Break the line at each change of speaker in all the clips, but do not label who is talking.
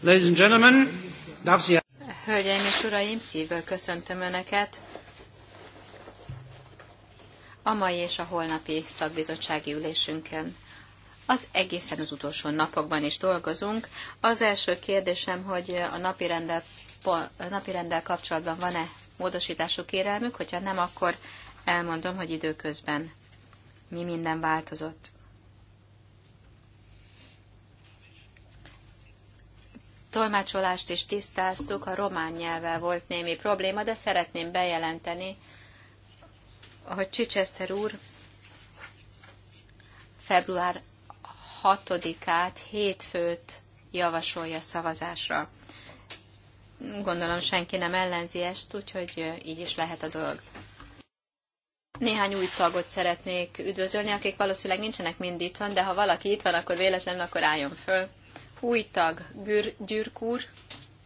Ladies and gentlemen,
Hölgyeim és uraim, szívvel köszöntöm Önöket a mai és a holnapi szakbizottsági ülésünkön. Az egészen az utolsó napokban is dolgozunk. Az első kérdésem, hogy a rendel, a rendel kapcsolatban van-e módosítású kérelmük, hogyha nem, akkor elmondom, hogy időközben mi minden változott. tolmácsolást is tisztáztuk, a román nyelvvel volt némi probléma, de szeretném bejelenteni, hogy Csicseszter úr február 6-át, hétfőt javasolja szavazásra. Gondolom senki nem ellenzi ezt, úgyhogy így is lehet a dolog. Néhány új tagot szeretnék üdvözölni, akik valószínűleg nincsenek mind itt de ha valaki itt van, akkor véletlenül akkor álljon föl új tag, Gür, Gyürk úr,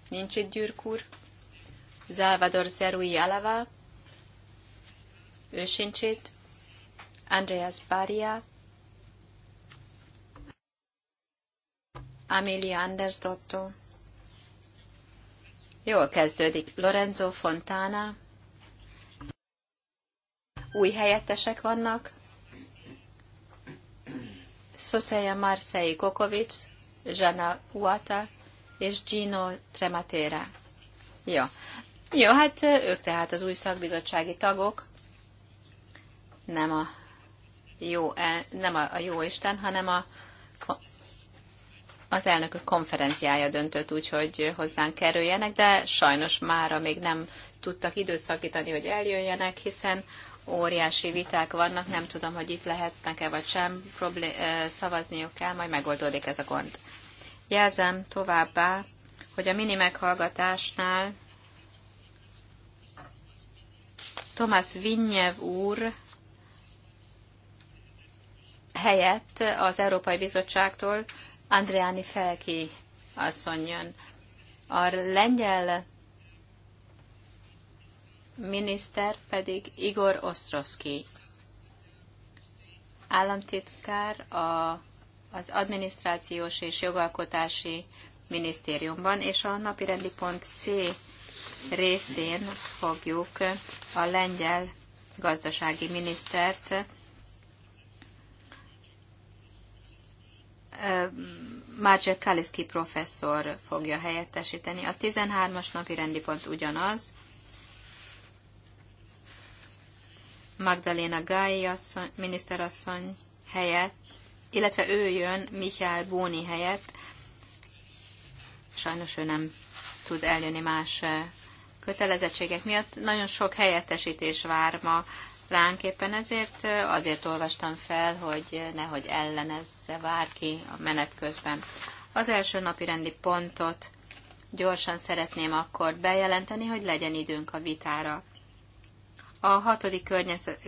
nincs itt Gyürk úr, Zálvador Zerui Alava, ő sincs itt, Andreas Baria, Amelia Anders Dotto. Jól kezdődik. Lorenzo Fontana. Új helyettesek vannak. Szoszeja Marseille Kokovics, Jana Uata és Gino Trematera. Jó. Jó, hát ők tehát az új szakbizottsági tagok, nem a jó, e, nem a, a jó Isten, hanem a, az elnökök konferenciája döntött úgy, hogy hozzánk kerüljenek, de sajnos mára még nem tudtak időt szakítani, hogy eljöjjenek, hiszen óriási viták vannak, nem tudom, hogy itt lehetnek-e vagy sem, problé- szavazniuk kell, majd megoldódik ez a gond. Jelzem továbbá, hogy a mini meghallgatásnál Tomás Vinnyev úr helyett az Európai Bizottságtól Andreani Felki asszony jön. A lengyel miniszter pedig Igor Ostrovsky, államtitkár a, az adminisztrációs és jogalkotási minisztériumban, és a napirendi pont C részén fogjuk a lengyel gazdasági minisztert Márcsek Kaliszki professzor fogja helyettesíteni. A 13-as napi rendi pont ugyanaz, Magdalena Gai asszony, miniszterasszony helyett, illetve ő jön Michael Bóni helyett. Sajnos ő nem tud eljönni más eh, kötelezettségek miatt. Nagyon sok helyettesítés vár ma ránk éppen ezért azért olvastam fel, hogy nehogy ellenezze bárki a menet közben. Az első napi rendi pontot gyorsan szeretném akkor bejelenteni, hogy legyen időnk a vitára a hatodik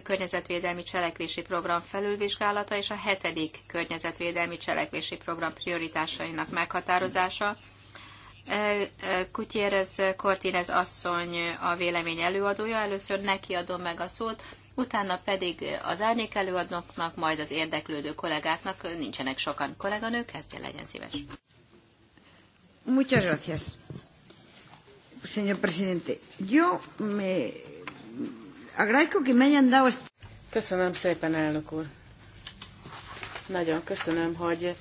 környezetvédelmi cselekvési program felülvizsgálata és a hetedik környezetvédelmi cselekvési program prioritásainak meghatározása. Kutyérez e, e, Cortines asszony a vélemény előadója, először neki adom meg a szót, utána pedig az árnyék előadóknak, majd az érdeklődő kollégáknak, nincsenek sokan kolléganők, kezdje legyen szíves. Muchas gracias, señor presidente. Yo me
Köszönöm szépen, elnök úr. Nagyon köszönöm, hogy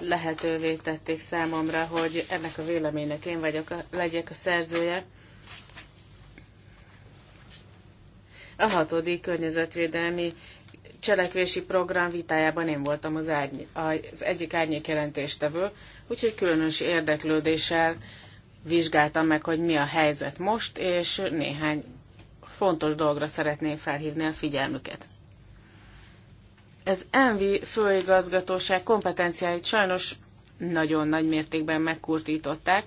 lehetővé tették számomra, hogy ennek a véleménynek én vagyok, a, legyek a szerzője. A hatodik környezetvédelmi cselekvési program vitájában én voltam az, árny, az egyik árnyék jelentéstevő, úgyhogy különös érdeklődéssel vizsgáltam meg, hogy mi a helyzet most, és néhány fontos dologra szeretném felhívni a figyelmüket. Ez Envi főigazgatóság kompetenciáit sajnos nagyon nagy mértékben megkurtították,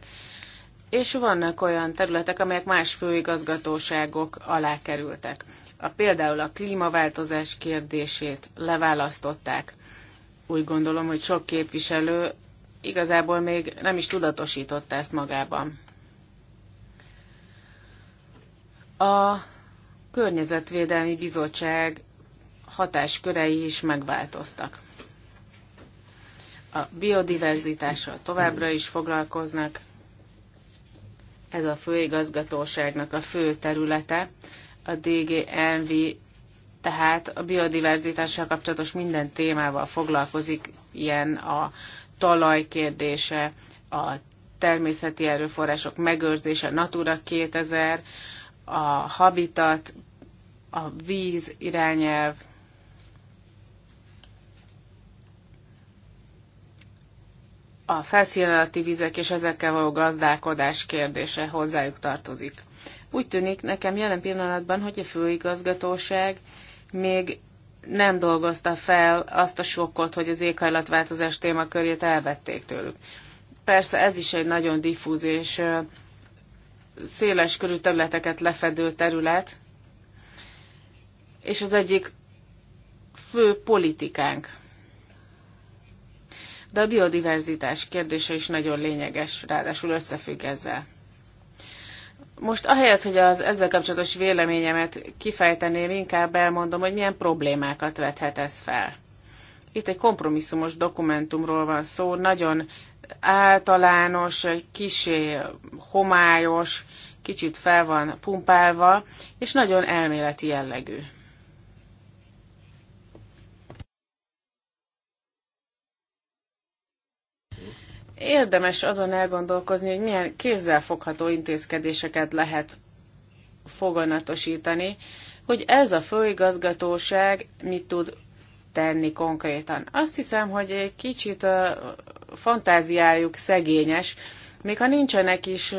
és vannak olyan területek, amelyek más főigazgatóságok alá kerültek. A, például a klímaváltozás kérdését leválasztották. Úgy gondolom, hogy sok képviselő igazából még nem is tudatosította ezt magában. A Környezetvédelmi Bizottság hatáskörei is megváltoztak. A biodiverzitással továbbra is foglalkoznak. Ez a főigazgatóságnak a fő területe. A DGNV tehát a biodiverzitással kapcsolatos minden témával foglalkozik, ilyen a talaj kérdése, a természeti erőforrások megőrzése, Natura 2000, a habitat, a víz irányelv, a felszín vizek és ezekkel való gazdálkodás kérdése hozzájuk tartozik. Úgy tűnik nekem jelen pillanatban, hogy a főigazgatóság még nem dolgozta fel azt a sokkot, hogy az éghajlatváltozás témakörét elvették tőlük. Persze ez is egy nagyon diffúz és széles körű területeket lefedő terület, és az egyik fő politikánk. De a biodiverzitás kérdése is nagyon lényeges, ráadásul összefügg ezzel. Most ahelyett, hogy az ezzel kapcsolatos véleményemet kifejteném, inkább elmondom, hogy milyen problémákat vethet ez fel. Itt egy kompromisszumos dokumentumról van szó, nagyon általános, kisé homályos, kicsit fel van pumpálva, és nagyon elméleti jellegű. Érdemes azon elgondolkozni, hogy milyen kézzelfogható intézkedéseket lehet foganatosítani, hogy ez a főigazgatóság mit tud tenni konkrétan. Azt hiszem, hogy egy kicsit fantáziájuk szegényes, még ha nincsenek is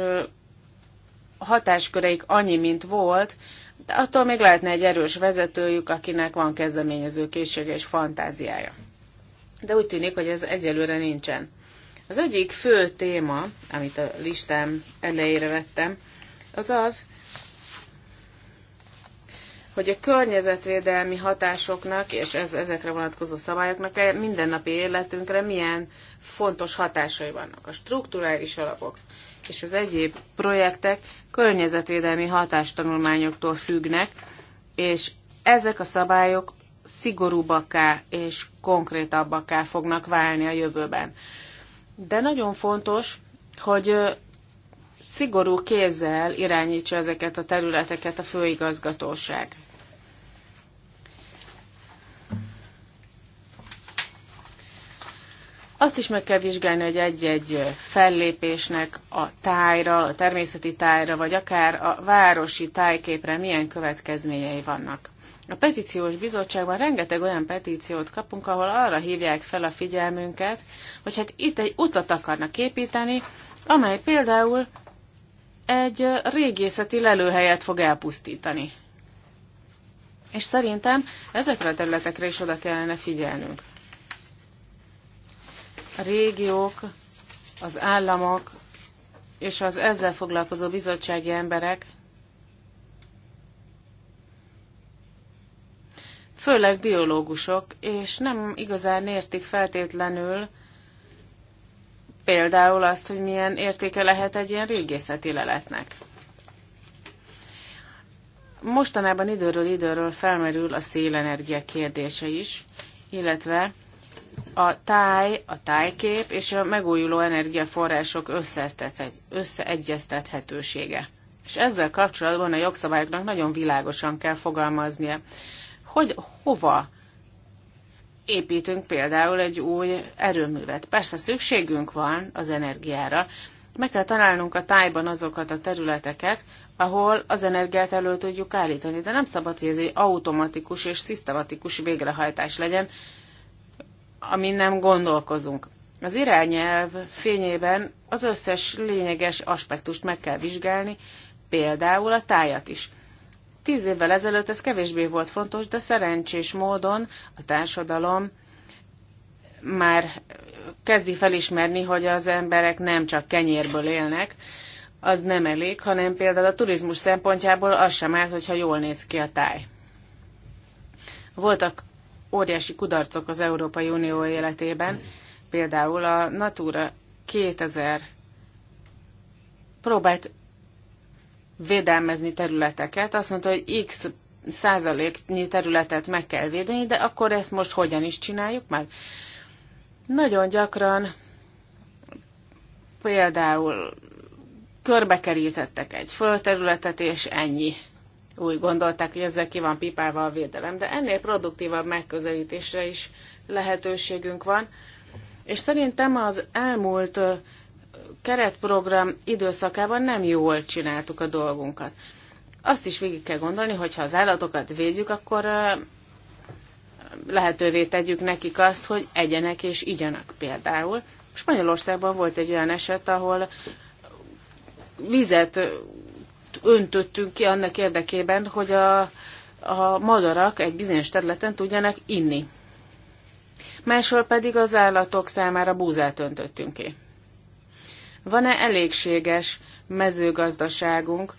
hatásköreik annyi, mint volt, de attól még lehetne egy erős vezetőjük, akinek van kezdeményező készsége és fantáziája. De úgy tűnik, hogy ez egyelőre nincsen. Az egyik fő téma, amit a listám elejére vettem, az az, hogy a környezetvédelmi hatásoknak és ez, ezekre vonatkozó szabályoknak e mindennapi életünkre milyen fontos hatásai vannak. A strukturális alapok és az egyéb projektek környezetvédelmi hatástanulmányoktól függnek, és ezek a szabályok szigorúbbaká és konkrétabbaká fognak válni a jövőben. De nagyon fontos, hogy szigorú kézzel irányítsa ezeket a területeket a főigazgatóság. Azt is meg kell vizsgálni, hogy egy-egy fellépésnek a tájra, a természeti tájra, vagy akár a városi tájképre milyen következményei vannak. A petíciós bizottságban rengeteg olyan petíciót kapunk, ahol arra hívják fel a figyelmünket, hogy hát itt egy utat akarnak építeni, amely például egy régészeti lelőhelyet fog elpusztítani. És szerintem ezekre a területekre is oda kellene figyelnünk a régiók, az államok és az ezzel foglalkozó bizottsági emberek főleg biológusok, és nem igazán értik feltétlenül például azt, hogy milyen értéke lehet egy ilyen régészeti leletnek. Mostanában időről időről felmerül a szélenergia kérdése is, illetve a táj, a tájkép és a megújuló energiaforrások összeegyeztethetősége. És ezzel kapcsolatban a jogszabályoknak nagyon világosan kell fogalmaznia, hogy hova építünk például egy új erőművet. Persze szükségünk van az energiára, meg kell találnunk a tájban azokat a területeket, ahol az energiát elő tudjuk állítani, de nem szabad, hogy ez egy automatikus és szisztematikus végrehajtás legyen, amin nem gondolkozunk. Az irányelv fényében az összes lényeges aspektust meg kell vizsgálni, például a tájat is. Tíz évvel ezelőtt ez kevésbé volt fontos, de szerencsés módon a társadalom már kezdi felismerni, hogy az emberek nem csak kenyérből élnek, az nem elég, hanem például a turizmus szempontjából az sem árt, hogyha jól néz ki a táj. Voltak óriási kudarcok az Európai Unió életében, például a Natura 2000 próbált védelmezni területeket, azt mondta, hogy x százaléknyi területet meg kell védeni, de akkor ezt most hogyan is csináljuk meg? Nagyon gyakran például körbekerítettek egy földterületet, és ennyi úgy gondolták, hogy ezzel ki van pipálva a védelem. De ennél produktívabb megközelítésre is lehetőségünk van. És szerintem az elmúlt keretprogram időszakában nem jól csináltuk a dolgunkat. Azt is végig kell gondolni, hogy ha az állatokat védjük, akkor lehetővé tegyük nekik azt, hogy egyenek és igyanak például. Spanyolországban volt egy olyan eset, ahol vizet öntöttünk ki annak érdekében, hogy a, a madarak egy bizonyos területen tudjanak inni. Máshol pedig az állatok számára búzát öntöttünk ki. Van-e elégséges mezőgazdaságunk,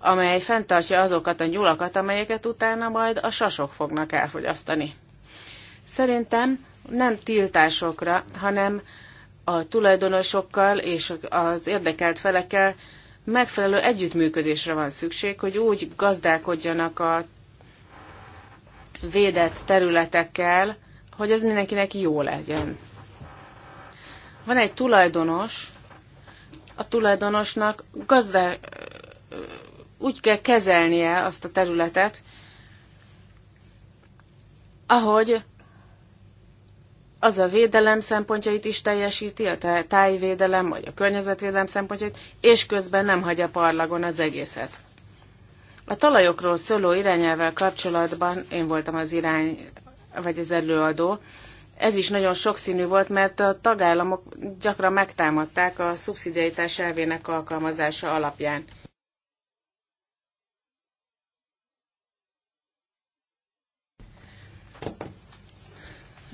amely fenntartja azokat a nyulakat, amelyeket utána majd a sasok fognak elfogyasztani? Szerintem nem tiltásokra, hanem a tulajdonosokkal és az érdekelt felekkel megfelelő együttműködésre van szükség, hogy úgy gazdálkodjanak a védett területekkel, hogy ez mindenkinek jó legyen. Van egy tulajdonos, a tulajdonosnak gazda, úgy kell kezelnie azt a területet, ahogy az a védelem szempontjait is teljesíti, a tájvédelem vagy a környezetvédelem szempontjait, és közben nem hagyja parlagon az egészet. A talajokról szóló irányelvel kapcsolatban én voltam az irány, vagy az előadó. Ez is nagyon sokszínű volt, mert a tagállamok gyakran megtámadták a szubszidiaitás elvének alkalmazása alapján.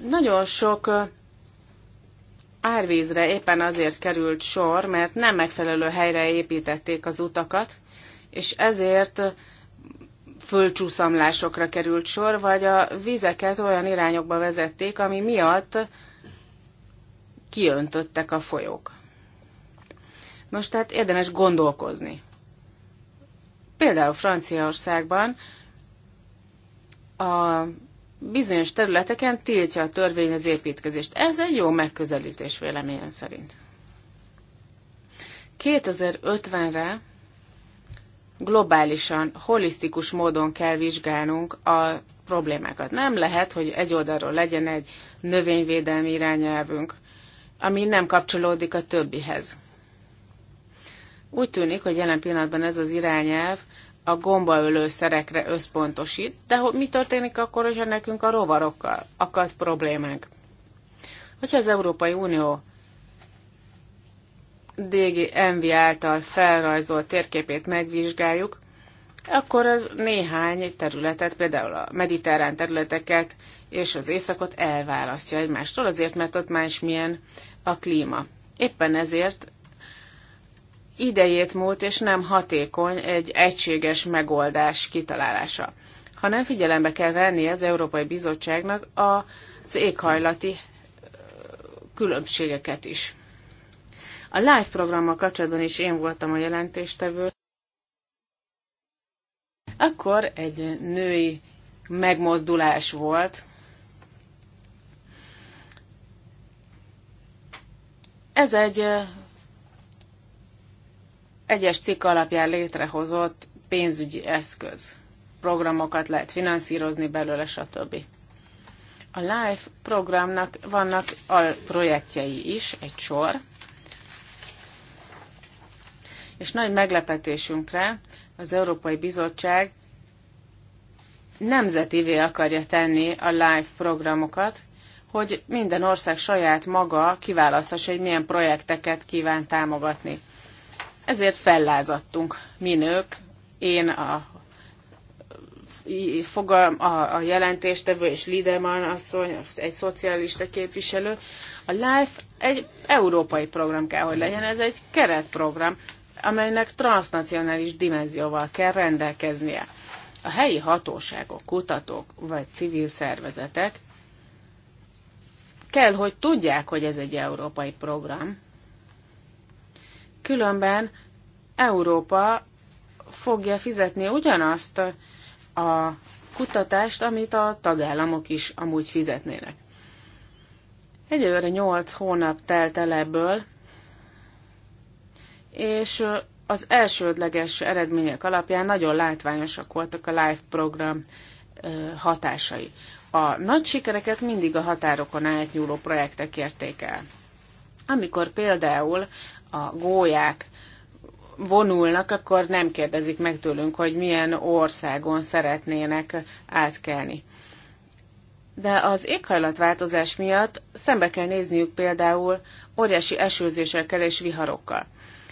Nagyon sok árvízre éppen azért került sor, mert nem megfelelő helyre építették az utakat, és ezért fölcsúszamlásokra került sor, vagy a vizeket olyan irányokba vezették, ami miatt kiöntöttek a folyók. Most tehát érdemes gondolkozni. Például Franciaországban a bizonyos területeken tiltja a törvény az építkezést. Ez egy jó megközelítés véleményem szerint. 2050-re globálisan, holisztikus módon kell vizsgálnunk a problémákat. Nem lehet, hogy egy oldalról legyen egy növényvédelmi irányelvünk, ami nem kapcsolódik a többihez. Úgy tűnik, hogy jelen pillanatban ez az irányelv a gombaölő szerekre összpontosít, de hogy mi történik akkor, hogyha nekünk a rovarokkal akad problémánk? Hogyha az Európai Unió dégi Envi által felrajzolt térképét megvizsgáljuk, akkor az néhány területet, például a mediterrán területeket és az északot elválasztja egymástól, azért mert ott másmilyen a klíma. Éppen ezért idejét múlt és nem hatékony egy egységes megoldás kitalálása, hanem figyelembe kell venni az Európai Bizottságnak az éghajlati különbségeket is. A live programmal kapcsolatban is én voltam a jelentéstevő. Akkor egy női megmozdulás volt. Ez egy egyes cikk alapján létrehozott pénzügyi eszköz. Programokat lehet finanszírozni belőle, stb. A LIFE programnak vannak alprojektjei is, egy sor, és nagy meglepetésünkre az Európai Bizottság nemzetivé akarja tenni a live programokat, hogy minden ország saját maga kiválaszthassa, hogy milyen projekteket kíván támogatni. Ezért fellázadtunk mi nők, én a fogal, a, a jelentéstevő és Lideman asszony, egy szocialista képviselő. A LIFE egy európai program kell, hogy legyen, ez egy keretprogram, amelynek transnacionális dimenzióval kell rendelkeznie. A helyi hatóságok, kutatók vagy civil szervezetek kell, hogy tudják, hogy ez egy európai program, Különben Európa fogja fizetni ugyanazt a kutatást, amit a tagállamok is amúgy fizetnének. Egyelőre 8 hónap telt el ebből, és az elsődleges eredmények alapján nagyon látványosak voltak a live program hatásai. A nagy sikereket mindig a határokon átnyúló projektek érték el. Amikor például a gólyák vonulnak, akkor nem kérdezik meg tőlünk, hogy milyen országon szeretnének átkelni. De az éghajlatváltozás miatt szembe kell nézniük például óriási esőzésekkel és viharokkal.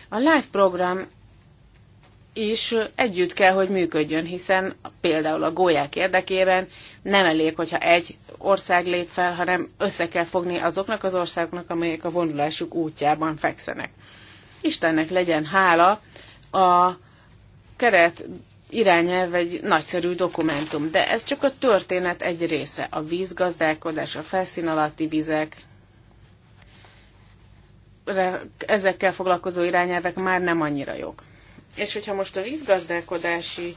A live program is együtt kell, hogy működjön, hiszen például a gólyák érdekében nem elég, hogyha egy ország lép fel, hanem össze kell fogni azoknak az országoknak, amelyek a vonulásuk útjában fekszenek. Istennek legyen hála, a keret irányelv egy nagyszerű dokumentum, de ez csak a történet egy része. A vízgazdálkodás, a felszín alatti vizek, ezekkel foglalkozó irányelvek már nem annyira jók. És hogyha most a vízgazdálkodási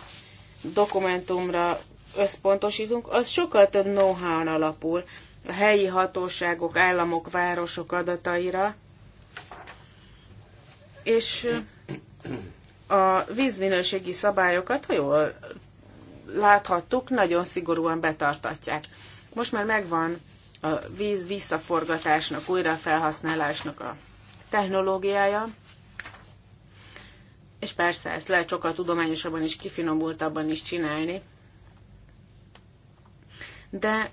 dokumentumra összpontosítunk, az sokkal több know-how-n alapul. A helyi hatóságok, államok, városok adataira, és a vízminőségi szabályokat, ha jól láthattuk, nagyon szigorúan betartatják. Most már megvan a víz visszaforgatásnak, újrafelhasználásnak a technológiája, és persze ezt lehet sokkal tudományosabban is, kifinomultabban is csinálni, de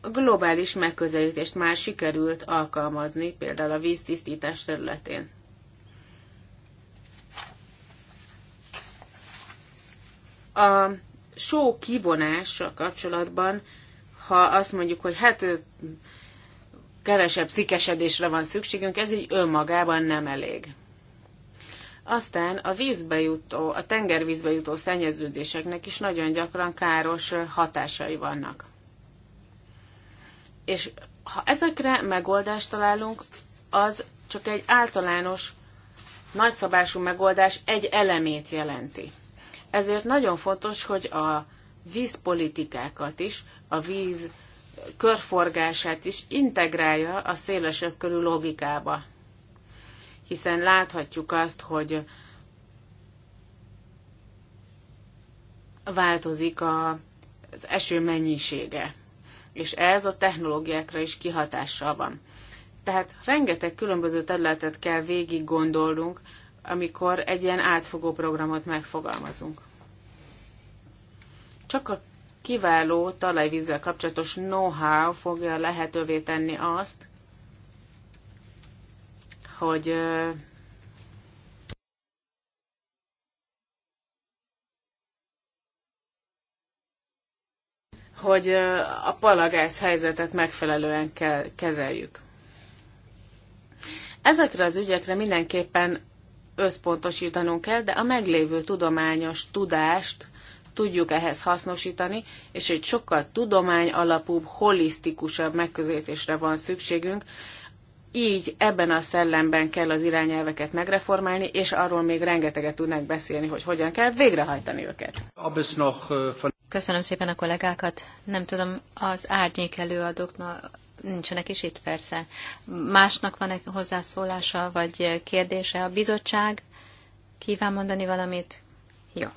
a globális megközelítést már sikerült alkalmazni, például a víztisztítás területén. A só kivonással kapcsolatban, ha azt mondjuk, hogy hát kevesebb szikesedésre van szükségünk, ez így önmagában nem elég. Aztán a vízbe jutó, a tengervízbe jutó szennyeződéseknek is nagyon gyakran káros hatásai vannak. És ha ezekre megoldást találunk, az csak egy általános, nagyszabású megoldás egy elemét jelenti. Ezért nagyon fontos, hogy a vízpolitikákat is, a víz körforgását is integrálja a szélesebb körű logikába hiszen láthatjuk azt, hogy változik a, az eső mennyisége, és ez a technológiákra is kihatással van. Tehát rengeteg különböző területet kell végig gondolnunk, amikor egy ilyen átfogó programot megfogalmazunk. Csak a kiváló talajvízzel kapcsolatos know-how fogja lehetővé tenni azt, hogy hogy a palagász helyzetet megfelelően kell kezeljük. Ezekre az ügyekre mindenképpen összpontosítanunk kell, de a meglévő tudományos tudást tudjuk ehhez hasznosítani, és egy sokkal tudomány alapúbb, holisztikusabb megközelítésre van szükségünk, így ebben a szellemben kell az irányelveket megreformálni, és arról még rengeteget tudnak beszélni, hogy hogyan kell végrehajtani őket.
Köszönöm szépen a kollégákat. Nem tudom, az árnyék előadóknak nincsenek is itt persze. Másnak van-e hozzászólása vagy kérdése? A bizottság kíván mondani valamit? Jó.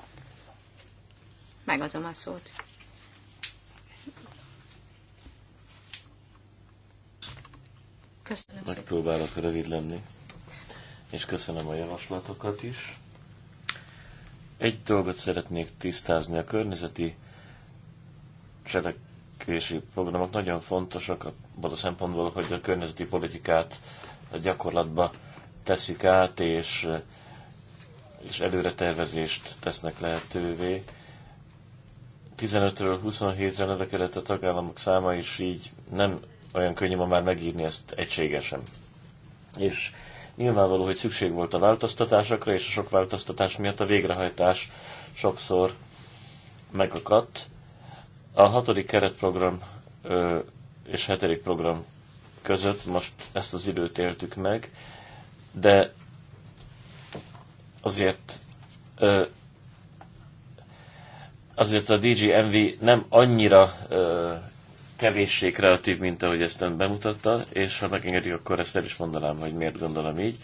Megadom a szót. Köszönöm.
Megpróbálok rövid lenni, és köszönöm a javaslatokat is. Egy dolgot szeretnék tisztázni. A környezeti cselekvési programok nagyon fontosak abban a szempontból, hogy a környezeti politikát a gyakorlatba teszik át, és, és előre tervezést tesznek lehetővé. 15-ről 27-re növekedett a tagállamok száma, és így nem olyan könnyű ma már megírni ezt egységesen. És nyilvánvaló, hogy szükség volt a változtatásokra, és a sok változtatás miatt a végrehajtás sokszor megakadt. A hatodik keretprogram ö, és hetedik program között most ezt az időt éltük meg, de azért ö, azért a DGMV nem annyira ö, kevéssé kreatív, mint ahogy ezt ön bemutatta, és ha megengedik, akkor ezt el is mondanám, hogy miért gondolom így.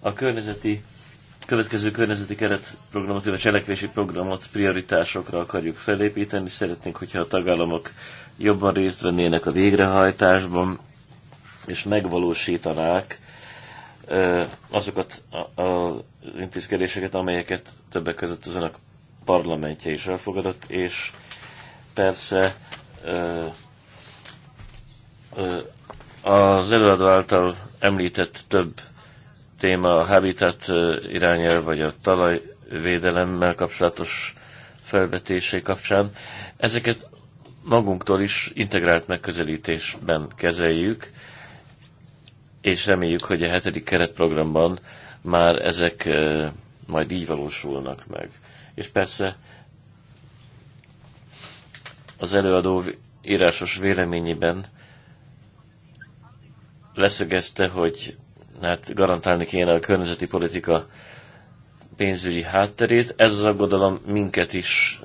A környezeti, következő környezeti keretprogramot, vagy a cselekvési programot prioritásokra akarjuk felépíteni. Szeretnénk, hogyha a tagállamok jobban részt vennének a végrehajtásban, és megvalósítanák azokat az intézkedéseket, amelyeket többek között az önök parlamentje is elfogadott, és persze az előadó által említett több téma a habitat irányel, vagy a talajvédelemmel kapcsolatos felvetésé kapcsán. Ezeket magunktól is integrált megközelítésben kezeljük, és reméljük, hogy a hetedik keretprogramban már ezek majd így valósulnak meg. És persze az előadó írásos véleményében leszögezte, hogy hát garantálni kéne a környezeti politika pénzügyi hátterét. Ez az aggodalom minket is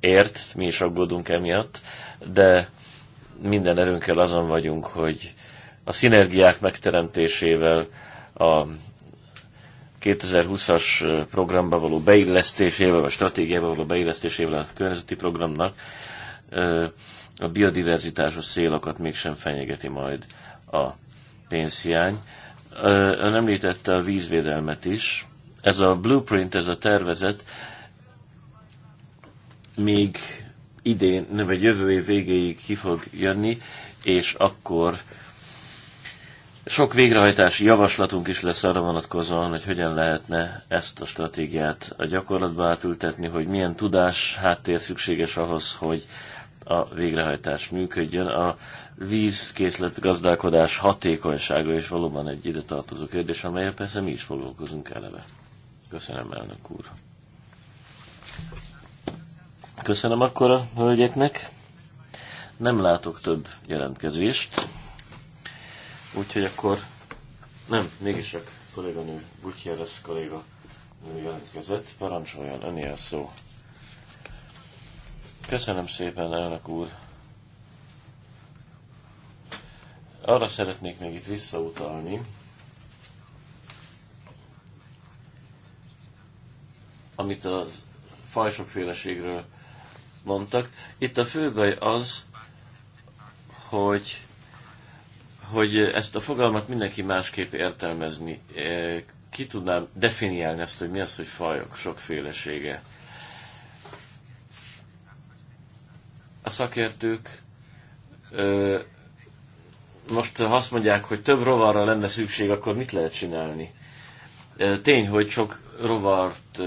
ért, mi is aggódunk emiatt, de minden erőnkkel azon vagyunk, hogy a szinergiák megteremtésével, a 2020-as programba való beillesztésével, a stratégiába való beillesztésével a környezeti programnak a biodiverzitásos szélokat mégsem fenyegeti majd a pénzhiány. Ön említette a vízvédelmet is. Ez a blueprint, ez a tervezet még idén, vagy jövő év végéig ki fog jönni, és akkor sok végrehajtási javaslatunk is lesz arra vonatkozóan, hogy hogyan lehetne ezt a stratégiát a gyakorlatba átültetni, hogy milyen tudás háttér szükséges ahhoz, hogy a végrehajtás működjön. A vízkészlet gazdálkodás hatékonysága is valóban egy ide tartozó kérdés, amelyet persze mi is foglalkozunk eleve. Köszönöm, elnök úr. Köszönöm akkor a hölgyeknek. Nem látok több jelentkezést. Úgyhogy akkor nem, mégis a kolléganő, Gutierrez kolléga jelentkezett. Parancsoljon, önél szó. Köszönöm szépen, elnök úr. Arra szeretnék még itt visszautalni, amit a fajsokféleségről mondtak. Itt a főbaj az, hogy, hogy ezt a fogalmat mindenki másképp értelmezni. Eh, ki tudnám definiálni ezt, hogy mi az, hogy fajok sokfélesége? a szakértők ö, most ha azt mondják, hogy több rovarra lenne szükség, akkor mit lehet csinálni? Tény, hogy sok rovart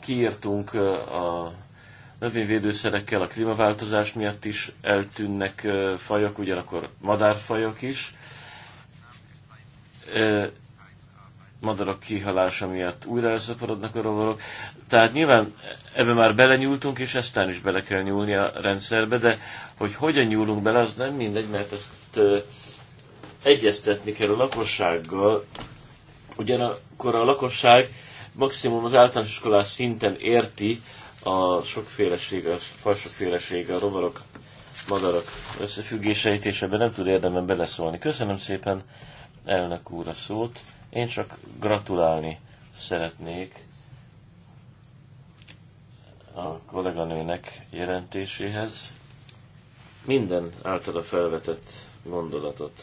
kiírtunk a növényvédőszerekkel, a klímaváltozás miatt is eltűnnek fajok, ugyanakkor madárfajok is madarak kihalása miatt újra elszaporodnak a rovarok. Tehát nyilván ebbe már belenyúltunk, és eztán is bele kell nyúlni a rendszerbe, de hogy hogyan nyúlunk bele, az nem mindegy, mert ezt egyeztetni kell a lakossággal. Ugyanakkor a lakosság maximum az általános iskolás szinten érti a sokféleség, a fajsokféleség, a rovarok, madarak összefüggéseit, és ebben nem tud érdemben beleszólni. Köszönöm szépen elnök úr a szót. Én csak gratulálni szeretnék a kolléganőnek jelentéséhez. Minden általa felvetett gondolatot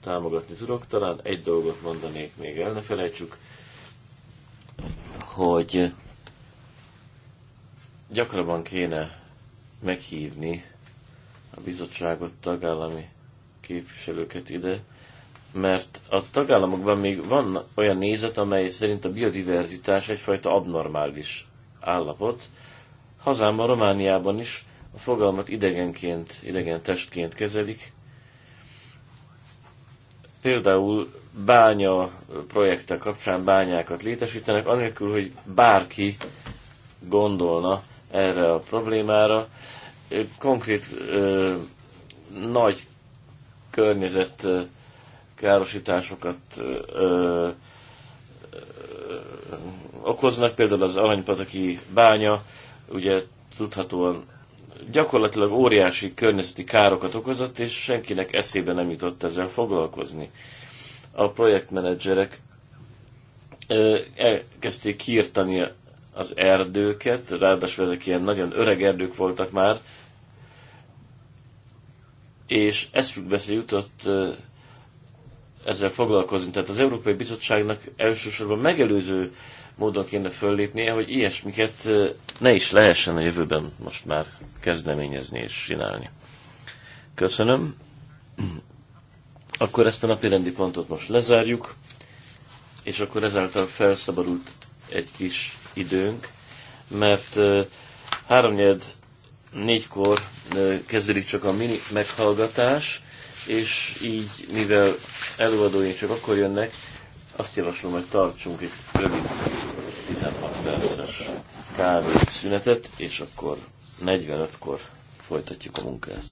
támogatni tudok. Talán egy dolgot mondanék még el, ne felejtsük, hogy gyakrabban kéne meghívni a bizottságot, tagállami képviselőket ide, mert a tagállamokban még van olyan nézet, amely szerint a biodiverzitás egyfajta abnormális állapot. Hazámban, Romániában is a fogalmat idegenként, idegen testként kezelik. Például bánya projektek kapcsán bányákat létesítenek, anélkül, hogy bárki gondolna erre a problémára. Konkrét ö, nagy környezet ö, károsításokat ö, ö, okoznak, például az aranypataki bánya, ugye tudhatóan gyakorlatilag óriási környezeti károkat okozott, és senkinek eszébe nem jutott ezzel foglalkozni. A projektmenedzserek elkezdték kiirtani az erdőket, ráadásul ezek ilyen nagyon öreg erdők voltak már, és eszükbe jutott ö, ezzel foglalkozni. Tehát az Európai Bizottságnak elsősorban megelőző módon kéne föllépnie, hogy ilyesmiket ne is lehessen a jövőben most már kezdeményezni és csinálni. Köszönöm. Akkor ezt a napi rendi pontot most lezárjuk, és akkor ezáltal felszabadult egy kis időnk, mert háromnyed négykor kezdődik csak a mini meghallgatás, és így, mivel előadóink csak akkor jönnek, azt javaslom, hogy tartsunk egy rövid 16 perces kávé szünetet, és akkor 45-kor folytatjuk a munkát.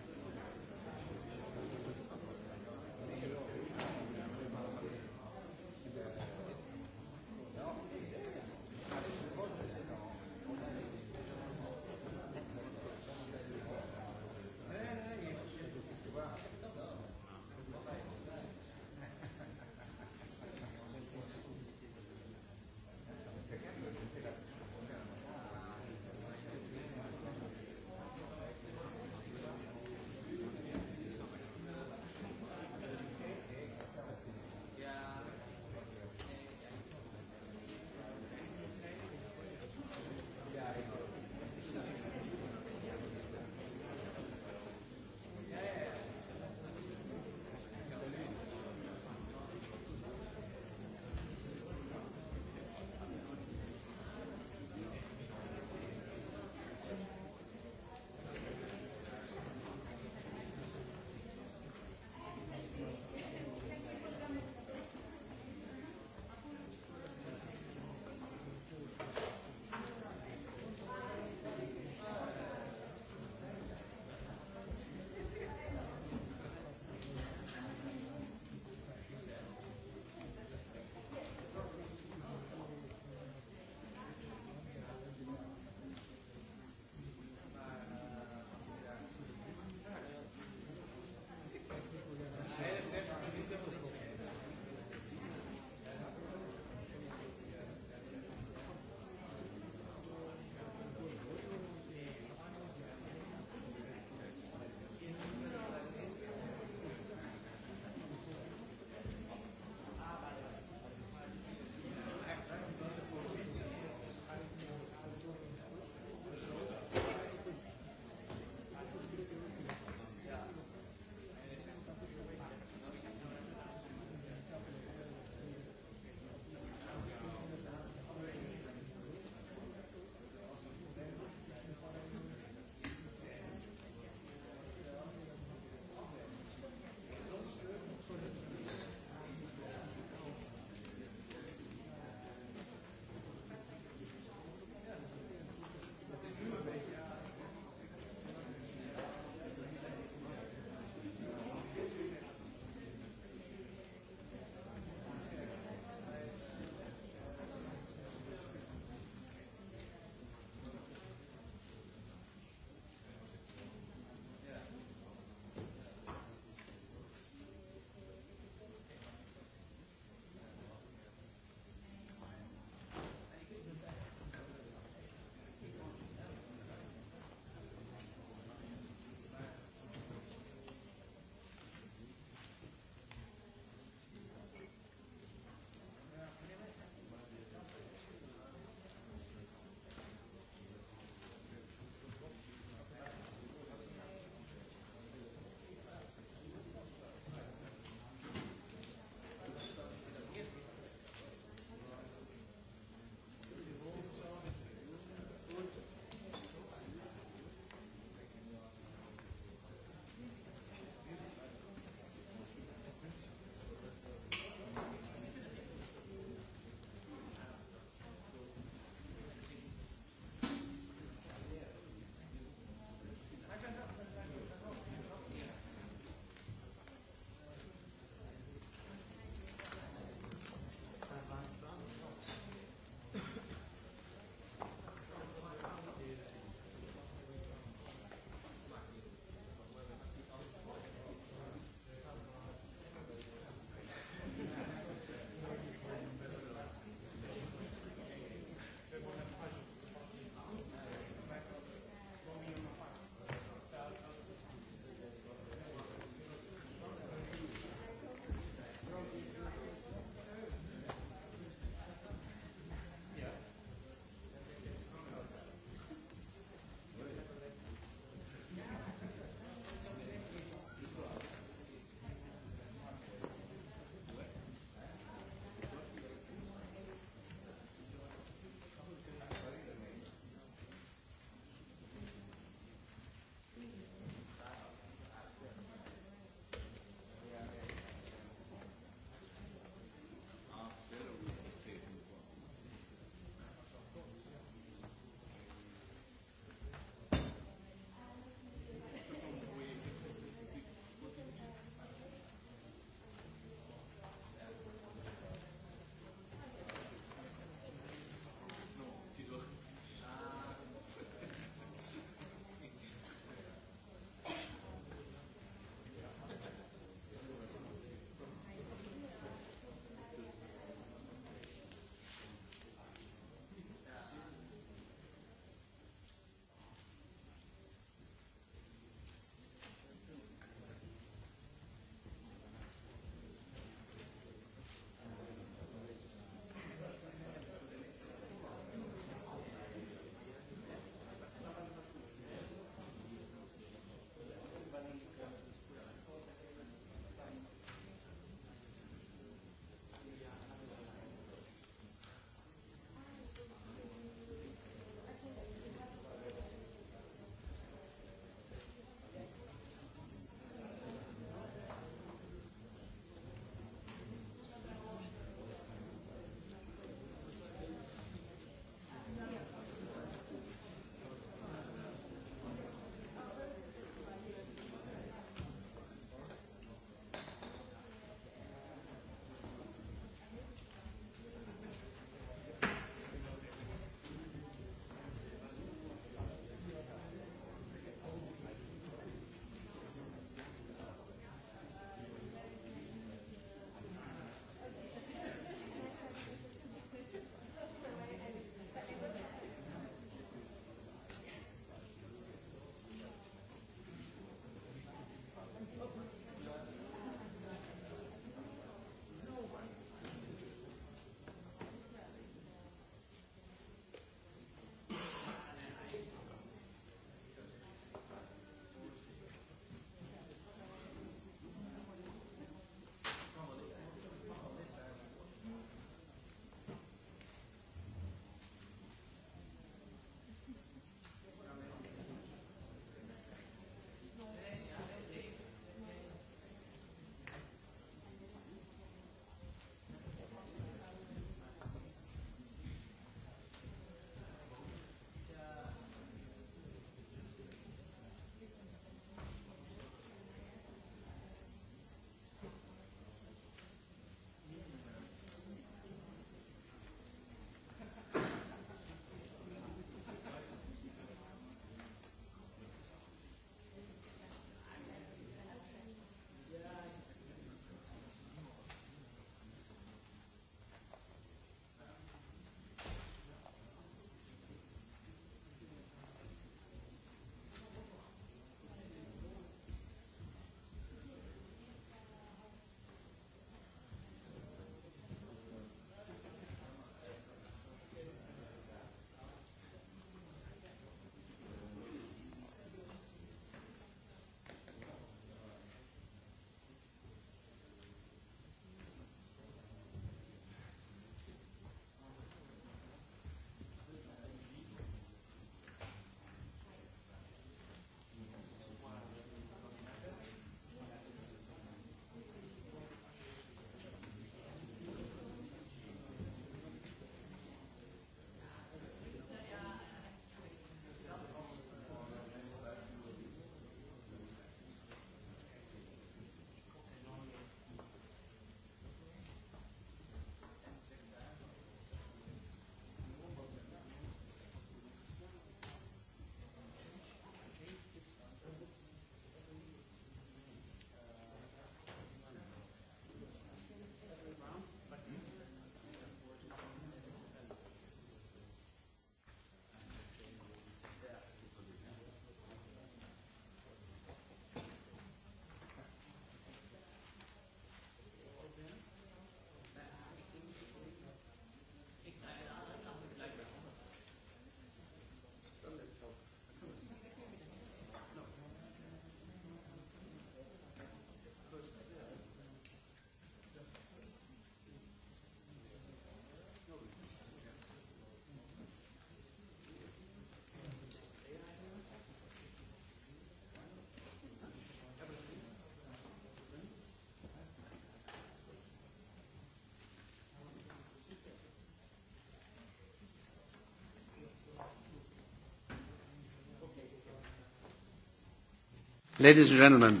Ladies and gentlemen,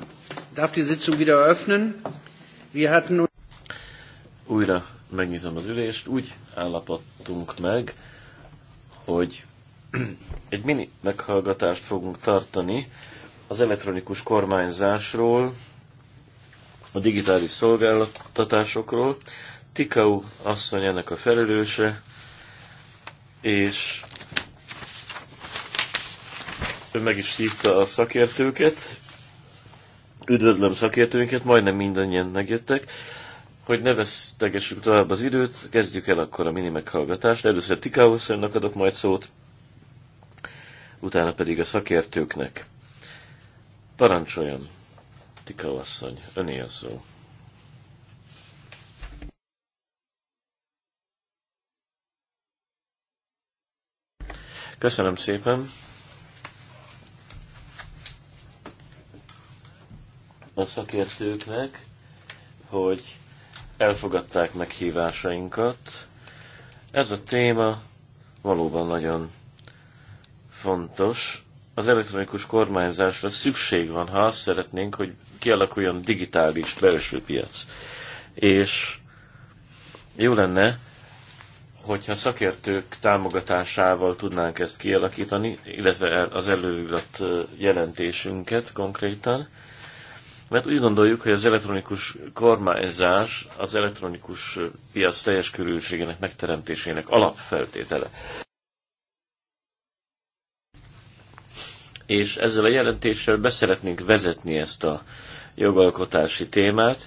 darf die Sitzung wieder eröffnen? Wir hatten
Újra megnyitom az ülést. Úgy állapodtunk meg, hogy egy mini meghallgatást fogunk tartani az elektronikus kormányzásról, a digitális szolgáltatásokról. Tikau asszony ennek a felelőse, és ő meg is hívta a szakértőket, Üdvözlöm szakértőinket, majdnem mindannyian megjöttek. Hogy ne vesztegessük tovább az időt, kezdjük el akkor a mini meghallgatást. Először Tikauszernak adok majd szót, utána pedig a szakértőknek. Parancsoljon, Tika asszony, öné a szó. Köszönöm szépen. a szakértőknek, hogy elfogadták meghívásainkat. Ez a téma valóban nagyon fontos. Az elektronikus kormányzásra szükség van, ha azt szeretnénk, hogy kialakuljon digitális belső piac. És jó lenne, hogyha szakértők támogatásával tudnánk ezt kialakítani, illetve az előírt jelentésünket konkrétan, mert úgy gondoljuk, hogy az elektronikus kormányzás az elektronikus piac teljes körülségének megteremtésének alapfeltétele. És ezzel a jelentéssel beszeretnénk vezetni ezt a jogalkotási témát.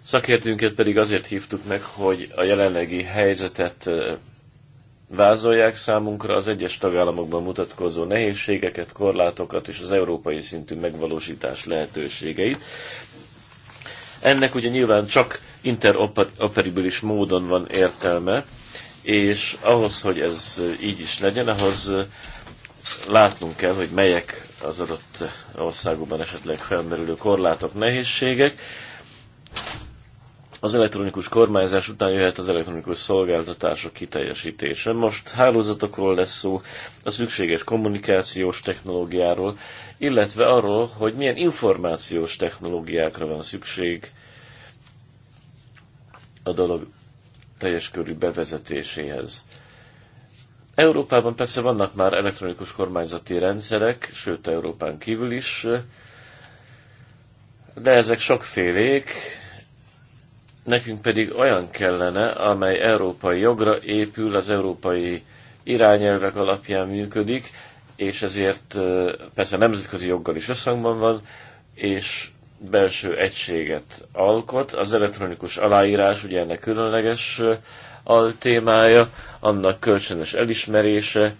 Szakértőnket pedig azért hívtuk meg, hogy a jelenlegi helyzetet vázolják számunkra az egyes tagállamokban mutatkozó nehézségeket, korlátokat és az európai szintű megvalósítás lehetőségeit. Ennek ugye nyilván csak interoperibilis módon van értelme, és ahhoz, hogy ez így is legyen, ahhoz látnunk kell, hogy melyek az adott országokban esetleg felmerülő korlátok, nehézségek, az elektronikus kormányzás után jöhet az elektronikus szolgáltatások kiteljesítése. Most hálózatokról lesz szó, a szükséges kommunikációs technológiáról, illetve arról, hogy milyen információs technológiákra van szükség a dolog teljes körű bevezetéséhez. Európában persze vannak már elektronikus kormányzati rendszerek, sőt Európán kívül is, de ezek sokfélék, nekünk pedig olyan kellene, amely európai jogra épül, az európai irányelvek alapján működik, és ezért persze nemzetközi joggal is összhangban van, és belső egységet alkot. Az elektronikus aláírás ugye ennek különleges altémája, annak kölcsönös elismerése,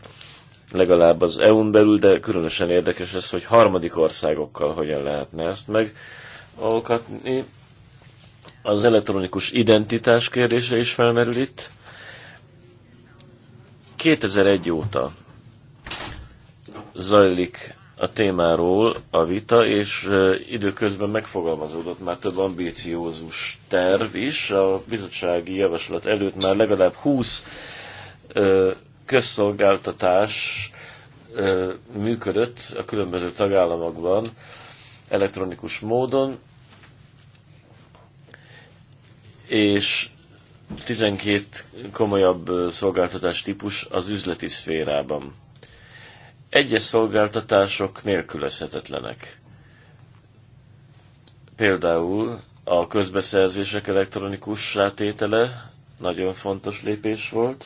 legalább az EU-n belül, de különösen érdekes ez, hogy harmadik országokkal hogyan lehetne ezt meg alkatni az elektronikus identitás kérdése is felmerül itt. 2001 óta zajlik a témáról a vita, és időközben megfogalmazódott már több ambíciózus terv is. A bizottsági javaslat előtt már legalább 20 közszolgáltatás működött a különböző tagállamokban elektronikus módon és 12 komolyabb szolgáltatás típus az üzleti szférában. Egyes szolgáltatások nélkülözhetetlenek. Például a közbeszerzések elektronikus rátétele nagyon fontos lépés volt.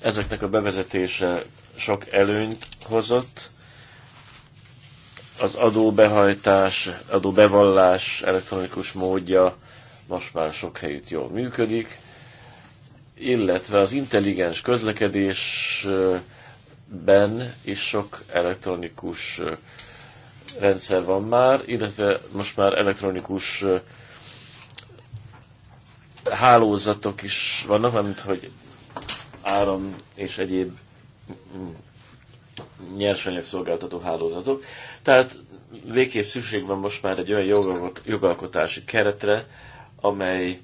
Ezeknek a bevezetése sok előnyt hozott. Az adóbehajtás, adóbevallás elektronikus módja, most már sok helyütt jól működik, illetve az intelligens közlekedésben is sok elektronikus rendszer van már, illetve most már elektronikus hálózatok is vannak, mint hogy áram és egyéb nyersanyag szolgáltató hálózatok. Tehát végképp szükség van most már egy olyan jogalkotási keretre, amely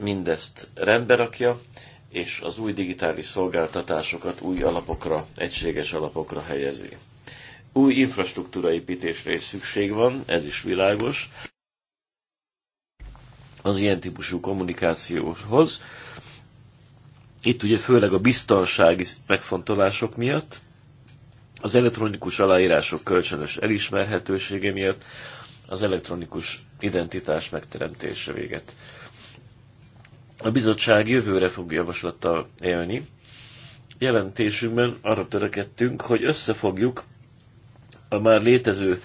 mindezt rendbe rakja, és az új digitális szolgáltatásokat új alapokra, egységes alapokra helyezi. Új infrastruktúra építésre is szükség van, ez is világos, az ilyen típusú kommunikációhoz. Itt ugye főleg a biztonsági megfontolások miatt, az elektronikus aláírások kölcsönös elismerhetősége miatt, az elektronikus identitás megteremtése véget. A bizottság jövőre fog javaslattal élni. Jelentésünkben arra törekedtünk, hogy összefogjuk a már létező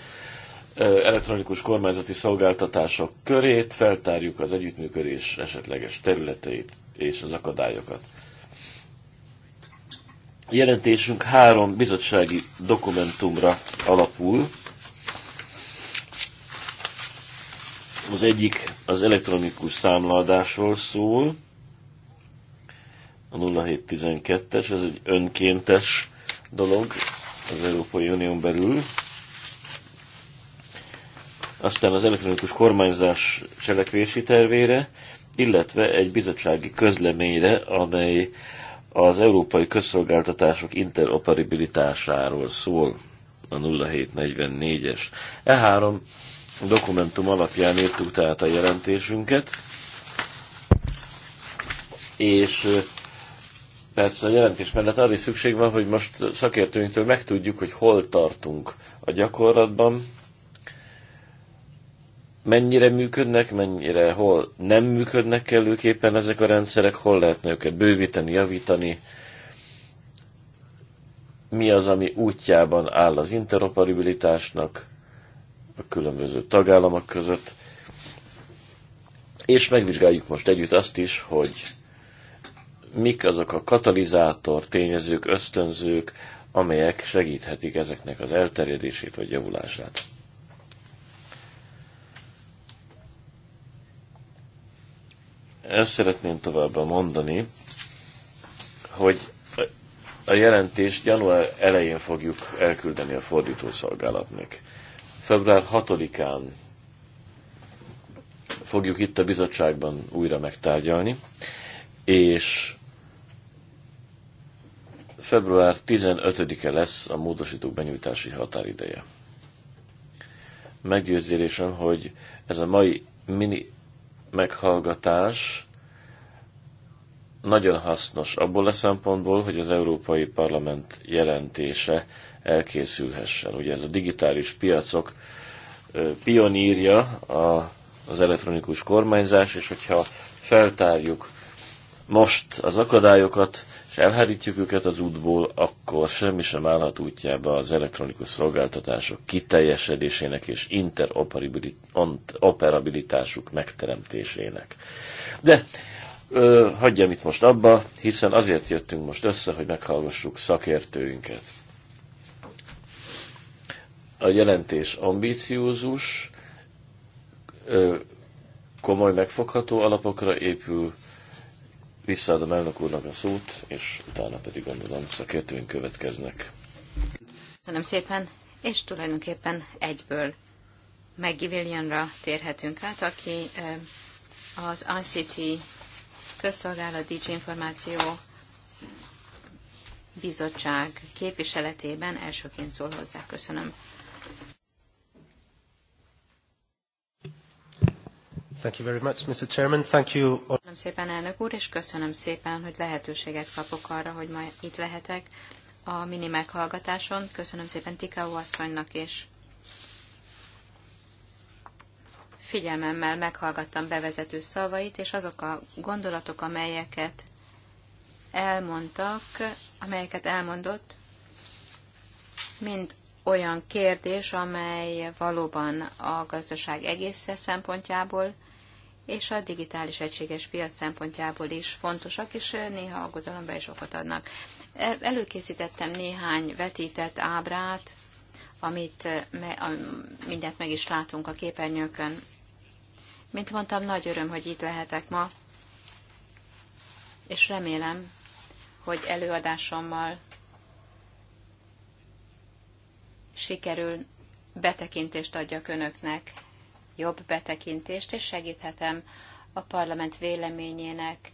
elektronikus kormányzati szolgáltatások körét, feltárjuk az együttműködés esetleges területeit és az akadályokat. jelentésünk három bizottsági dokumentumra alapul, Az egyik az elektronikus számladásról szól, a 0712-es, ez egy önkéntes dolog az Európai Unión belül. Aztán az elektronikus kormányzás cselekvési tervére, illetve egy bizottsági közleményre, amely az európai közszolgáltatások interoperabilitásáról szól, a 0744-es. E három dokumentum alapján írtuk tehát a jelentésünket, és persze a jelentés mellett arra is szükség van, hogy most szakértőinktől megtudjuk, hogy hol tartunk a gyakorlatban, mennyire működnek, mennyire hol nem működnek kellőképpen ezek a rendszerek, hol lehetne őket bővíteni, javítani, mi az, ami útjában áll az interoperabilitásnak, a különböző tagállamok között, és megvizsgáljuk most együtt azt is, hogy mik azok a katalizátor tényezők, ösztönzők, amelyek segíthetik ezeknek az elterjedését vagy javulását. Ezt szeretném továbbá mondani, hogy a jelentést január elején fogjuk elküldeni a fordítószolgálatnak. Február 6-án fogjuk itt a bizottságban újra megtárgyalni, és február 15-e lesz a módosítók benyújtási határideje. Meggyőződésem, hogy ez a mai mini meghallgatás nagyon hasznos abból a szempontból, hogy az Európai Parlament jelentése elkészülhessen. Ugye ez a digitális piacok pionírja a, az elektronikus kormányzás, és hogyha feltárjuk most az akadályokat, és elhárítjuk őket az útból, akkor semmi sem állhat útjába az elektronikus szolgáltatások kiteljesedésének és interoperabilitásuk megteremtésének. De ö, hagyjam itt most abba, hiszen azért jöttünk most össze, hogy meghallgassuk szakértőinket. A jelentés ambíciózus, ö, komoly, megfogható alapokra épül, visszaadom elnök úrnak a szót, és utána pedig gondolom szakértőink következnek.
Köszönöm szépen, és tulajdonképpen egyből Maggie Williamra térhetünk át, aki az ICT közszolgálat DJ Információ bizottság képviseletében elsőként szól hozzá. Köszönöm. Thank you very much, Mr. Chairman. Thank you. Köszönöm szépen, elnök úr, és köszönöm szépen, hogy lehetőséget kapok arra, hogy ma itt lehetek a mini meghallgatáson. Köszönöm szépen Tikau asszonynak és figyelmemmel meghallgattam bevezető szavait, és azok a gondolatok, amelyeket elmondtak, amelyeket elmondott, mind olyan kérdés, amely valóban a gazdaság egész szempontjából és a digitális egységes piac szempontjából is fontosak, és néha aggodalomra is okot adnak. E, előkészítettem néhány vetített ábrát, amit mindent meg is látunk a képernyőkön. Mint mondtam, nagy öröm, hogy itt lehetek ma, és remélem, hogy előadásommal sikerül betekintést adjak önöknek, jobb betekintést, és segíthetem a parlament véleményének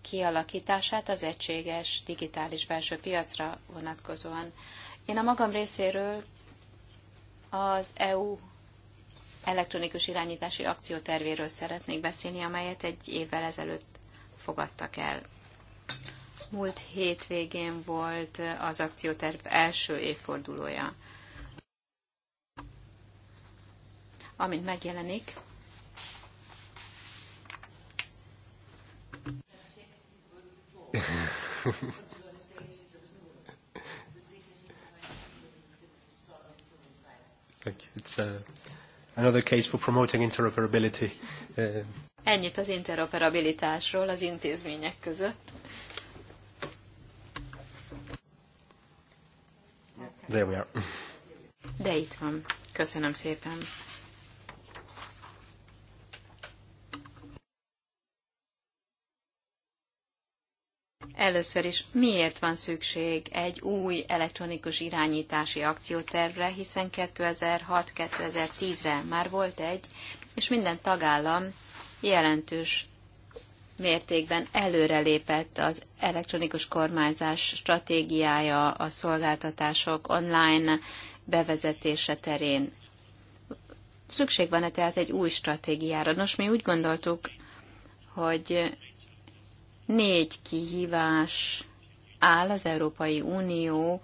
kialakítását az egységes digitális belső piacra vonatkozóan. Én a magam részéről az EU elektronikus irányítási akciótervéről szeretnék beszélni, amelyet egy évvel ezelőtt fogadtak el. Múlt hétvégén volt az akcióterv első évfordulója. Amint megjelenik, Thank you. It's, uh another case for promoting interoperability. Uh, Ennyit az interoperabilitásról az intézmények között. There we are. De itt van. Köszönöm szépen. Először is miért van szükség egy új elektronikus irányítási akciótervre, hiszen 2006-2010-re már volt egy, és minden tagállam jelentős mértékben előrelépett az elektronikus kormányzás stratégiája a szolgáltatások online bevezetése terén. Szükség van-e tehát egy új stratégiára? Nos, mi úgy gondoltuk, hogy négy kihívás áll az Európai Unió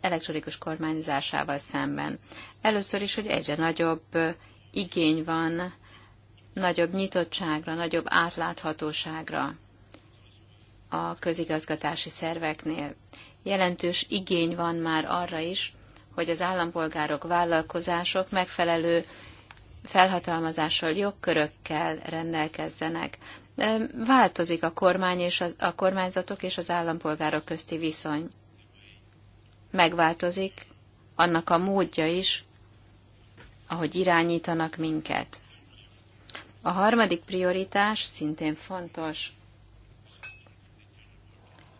elektronikus kormányzásával szemben. Először is, hogy egyre nagyobb igény van nagyobb nyitottságra, nagyobb átláthatóságra a közigazgatási szerveknél. Jelentős igény van már arra is, hogy az állampolgárok, vállalkozások megfelelő felhatalmazással, jogkörökkel rendelkezzenek. Változik a kormány és a, a kormányzatok és az állampolgárok közti viszony. Megváltozik annak a módja is, ahogy irányítanak minket. A harmadik prioritás szintén fontos.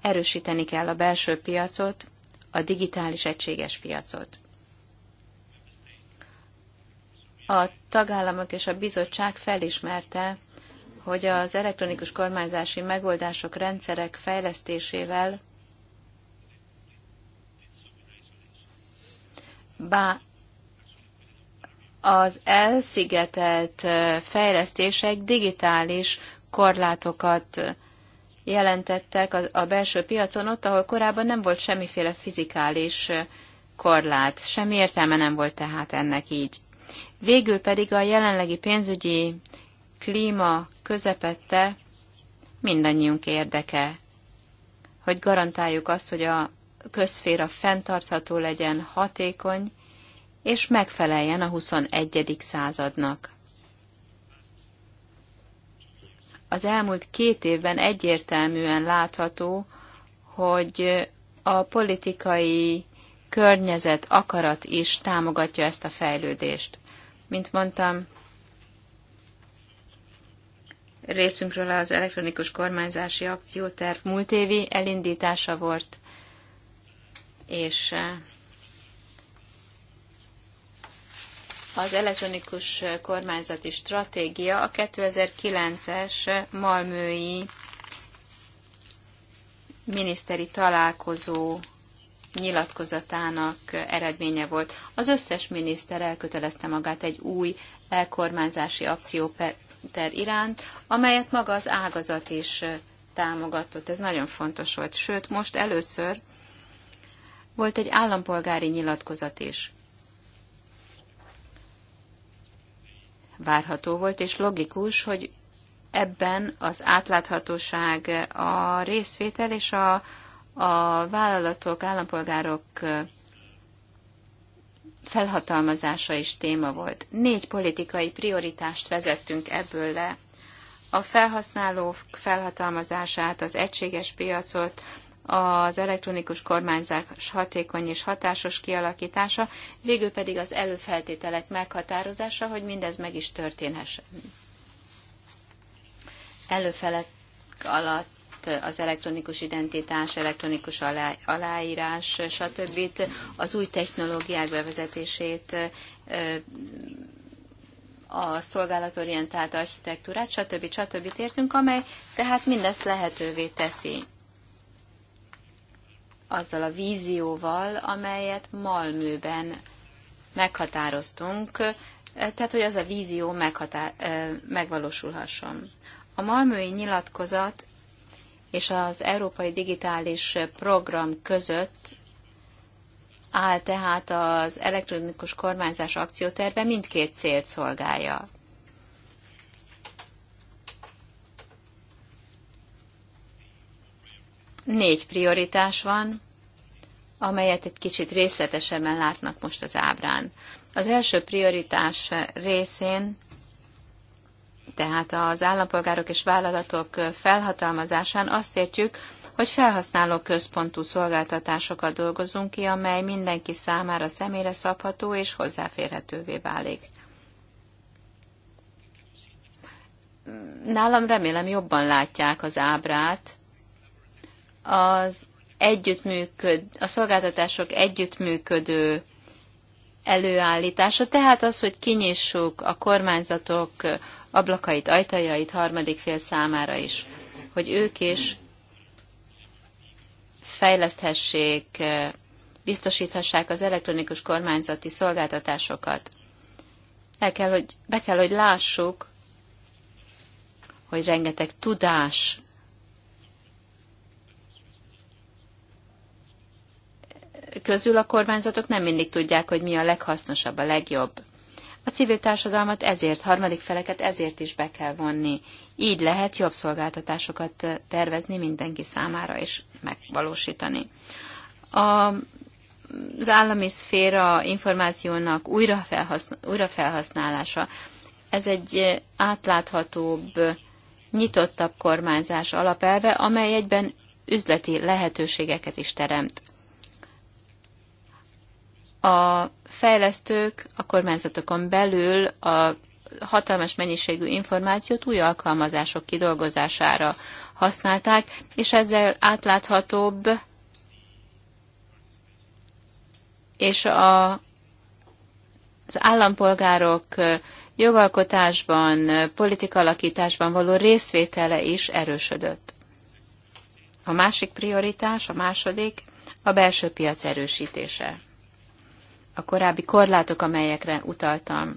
Erősíteni kell a belső piacot, a digitális egységes piacot. A tagállamok és a bizottság felismerte, hogy az elektronikus kormányzási megoldások rendszerek fejlesztésével bá az elszigetelt fejlesztések digitális korlátokat jelentettek a belső piacon, ott, ahol korábban nem volt semmiféle fizikális korlát. Semmi értelme nem volt tehát ennek így. Végül pedig a jelenlegi pénzügyi klíma közepette mindannyiunk érdeke, hogy garantáljuk azt, hogy a közféra fenntartható legyen, hatékony, és megfeleljen a 21. századnak. Az elmúlt két évben egyértelműen látható, hogy a politikai környezet, akarat is támogatja ezt a fejlődést. Mint mondtam, részünkről az elektronikus kormányzási akcióterv múlt évi elindítása volt, és eh, az elektronikus kormányzati stratégia a 2009-es malmői miniszteri találkozó nyilatkozatának eredménye volt. Az összes miniszter elkötelezte magát egy új elkormányzási akcióterv ter iránt, amelyet maga az ágazat is támogatott. Ez nagyon fontos volt. Sőt, most először volt egy állampolgári nyilatkozat is. Várható volt és logikus, hogy ebben az átláthatóság, a részvétel és a, a vállalatok, állampolgárok felhatalmazása is téma volt. Négy politikai prioritást vezettünk ebből le. A felhasználók felhatalmazását, az egységes piacot, az elektronikus kormányzás hatékony és hatásos kialakítása, végül pedig az előfeltételek meghatározása, hogy mindez meg is történhessen. Előfelek alatt között az elektronikus identitás, elektronikus alá, aláírás, stb. az új technológiák bevezetését, a szolgálatorientált architektúrát, stb. stb. értünk, amely tehát mindezt lehetővé teszi azzal a vízióval, amelyet Malmőben meghatároztunk, tehát hogy az a vízió meghatá- megvalósulhasson. A malmői nyilatkozat és az Európai Digitális Program között áll tehát az elektronikus kormányzás akcióterve mindkét célt szolgálja. Négy prioritás van, amelyet egy kicsit részletesebben látnak most az ábrán. Az első prioritás részén tehát az állampolgárok és vállalatok felhatalmazásán azt értjük, hogy felhasználó központú szolgáltatásokat dolgozunk ki, amely mindenki számára személyre szabható és hozzáférhetővé válik. Nálam remélem jobban látják az ábrát. Az együttműköd, a szolgáltatások együttműködő előállítása, tehát az, hogy kinyissuk a kormányzatok ablakait, ajtajait harmadik fél számára is, hogy ők is fejleszthessék, eh, biztosíthassák az elektronikus kormányzati szolgáltatásokat. El kell, hogy, be kell, hogy lássuk, hogy rengeteg tudás közül a kormányzatok nem mindig tudják, hogy mi a leghasznosabb, a legjobb. A civil társadalmat ezért, harmadik feleket ezért is be kell vonni. Így lehet jobb szolgáltatásokat tervezni mindenki számára és megvalósítani. A az állami szféra információnak újrafelhasználása, ez egy átláthatóbb, nyitottabb kormányzás alapelve, amely egyben üzleti lehetőségeket is teremt a fejlesztők a kormányzatokon belül a hatalmas mennyiségű információt új alkalmazások kidolgozására használták, és ezzel átláthatóbb és a, az állampolgárok jogalkotásban, politikalakításban való részvétele is erősödött. A másik prioritás, a második, a belső piac erősítése a korábbi korlátok, amelyekre utaltam.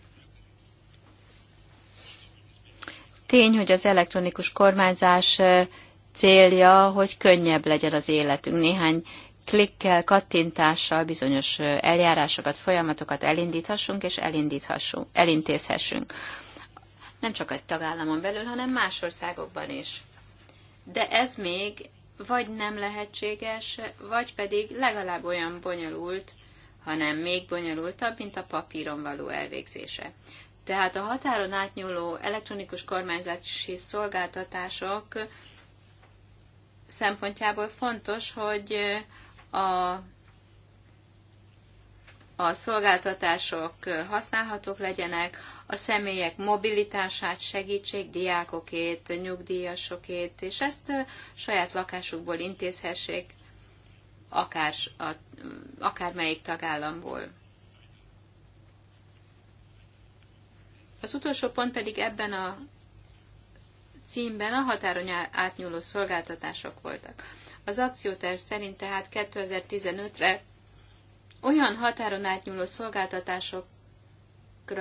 Tény, hogy az elektronikus kormányzás célja, hogy könnyebb legyen az életünk. Néhány klikkel, kattintással bizonyos eljárásokat, folyamatokat elindíthassunk és elindíthassunk, elintézhessünk. Nem csak egy tagállamon belül, hanem más országokban is. De ez még vagy nem lehetséges, vagy pedig legalább olyan bonyolult, hanem még bonyolultabb, mint a papíron való elvégzése. Tehát a határon átnyúló elektronikus kormányzási szolgáltatások szempontjából fontos, hogy a, a szolgáltatások használhatók legyenek, a személyek mobilitását segítsék, diákokét, nyugdíjasokét, és ezt saját lakásukból intézhessék akár, a, akármelyik tagállamból. Az utolsó pont pedig ebben a címben a határon átnyúló szolgáltatások voltak. Az akcióterv szerint tehát 2015-re olyan határon átnyúló szolgáltatásokra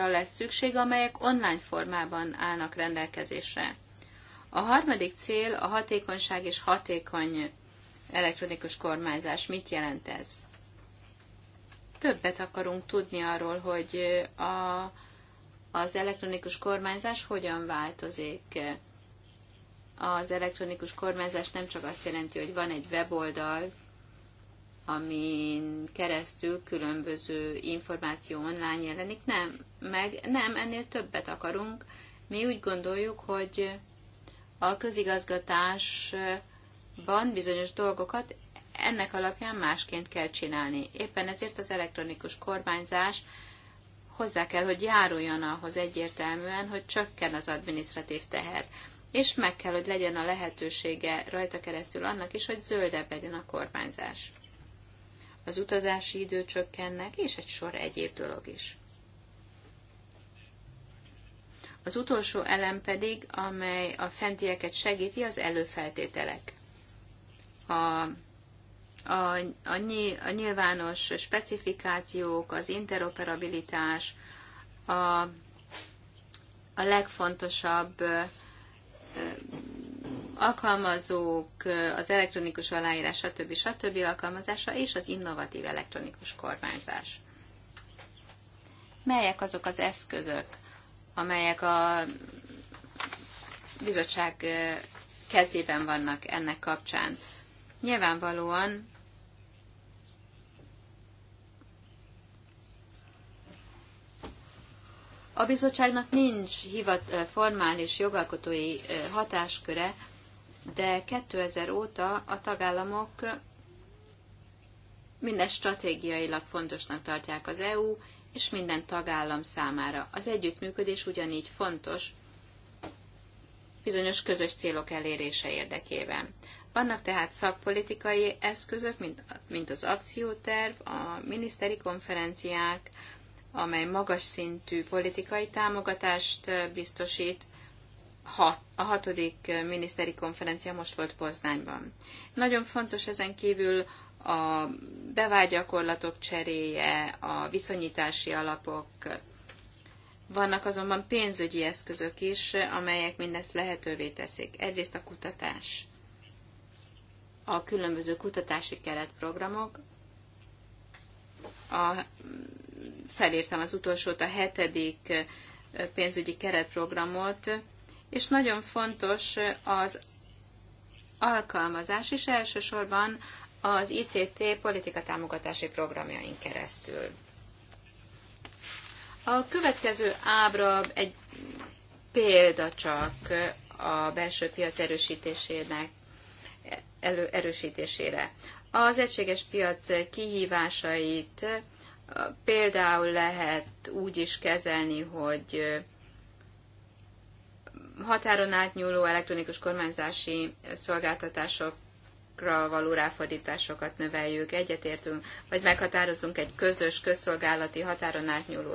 lesz szükség, amelyek online formában állnak rendelkezésre. A harmadik cél a hatékonyság és hatékony elektronikus kormányzás. Mit jelent ez? Többet akarunk tudni arról, hogy a, az elektronikus kormányzás hogyan változik. Az elektronikus kormányzás nem csak azt jelenti, hogy van egy weboldal, amin keresztül különböző információ online jelenik. Nem, meg nem, ennél többet akarunk. Mi úgy gondoljuk, hogy a közigazgatás ban bizonyos dolgokat ennek alapján másként kell csinálni. Éppen ezért az elektronikus kormányzás hozzá kell, hogy járuljon ahhoz egyértelműen, hogy csökken az adminisztratív teher. És meg kell, hogy legyen a lehetősége rajta keresztül annak is, hogy zöldebb legyen a kormányzás. Az utazási idő csökkennek, és egy sor egyéb dolog is. Az utolsó elem pedig, amely a fentieket segíti, az előfeltételek a a, a, a nyilvános specifikációk, az interoperabilitás, a, a legfontosabb alkalmazók, az elektronikus aláírás, stb. stb. alkalmazása és az innovatív elektronikus kormányzás. Melyek azok az eszközök, amelyek a bizottság kezében vannak ennek kapcsán? Nyilvánvalóan a bizottságnak nincs hivat, formális jogalkotói hatásköre, de 2000 óta a tagállamok minden stratégiailag fontosnak tartják az EU és minden tagállam számára. Az együttműködés ugyanígy fontos bizonyos közös célok elérése érdekében. Vannak tehát szakpolitikai eszközök, mint, mint az akcióterv, a miniszteri konferenciák, amely magas szintű politikai támogatást biztosít. Hat, a hatodik miniszteri konferencia most volt Poznányban. Nagyon fontos ezen kívül a bevágyakorlatok cseréje, a viszonyítási alapok. Vannak azonban pénzügyi eszközök is, amelyek mindezt lehetővé teszik. Egyrészt a kutatás a különböző kutatási keretprogramok. A, felírtam az utolsót, a hetedik pénzügyi keretprogramot, és nagyon fontos az alkalmazás, is elsősorban az ICT politika támogatási programjain keresztül. A következő ábra egy példa csak a belső piac erősítésének elő, erősítésére. Az egységes piac kihívásait például lehet úgy is kezelni, hogy határon átnyúló elektronikus kormányzási szolgáltatások való ráfordításokat növeljük, egyetértünk, vagy meghatározunk egy közös közszolgálati határon átnyúló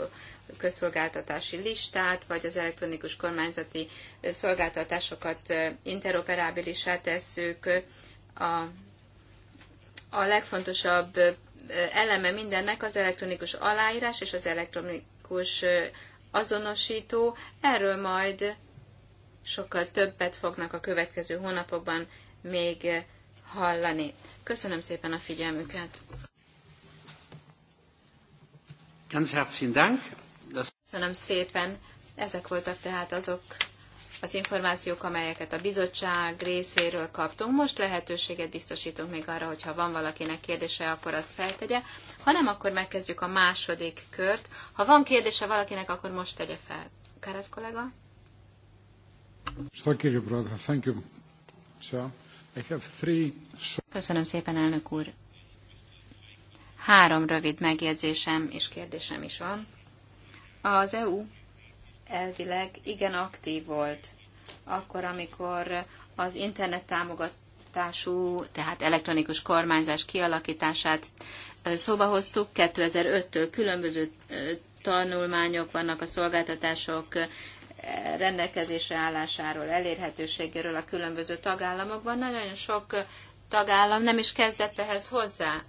közszolgáltatási listát, vagy az elektronikus kormányzati szolgáltatásokat interoperábilissá tesszük, a, a legfontosabb eleme mindennek az elektronikus aláírás és az elektronikus azonosító. Erről majd sokkal többet fognak a következő hónapokban még hallani. Köszönöm szépen a figyelmüket! Köszönöm szépen. Ezek voltak tehát azok az információk, amelyeket a bizottság részéről kaptunk. Most lehetőséget biztosítunk még arra, hogyha van valakinek kérdése, akkor azt feltegye. Ha nem, akkor megkezdjük a második kört. Ha van kérdése valakinek, akkor most tegye fel. Kárász kollega? Köszönöm szépen, elnök úr. Három rövid megjegyzésem és kérdésem is van. Az EU elvileg igen aktív volt akkor, amikor az internet támogatású, tehát elektronikus kormányzás kialakítását szóba hoztuk. 2005-től különböző tanulmányok vannak a szolgáltatások rendelkezésre állásáról, elérhetőségéről a különböző tagállamokban. Nagyon sok tagállam nem is kezdett ehhez hozzá.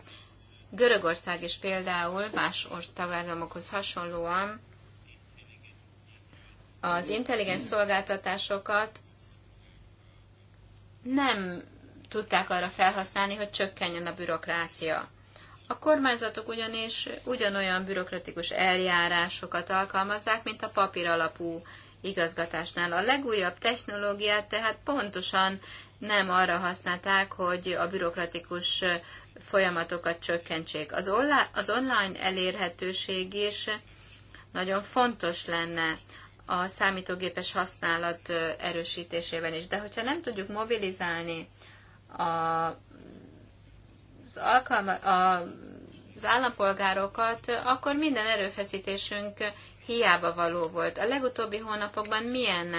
Görögország is például más tagállamokhoz hasonlóan az intelligens szolgáltatásokat nem tudták arra felhasználni, hogy csökkenjen a bürokrácia. A kormányzatok ugyanis ugyanolyan bürokratikus eljárásokat alkalmazzák, mint a papír alapú igazgatásnál. A legújabb technológiát tehát pontosan nem arra használták, hogy a bürokratikus folyamatokat csökkentsék. Az, az online elérhetőség is nagyon fontos lenne a számítógépes használat erősítésében is. De hogyha nem tudjuk mobilizálni a, az, alkalma, a, az állampolgárokat, akkor minden erőfeszítésünk hiába való volt. A legutóbbi hónapokban milyen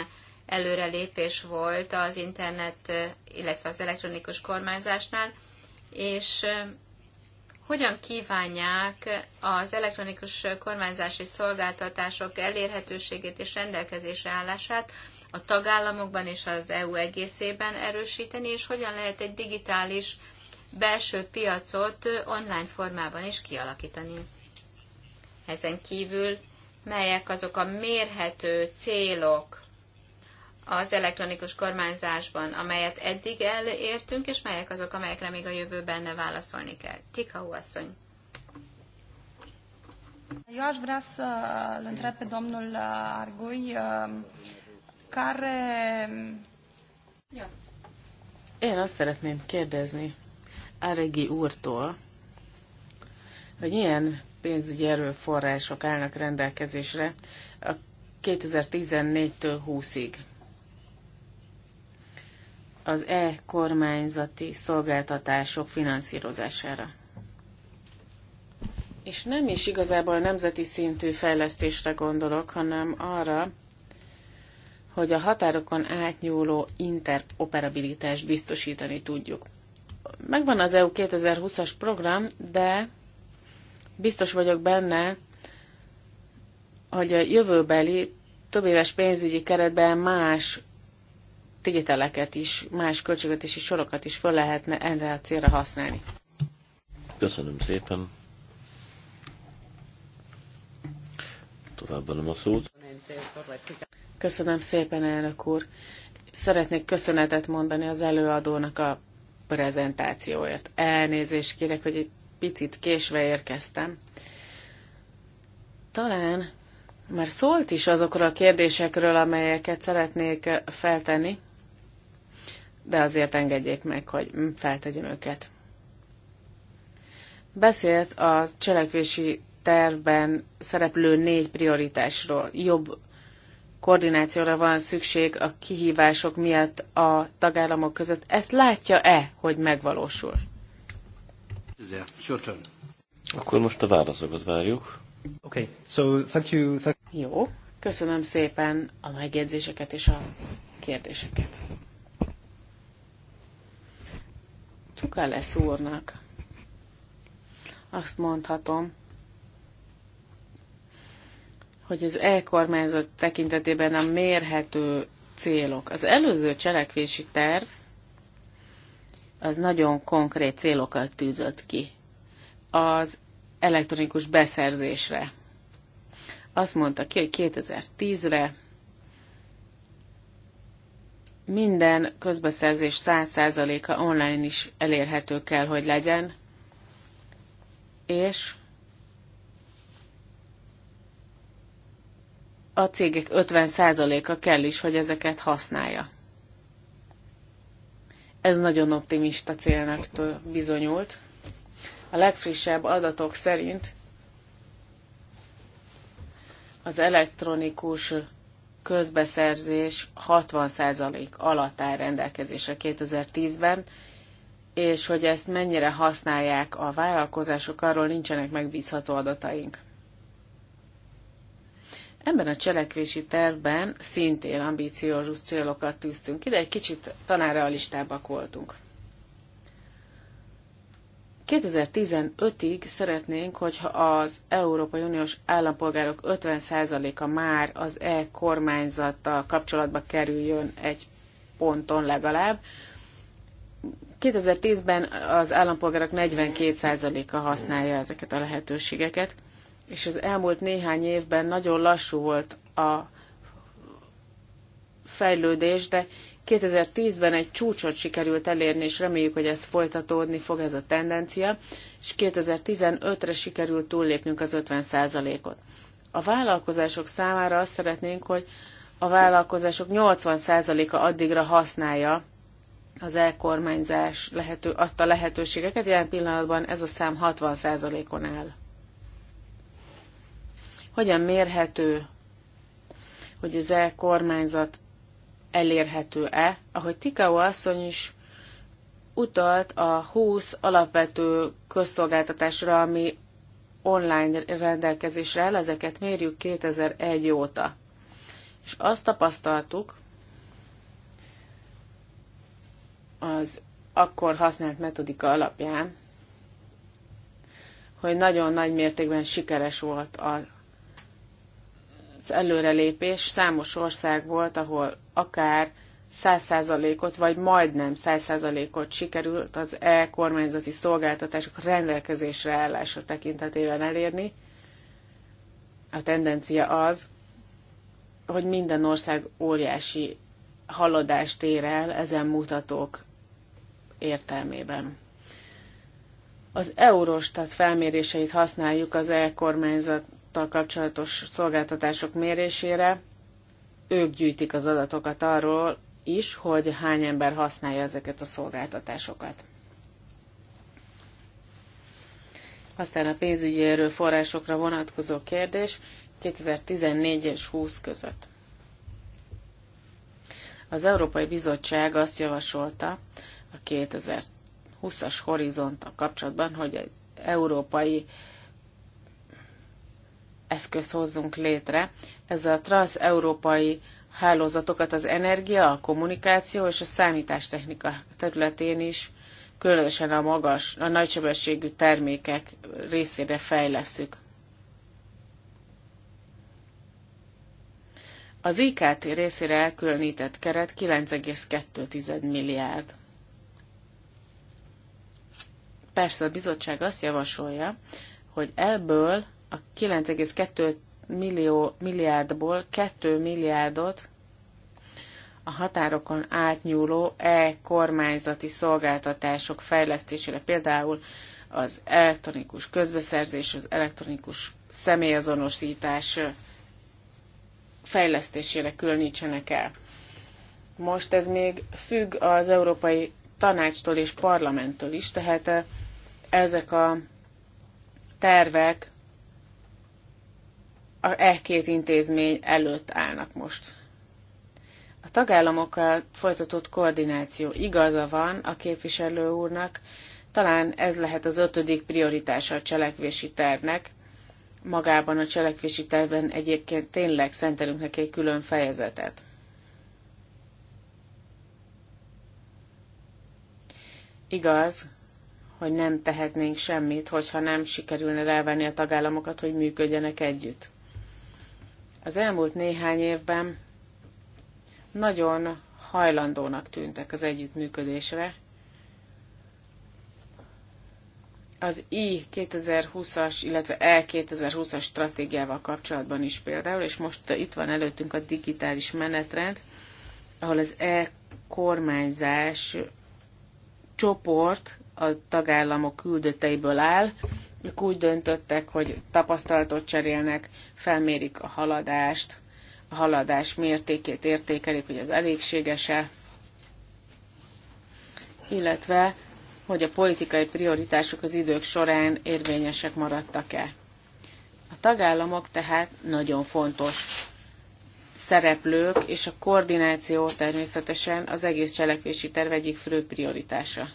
előrelépés volt az internet, illetve az elektronikus kormányzásnál, és hogyan kívánják az elektronikus kormányzási szolgáltatások elérhetőségét és rendelkezésre állását a tagállamokban és az EU egészében erősíteni, és hogyan lehet egy digitális belső piacot online formában is kialakítani. Ezen kívül melyek azok a mérhető célok, az elektronikus kormányzásban, amelyet eddig elértünk, és melyek azok, amelyekre még a jövőben ne válaszolni kell. Tika asszony. Eu aș vrea să îl întreb pe domnul Argui um, care...
Én azt szeretném kérdezni Aregi úrtól, hogy milyen pénzügyi erőforrások állnak rendelkezésre a 2014-től 20-ig az e-kormányzati szolgáltatások finanszírozására. És nem is igazából nemzeti szintű fejlesztésre gondolok, hanem arra, hogy a határokon átnyúló interoperabilitást biztosítani tudjuk. Megvan az EU 2020-as program, de biztos vagyok benne, hogy a jövőbeli több éves pénzügyi keretben más tételeket is, más költségvetési sorokat is föl lehetne erre a célra használni.
Köszönöm szépen. nem a szót.
Köszönöm szépen, elnök úr. Szeretnék köszönetet mondani az előadónak a prezentációért. Elnézést kérek, hogy egy picit késve érkeztem. Talán már szólt is azokról a kérdésekről, amelyeket szeretnék feltenni de azért engedjék meg, hogy mm, feltegyem őket. Beszélt a cselekvési tervben szereplő négy prioritásról. Jobb koordinációra van szükség a kihívások miatt a tagállamok között. Ezt látja-e, hogy megvalósul?
Akkor most a válaszokat várjuk. Okay.
So, thank you, thank... Jó,
köszönöm szépen a megjegyzéseket és a kérdéseket. Kalesz úrnak azt mondhatom, hogy az elkormányzat tekintetében a mérhető célok. Az előző cselekvési terv az nagyon konkrét célokat tűzött ki az elektronikus beszerzésre. Azt mondta ki, hogy 2010-re minden közbeszerzés 100%-a online is elérhető kell, hogy legyen, és a cégek 50%-a kell is, hogy ezeket használja. Ez nagyon optimista célnak bizonyult. A legfrissebb adatok szerint az elektronikus közbeszerzés 60% alatt áll rendelkezésre 2010-ben, és hogy ezt mennyire használják a vállalkozások, arról nincsenek megbízható adataink. Ebben a cselekvési tervben szintén ambíciózus célokat tűztünk ide, egy kicsit tanára voltunk. 2015-ig szeretnénk, hogyha az Európai Uniós állampolgárok 50%-a már az e-kormányzattal kapcsolatba kerüljön egy ponton legalább. 2010-ben az állampolgárok 42%-a használja ezeket a lehetőségeket, és az elmúlt néhány évben nagyon lassú volt a fejlődés, de 2010-ben egy csúcsot sikerült elérni, és reméljük, hogy ez folytatódni fog ez a tendencia, és 2015-re sikerült túllépnünk az 50%-ot. A vállalkozások számára azt szeretnénk, hogy a vállalkozások 80%-a addigra használja az elkormányzás lehető, adta lehetőségeket, jelen pillanatban ez a szám 60%-on áll. Hogyan mérhető, hogy az e-kormányzat elérhető-e. Ahogy Tikao asszony is utalt a 20 alapvető közszolgáltatásra, ami online rendelkezésre áll, ezeket mérjük 2001 óta. És azt tapasztaltuk az akkor használt metodika alapján, hogy nagyon nagy mértékben sikeres volt a látsz előrelépés, számos ország volt, ahol akár 100%-ot, vagy majdnem 100%-ot sikerült az e-kormányzati szolgáltatások rendelkezésre állása tekintetében elérni. A tendencia az, hogy minden ország óriási haladást ér el ezen mutatók értelmében. Az Eurostat felméréseit használjuk az e-kormányzat ágazattal kapcsolatos szolgáltatások mérésére. Ők gyűjtik az adatokat arról is, hogy hány ember használja ezeket a szolgáltatásokat. Aztán a pénzügyi erőforrásokra vonatkozó kérdés 2014 és 20 között. Az Európai Bizottság azt javasolta a 2020-as horizonttal kapcsolatban, hogy egy európai eszköz hozzunk létre. Ez a európai hálózatokat az energia, a kommunikáció és a számítástechnika területén is, különösen a magas, a nagysebességű termékek részére fejleszük. Az IKT részére elkülönített keret 9,2 milliárd. Persze a bizottság azt javasolja, hogy ebből a 9,2 millió milliárdból 2 milliárdot a határokon átnyúló e-kormányzati szolgáltatások fejlesztésére, például az elektronikus közbeszerzés, az elektronikus személyazonosítás fejlesztésére különítsenek el. Most ez még függ az Európai Tanácstól és Parlamenttől is, tehát eh, ezek a tervek e két intézmény előtt állnak most. A tagállamokkal folytatott koordináció igaza van a képviselő úrnak, talán ez lehet az ötödik prioritása a cselekvési tervnek. Magában a cselekvési tervben egyébként tényleg szentelünk neki egy külön fejezetet. Igaz, hogy nem tehetnénk semmit, hogyha nem sikerülne rávenni a tagállamokat, hogy működjenek együtt. Az elmúlt néhány évben nagyon hajlandónak tűntek az együttműködésre. Az I 2020-as, illetve E 2020-as stratégiával kapcsolatban is például, és most itt van előttünk a digitális menetrend, ahol az E kormányzás csoport a tagállamok küldöteiből áll, ők úgy döntöttek, hogy tapasztalatot cserélnek, felmérik a haladást, a haladás mértékét értékelik, hogy az elégséges-e, illetve hogy a politikai prioritások az idők során érvényesek maradtak-e. A tagállamok tehát nagyon fontos szereplők, és a koordináció természetesen az egész cselekvési terv egyik fő prioritása.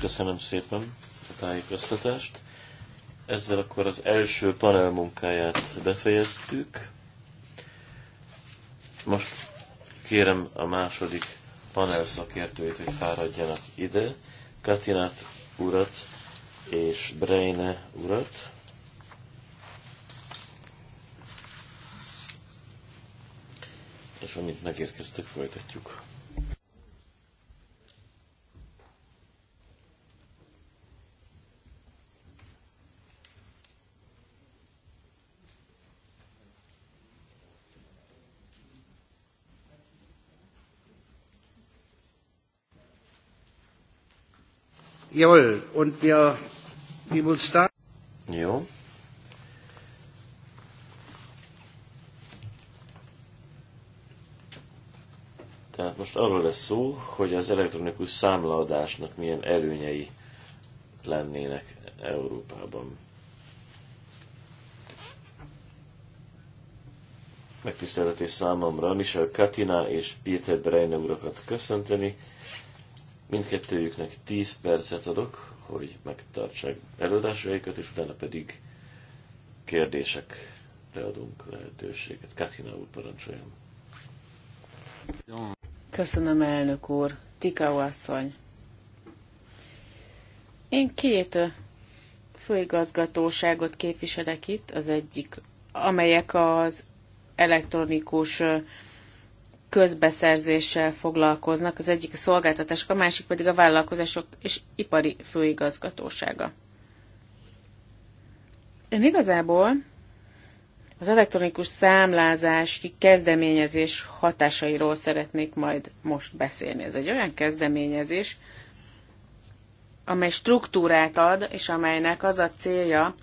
Köszönöm szépen tájékoztatást. Ezzel akkor az első panel munkáját befejeztük. Most kérem a második panel szakértőit, hogy fáradjanak ide. Katinát urat és Breine urat. És amint megérkeztek, folytatjuk.
Jawohl, und wir, will start.
Tehát most arról lesz szó, hogy az elektronikus számlaadásnak milyen előnyei lennének Európában. Megtiszteltetés számomra Michel Katina és Péter Breine urakat köszönteni Mindkettőjüknek 10 percet adok, hogy megtartsák előadásaikat, és utána pedig kérdésekre adunk lehetőséget. Katina úr, parancsoljon.
Köszönöm, elnök úr. Tikau asszony. Én két főigazgatóságot képviselek itt, az egyik, amelyek az elektronikus közbeszerzéssel foglalkoznak, az egyik a szolgáltatások, a másik pedig a vállalkozások és ipari főigazgatósága. Én igazából az elektronikus számlázási kezdeményezés hatásairól szeretnék majd most beszélni. Ez egy olyan kezdeményezés, amely struktúrát ad, és amelynek az a célja,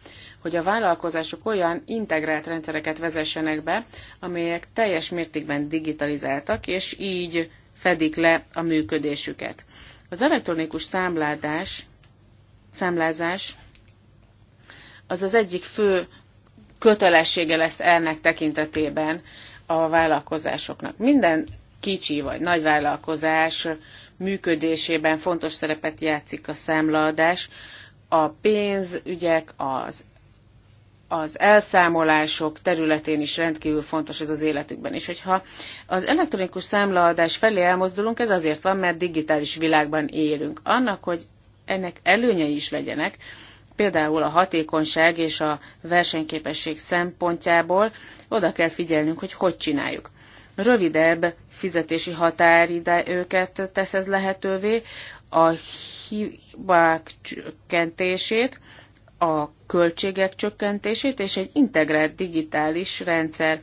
hogy a vállalkozások olyan integrált rendszereket vezessenek be, amelyek teljes mértékben digitalizáltak, és így fedik le a működésüket. Az elektronikus számládás, számlázás az az egyik fő kötelessége lesz ennek tekintetében a vállalkozásoknak. Minden kicsi vagy nagy vállalkozás működésében fontos szerepet játszik a számlaadás. A pénzügyek, az, az elszámolások területén is rendkívül fontos ez az életükben. is. hogyha az elektronikus számlaadás felé elmozdulunk, ez azért van, mert digitális világban élünk. Annak, hogy ennek előnyei is legyenek, például a hatékonyság és a versenyképesség szempontjából oda kell figyelnünk, hogy hogy csináljuk rövidebb fizetési határide őket tesz ez lehetővé, a hibák csökkentését, a költségek csökkentését és egy integrált digitális rendszer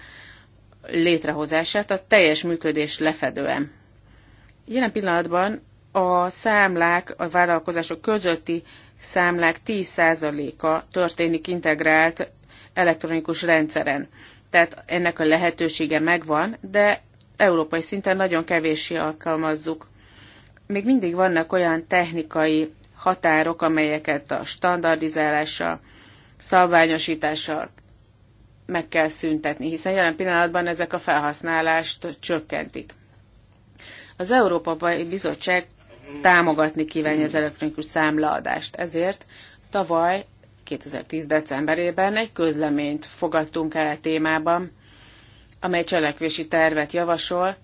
létrehozását a teljes működés lefedően. Jelen pillanatban a számlák, a vállalkozások közötti számlák 10%-a történik integrált elektronikus rendszeren. Tehát ennek a lehetősége megvan, de európai szinten nagyon kevéssé alkalmazzuk. Még mindig vannak olyan technikai határok, amelyeket a standardizálással, szabványosítással meg kell szüntetni, hiszen jelen pillanatban ezek a felhasználást csökkentik. Az Európai Bizottság támogatni kívánja az elektronikus számlaadást, ezért tavaly 2010. decemberében egy közleményt fogadtunk el a témában, amely cselekvési tervet javasol,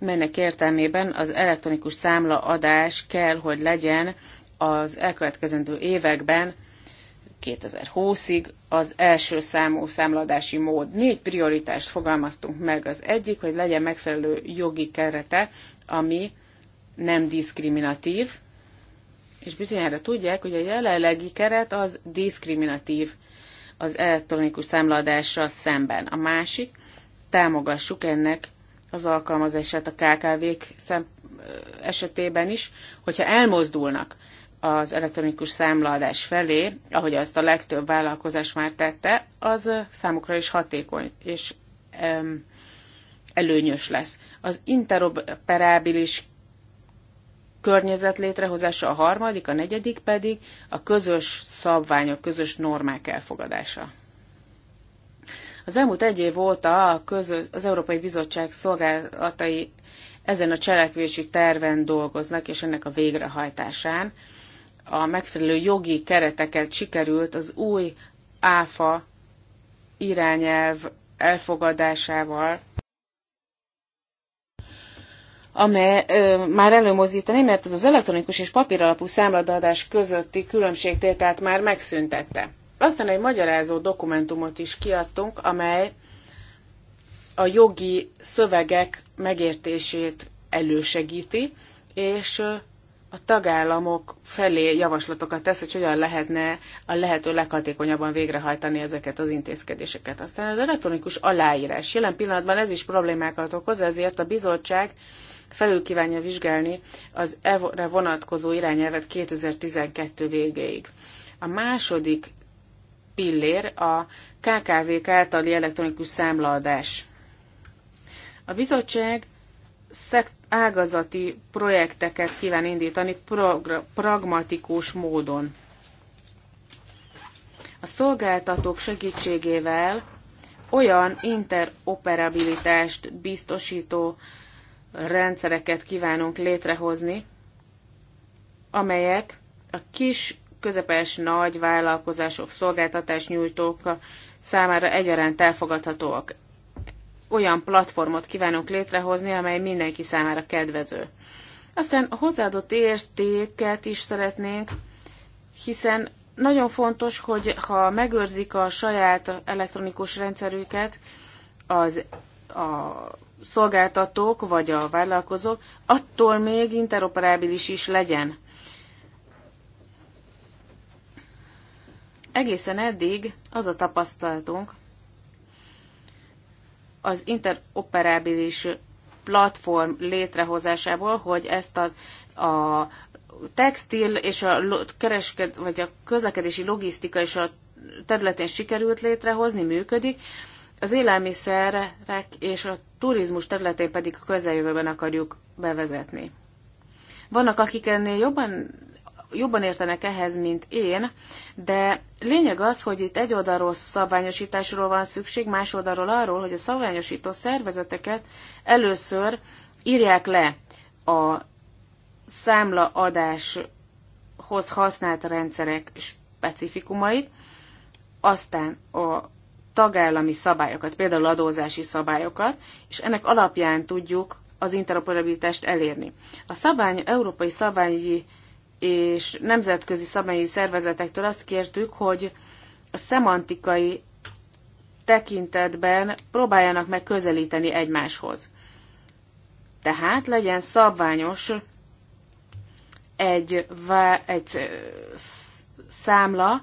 melynek értelmében az elektronikus számlaadás kell, hogy legyen az elkövetkezendő években 2020-ig az első számú számladási mód. Négy prioritást fogalmaztunk meg. Az egyik, hogy legyen megfelelő jogi kerete, ami nem diszkriminatív, és bizonyára tudják, hogy a jelenlegi keret az diszkriminatív az elektronikus számladással szemben. A másik, támogassuk ennek az alkalmazását a KKV-k esetében is, hogyha elmozdulnak az elektronikus számladás felé, ahogy azt a legtöbb vállalkozás már tette, az számukra is hatékony és em, előnyös lesz. Az interoperábilis környezet létrehozása, a harmadik, a negyedik pedig a közös szabványok, közös normák elfogadása. Az elmúlt egy év óta a közö, az Európai Bizottság szolgálatai ezen a cselekvési terven dolgoznak, és ennek a végrehajtásán a megfelelő jogi kereteket sikerült az új áfa irányelv elfogadásával amely ö, már előmozdítani, mert ez az elektronikus és papíralapú számladadás közötti különbségtételt már megszüntette. Aztán egy magyarázó dokumentumot is kiadtunk, amely a jogi szövegek megértését elősegíti, és a tagállamok felé javaslatokat tesz, hogy hogyan lehetne a lehető leghatékonyabban végrehajtani ezeket az intézkedéseket. Aztán az elektronikus aláírás. Jelen pillanatban ez is problémákat okoz, ezért a bizottság felül kívánja vizsgálni az erre vonatkozó irányelvet 2012 végéig. A második pillér a KKV-k általi elektronikus számlaadás. A bizottság szekt ágazati projekteket kíván indítani pragmatikus módon. A szolgáltatók segítségével olyan interoperabilitást biztosító rendszereket kívánunk létrehozni, amelyek a kis, közepes, nagy vállalkozások, szolgáltatás nyújtók számára egyaránt elfogadhatóak. Olyan platformot kívánunk létrehozni, amely mindenki számára kedvező. Aztán a hozzáadott értéket is szeretnénk, hiszen nagyon fontos, hogy ha megőrzik a saját elektronikus rendszerüket, az a szolgáltatók vagy a vállalkozók, attól még interoperábilis is legyen. Egészen eddig az a tapasztalatunk, az interoperábilis platform létrehozásából, hogy ezt a, a textil és a keresked, vagy a közlekedési logisztika és a területén sikerült létrehozni, működik, az élelmiszerek és a turizmus területén pedig a közeljövőben akarjuk bevezetni. Vannak, akik ennél jobban, jobban értenek ehhez, mint én, de lényeg az, hogy itt egy oldalról szabványosításról van szükség, más oldalról arról, hogy a szabványosító szervezeteket először írják le a számlaadáshoz használt rendszerek specifikumait, aztán a tagállami szabályokat, például adózási szabályokat, és ennek alapján tudjuk az interoperabilitást elérni. A szabály, európai szabályi és nemzetközi szabályi szervezetektől azt kértük, hogy a szemantikai tekintetben próbáljanak meg közelíteni egymáshoz. Tehát legyen szabványos egy, egy számla,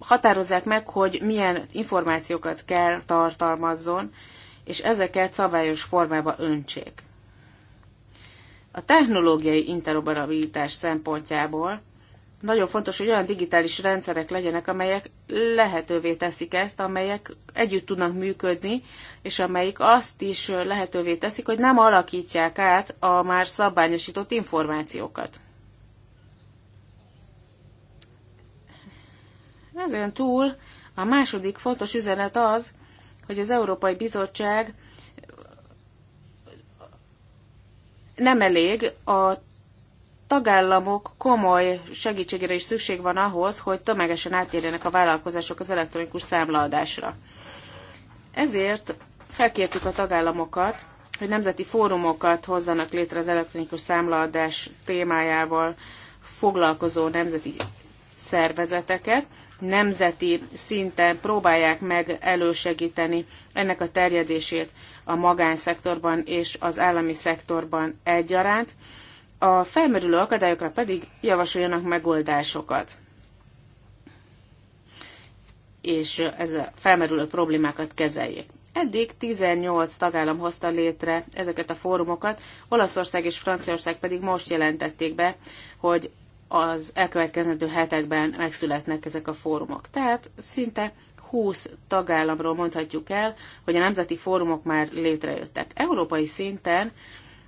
határozzák meg, hogy milyen információkat kell tartalmazzon, és ezeket szabályos formába öntsék. A technológiai interoperabilitás szempontjából nagyon fontos, hogy olyan digitális rendszerek legyenek, amelyek lehetővé teszik ezt, amelyek együtt tudnak működni, és amelyik azt is lehetővé teszik, hogy nem alakítják át a már szabványosított információkat. Ezen túl a második fontos üzenet az, hogy az Európai Bizottság nem elég, a tagállamok komoly segítségére is szükség van ahhoz, hogy tömegesen átérjenek a vállalkozások az elektronikus számlaadásra. Ezért felkértük a tagállamokat, hogy nemzeti fórumokat hozzanak létre az elektronikus számlaadás témájával foglalkozó nemzeti szervezeteket, nemzeti szinten próbálják meg elősegíteni ennek a terjedését a magánszektorban és az állami szektorban egyaránt, a felmerülő akadályokra pedig javasoljanak megoldásokat. És ez a felmerülő problémákat kezeljék. Eddig 18 tagállam hozta létre ezeket a fórumokat, Olaszország és Franciaország pedig most jelentették be, hogy az elkövetkezendő hetekben megszületnek ezek a fórumok. Tehát szinte 20 tagállamról mondhatjuk el, hogy a nemzeti fórumok már létrejöttek. Európai szinten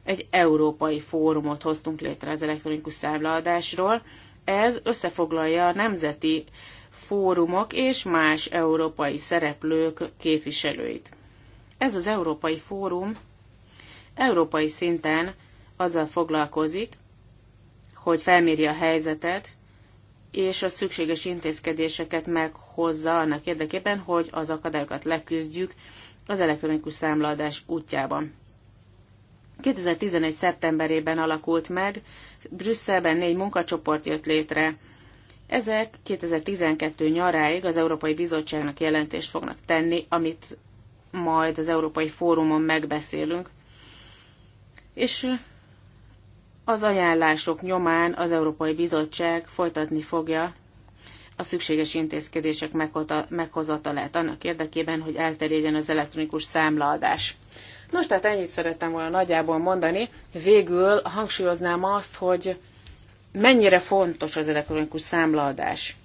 egy európai fórumot hoztunk létre az elektronikus számlaadásról. Ez összefoglalja a nemzeti fórumok és más európai szereplők képviselőit. Ez az európai fórum európai szinten azzal foglalkozik, hogy felméri a helyzetet, és a szükséges intézkedéseket meghozza annak érdekében, hogy az akadályokat leküzdjük az elektronikus számladás útjában. 2011. szeptemberében alakult meg, Brüsszelben négy munkacsoport jött létre. Ezek 2012 nyaráig az Európai Bizottságnak jelentést fognak tenni, amit majd az Európai Fórumon megbeszélünk. És az ajánlások nyomán az Európai Bizottság folytatni fogja a szükséges intézkedések meghozatalát annak érdekében, hogy elterjedjen az elektronikus számlaadás. Nos, tehát ennyit szerettem volna nagyjából mondani. Végül hangsúlyoznám azt, hogy mennyire fontos az elektronikus számlaadás,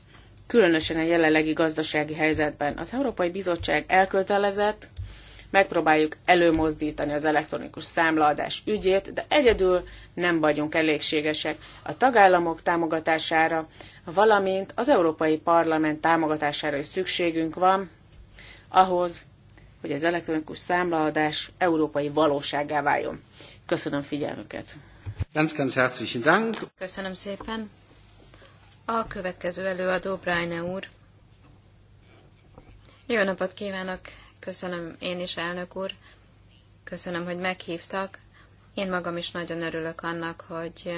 különösen a jelenlegi gazdasági helyzetben. Az Európai Bizottság elkötelezett megpróbáljuk előmozdítani az elektronikus számlaadás ügyét, de egyedül nem vagyunk elégségesek a tagállamok támogatására, valamint az Európai Parlament támogatására is szükségünk van ahhoz, hogy az elektronikus számlaadás európai valóságá váljon. Köszönöm figyelmüket! Ganz, ganz herzlichen Dank.
Köszönöm szépen. A következő előadó Brájne úr. Jó napot kívánok, Köszönöm én is, elnök úr. Köszönöm, hogy meghívtak. Én magam is nagyon örülök annak, hogy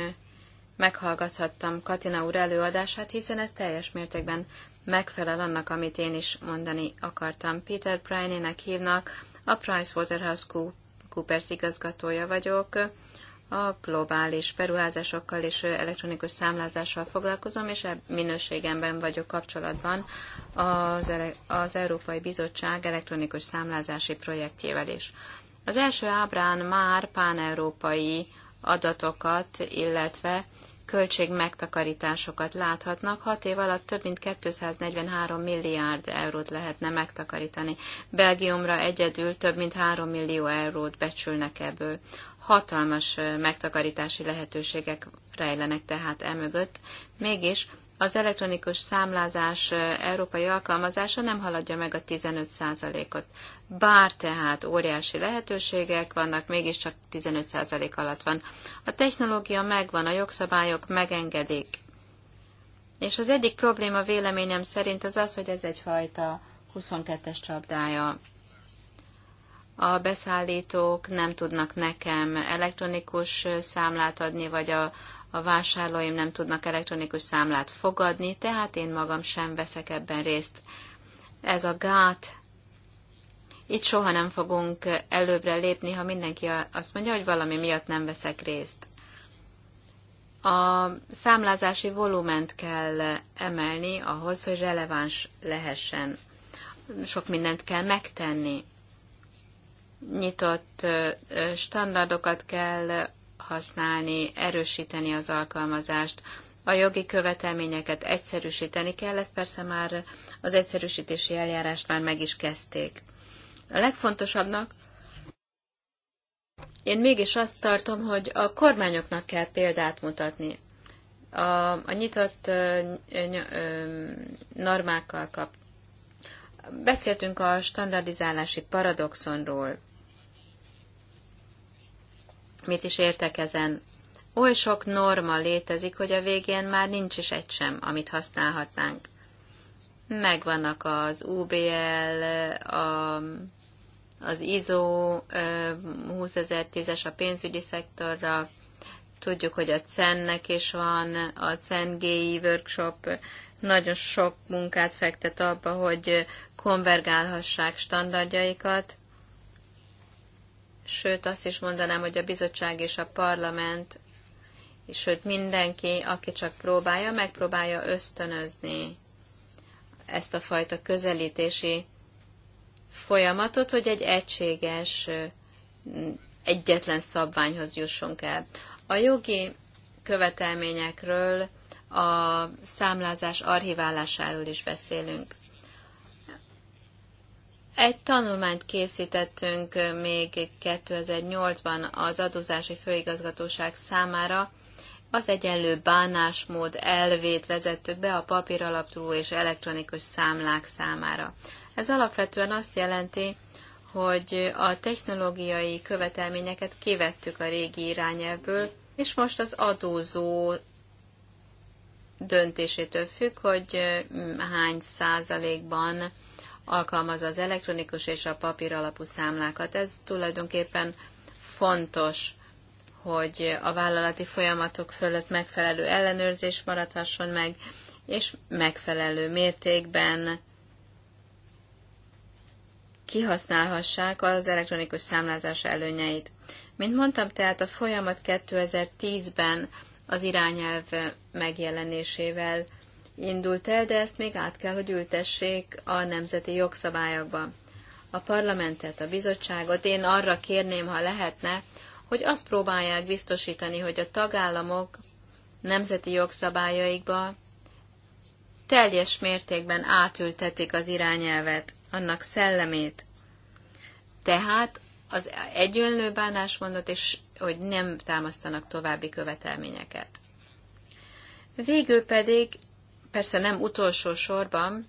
meghallgathattam Katina úr előadását, hiszen ez teljes mértékben megfelel annak, amit én is mondani akartam. Peter Briney-nek hívnak, a PricewaterhouseCoopers igazgatója vagyok a globális beruházásokkal és elektronikus számlázással foglalkozom, és minőségemben vagyok kapcsolatban az, az Európai Bizottság elektronikus számlázási projektjével is. Az első ábrán már páneurópai adatokat, illetve költség megtakarításokat láthatnak. Hat év alatt több mint 243 milliárd eurót lehetne megtakarítani. Belgiumra egyedül több mint 3 millió eurót becsülnek ebből. Hatalmas megtakarítási lehetőségek rejlenek tehát emögött. Mégis az elektronikus számlázás európai alkalmazása nem haladja meg a 15%-ot. Bár tehát óriási lehetőségek vannak, mégiscsak 15% alatt van. A technológia megvan, a jogszabályok megengedik. És az egyik probléma véleményem szerint az az, hogy ez egyfajta 22-es csapdája a beszállítók nem tudnak nekem elektronikus számlát adni, vagy a, a vásárlóim nem tudnak elektronikus számlát fogadni, tehát én magam sem veszek ebben részt. Ez a gát. Itt soha nem fogunk előbbre lépni, ha mindenki azt mondja, hogy valami miatt nem veszek részt. A számlázási volument kell emelni ahhoz, hogy releváns lehessen. Sok mindent kell megtenni nyitott standardokat kell használni, erősíteni az alkalmazást, a jogi követelményeket egyszerűsíteni kell, ezt persze már az egyszerűsítési eljárást már meg is kezdték. A legfontosabbnak én mégis azt tartom, hogy a kormányoknak kell példát mutatni. A, a nyitott ö, ö, ö, normákkal kap. Beszéltünk a standardizálási paradoxonról mit is értek ezen. Oly sok norma létezik, hogy a végén már nincs is egy sem, amit használhatnánk. Megvannak az UBL, a, az ISO 20010-es a pénzügyi szektorra, tudjuk, hogy a CEN-nek is van, a CEN-GI workshop nagyon sok munkát fektet abba, hogy konvergálhassák standardjaikat, sőt azt is mondanám, hogy a bizottság és a parlament, és sőt mindenki, aki csak próbálja, megpróbálja ösztönözni ezt a fajta közelítési folyamatot, hogy egy egységes, egyetlen szabványhoz jussunk el. A jogi követelményekről, a számlázás archiválásáról is beszélünk. Egy tanulmányt készítettünk még 2008-ban az adózási főigazgatóság számára, az egyenlő bánásmód elvét vezettük be a papíralapú és elektronikus számlák számára. Ez alapvetően azt jelenti, hogy a technológiai követelményeket kivettük a régi irányelvből, és most az adózó döntésétől függ, hogy hány százalékban alkalmazza az elektronikus és a papír alapú számlákat. Ez tulajdonképpen fontos, hogy a vállalati folyamatok fölött megfelelő ellenőrzés maradhasson meg, és megfelelő mértékben kihasználhassák az elektronikus számlázás előnyeit. Mint mondtam, tehát a folyamat 2010-ben az irányelv megjelenésével indult el, de ezt még át kell, hogy ültessék a nemzeti jogszabályokba. A parlamentet, a bizottságot én arra kérném, ha lehetne, hogy azt próbálják biztosítani, hogy a tagállamok nemzeti jogszabályaikba teljes mértékben átültetik az irányelvet, annak szellemét. Tehát az egyönlő bánásmondot, és hogy nem támasztanak további követelményeket. Végül pedig persze nem utolsó sorban,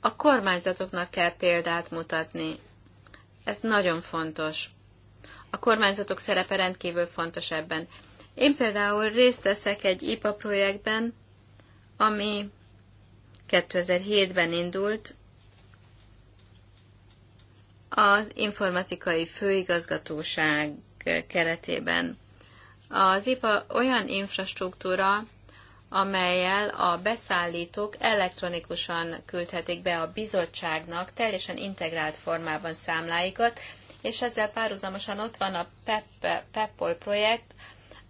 a kormányzatoknak kell példát mutatni. Ez nagyon fontos. A kormányzatok szerepe rendkívül fontos ebben. Én például részt veszek egy IPA projektben, ami 2007-ben indult az informatikai főigazgatóság keretében. Az IPA olyan infrastruktúra, amelyel a beszállítók elektronikusan küldhetik be a bizottságnak teljesen integrált formában számláikat, és ezzel párhuzamosan ott van a PEPPOL projekt,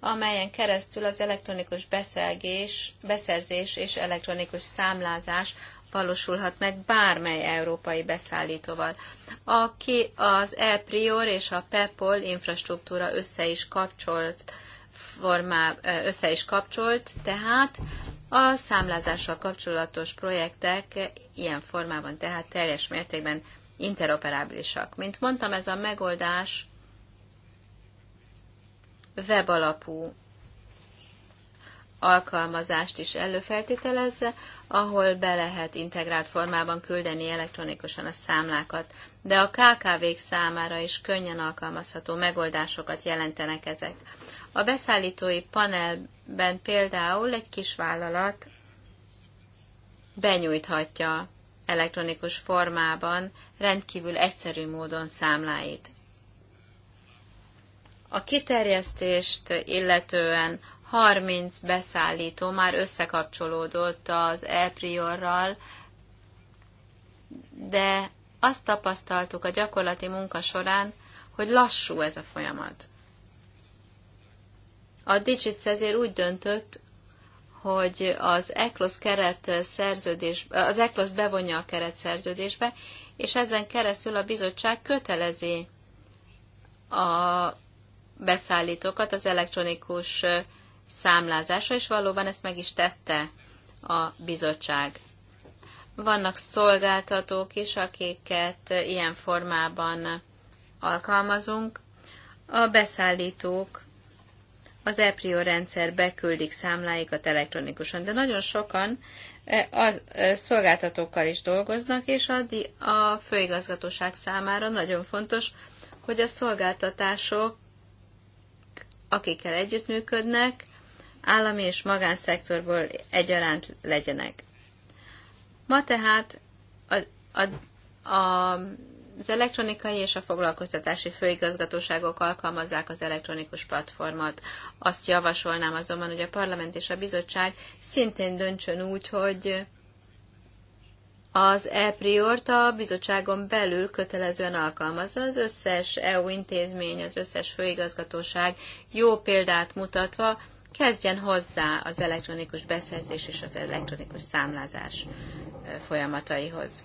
amelyen keresztül az elektronikus beszergés, beszerzés és elektronikus számlázás valósulhat meg bármely európai beszállítóval. Aki az e és a Peppol infrastruktúra össze is kapcsolt formá össze is kapcsolt, tehát a számlázással kapcsolatos projektek ilyen formában, tehát teljes mértékben interoperábilisak. Mint mondtam, ez a megoldás web alapú alkalmazást is előfeltételezze, ahol be lehet integrált formában küldeni elektronikusan a számlákat, de a KKV-k számára is könnyen alkalmazható megoldásokat jelentenek ezek. A beszállítói panelben például egy kis vállalat benyújthatja elektronikus formában rendkívül egyszerű módon számláit. A kiterjesztést illetően 30 beszállító már összekapcsolódott az e-priorral, de azt tapasztaltuk a gyakorlati munka során, hogy lassú ez a folyamat. A Digits ezért úgy döntött, hogy az ECLOS keret szerződés, az ECLOS bevonja a keret szerződésbe, és ezen keresztül a bizottság kötelezi a beszállítókat az elektronikus számlázásra, és valóban ezt meg is tette a bizottság. Vannak szolgáltatók is, akiket ilyen formában alkalmazunk. A beszállítók az EPRIO rendszer beküldik számláikat elektronikusan, de nagyon sokan eh, az eh, szolgáltatókkal is dolgoznak, és a, a főigazgatóság számára nagyon fontos, hogy a szolgáltatások, akikkel együttműködnek, állami és magánszektorból egyaránt legyenek. Ma tehát a, a, a az elektronikai és a foglalkoztatási főigazgatóságok alkalmazzák az elektronikus platformot. Azt javasolnám azonban, hogy a parlament és a bizottság szintén döntsön úgy, hogy az e a bizottságon belül kötelezően alkalmazza az összes EU intézmény, az összes főigazgatóság jó példát mutatva, kezdjen hozzá az elektronikus beszerzés és az elektronikus számlázás folyamataihoz.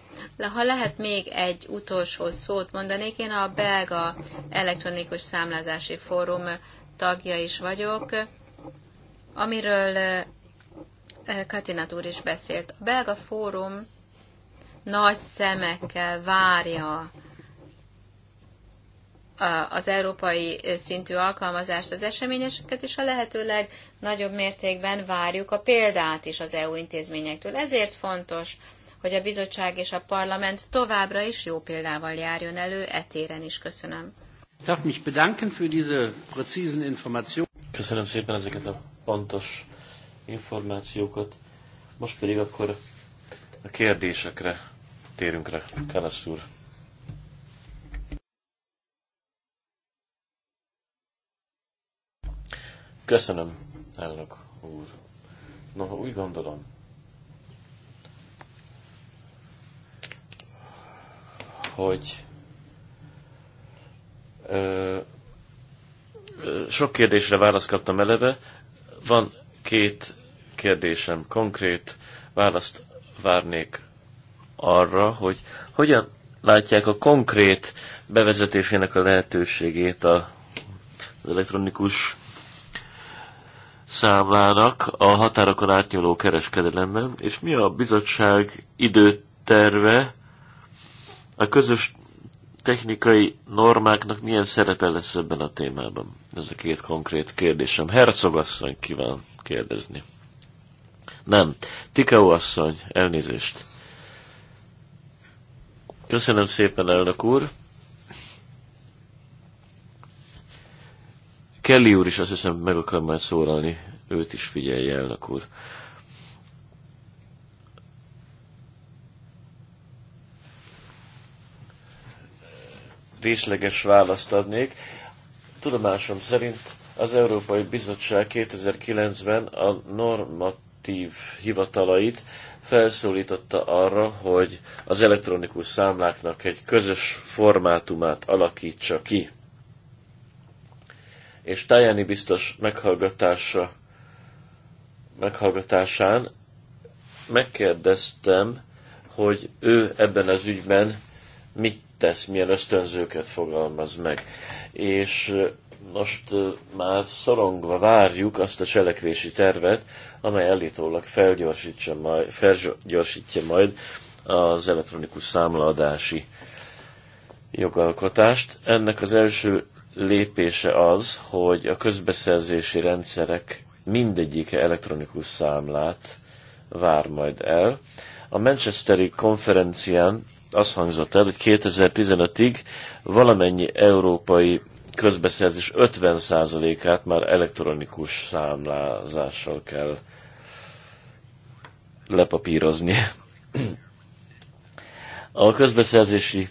Ha lehet még egy utolsó szót mondanék, én a belga elektronikus számlázási fórum tagja is vagyok, amiről Katinat úr is beszélt. A belga fórum nagy szemekkel várja az európai szintű alkalmazást, az eseményeseket, és a lehető legnagyobb mértékben várjuk a példát is az EU intézményektől. Ezért fontos, hogy a bizottság és a parlament továbbra is jó példával járjon elő, etéren is köszönöm.
mich Köszönöm szépen ezeket a pontos információkat. Most pedig akkor a kérdésekre térünk rá, Kálasz úr. Köszönöm, elnök úr. no, úgy gondolom, hogy ö, ö, sok kérdésre választ kaptam eleve. Van két kérdésem, konkrét választ várnék arra, hogy hogyan látják a konkrét bevezetésének a lehetőségét a, az elektronikus számlának a határokon átnyúló kereskedelemben, és mi a bizottság időterve a közös technikai normáknak milyen szerepe lesz ebben a témában? Ez a két konkrét kérdésem. asszony kíván kérdezni. Nem. Tikau asszony, elnézést. Köszönöm szépen, elnök úr. Kelly úr is azt hiszem meg akar már szólalni, őt is figyelje elnök úr. Részleges választ adnék. Tudomásom szerint az Európai Bizottság 2009-ben a normatív hivatalait felszólította arra, hogy az elektronikus számláknak egy közös formátumát alakítsa ki és Tajani biztos meghallgatása, meghallgatásán megkérdeztem, hogy ő ebben az ügyben mit tesz, milyen ösztönzőket fogalmaz meg. És most már szorongva várjuk azt a cselekvési tervet, amely elítólag felgyorsítja majd, felgyorsítja majd az elektronikus számlaadási jogalkotást. Ennek az első lépése az, hogy a közbeszerzési rendszerek mindegyike elektronikus számlát vár majd el. A Manchesteri konferencián azt hangzott el, hogy 2015-ig valamennyi európai közbeszerzés 50%-át már elektronikus számlázással kell lepapírozni. A közbeszerzési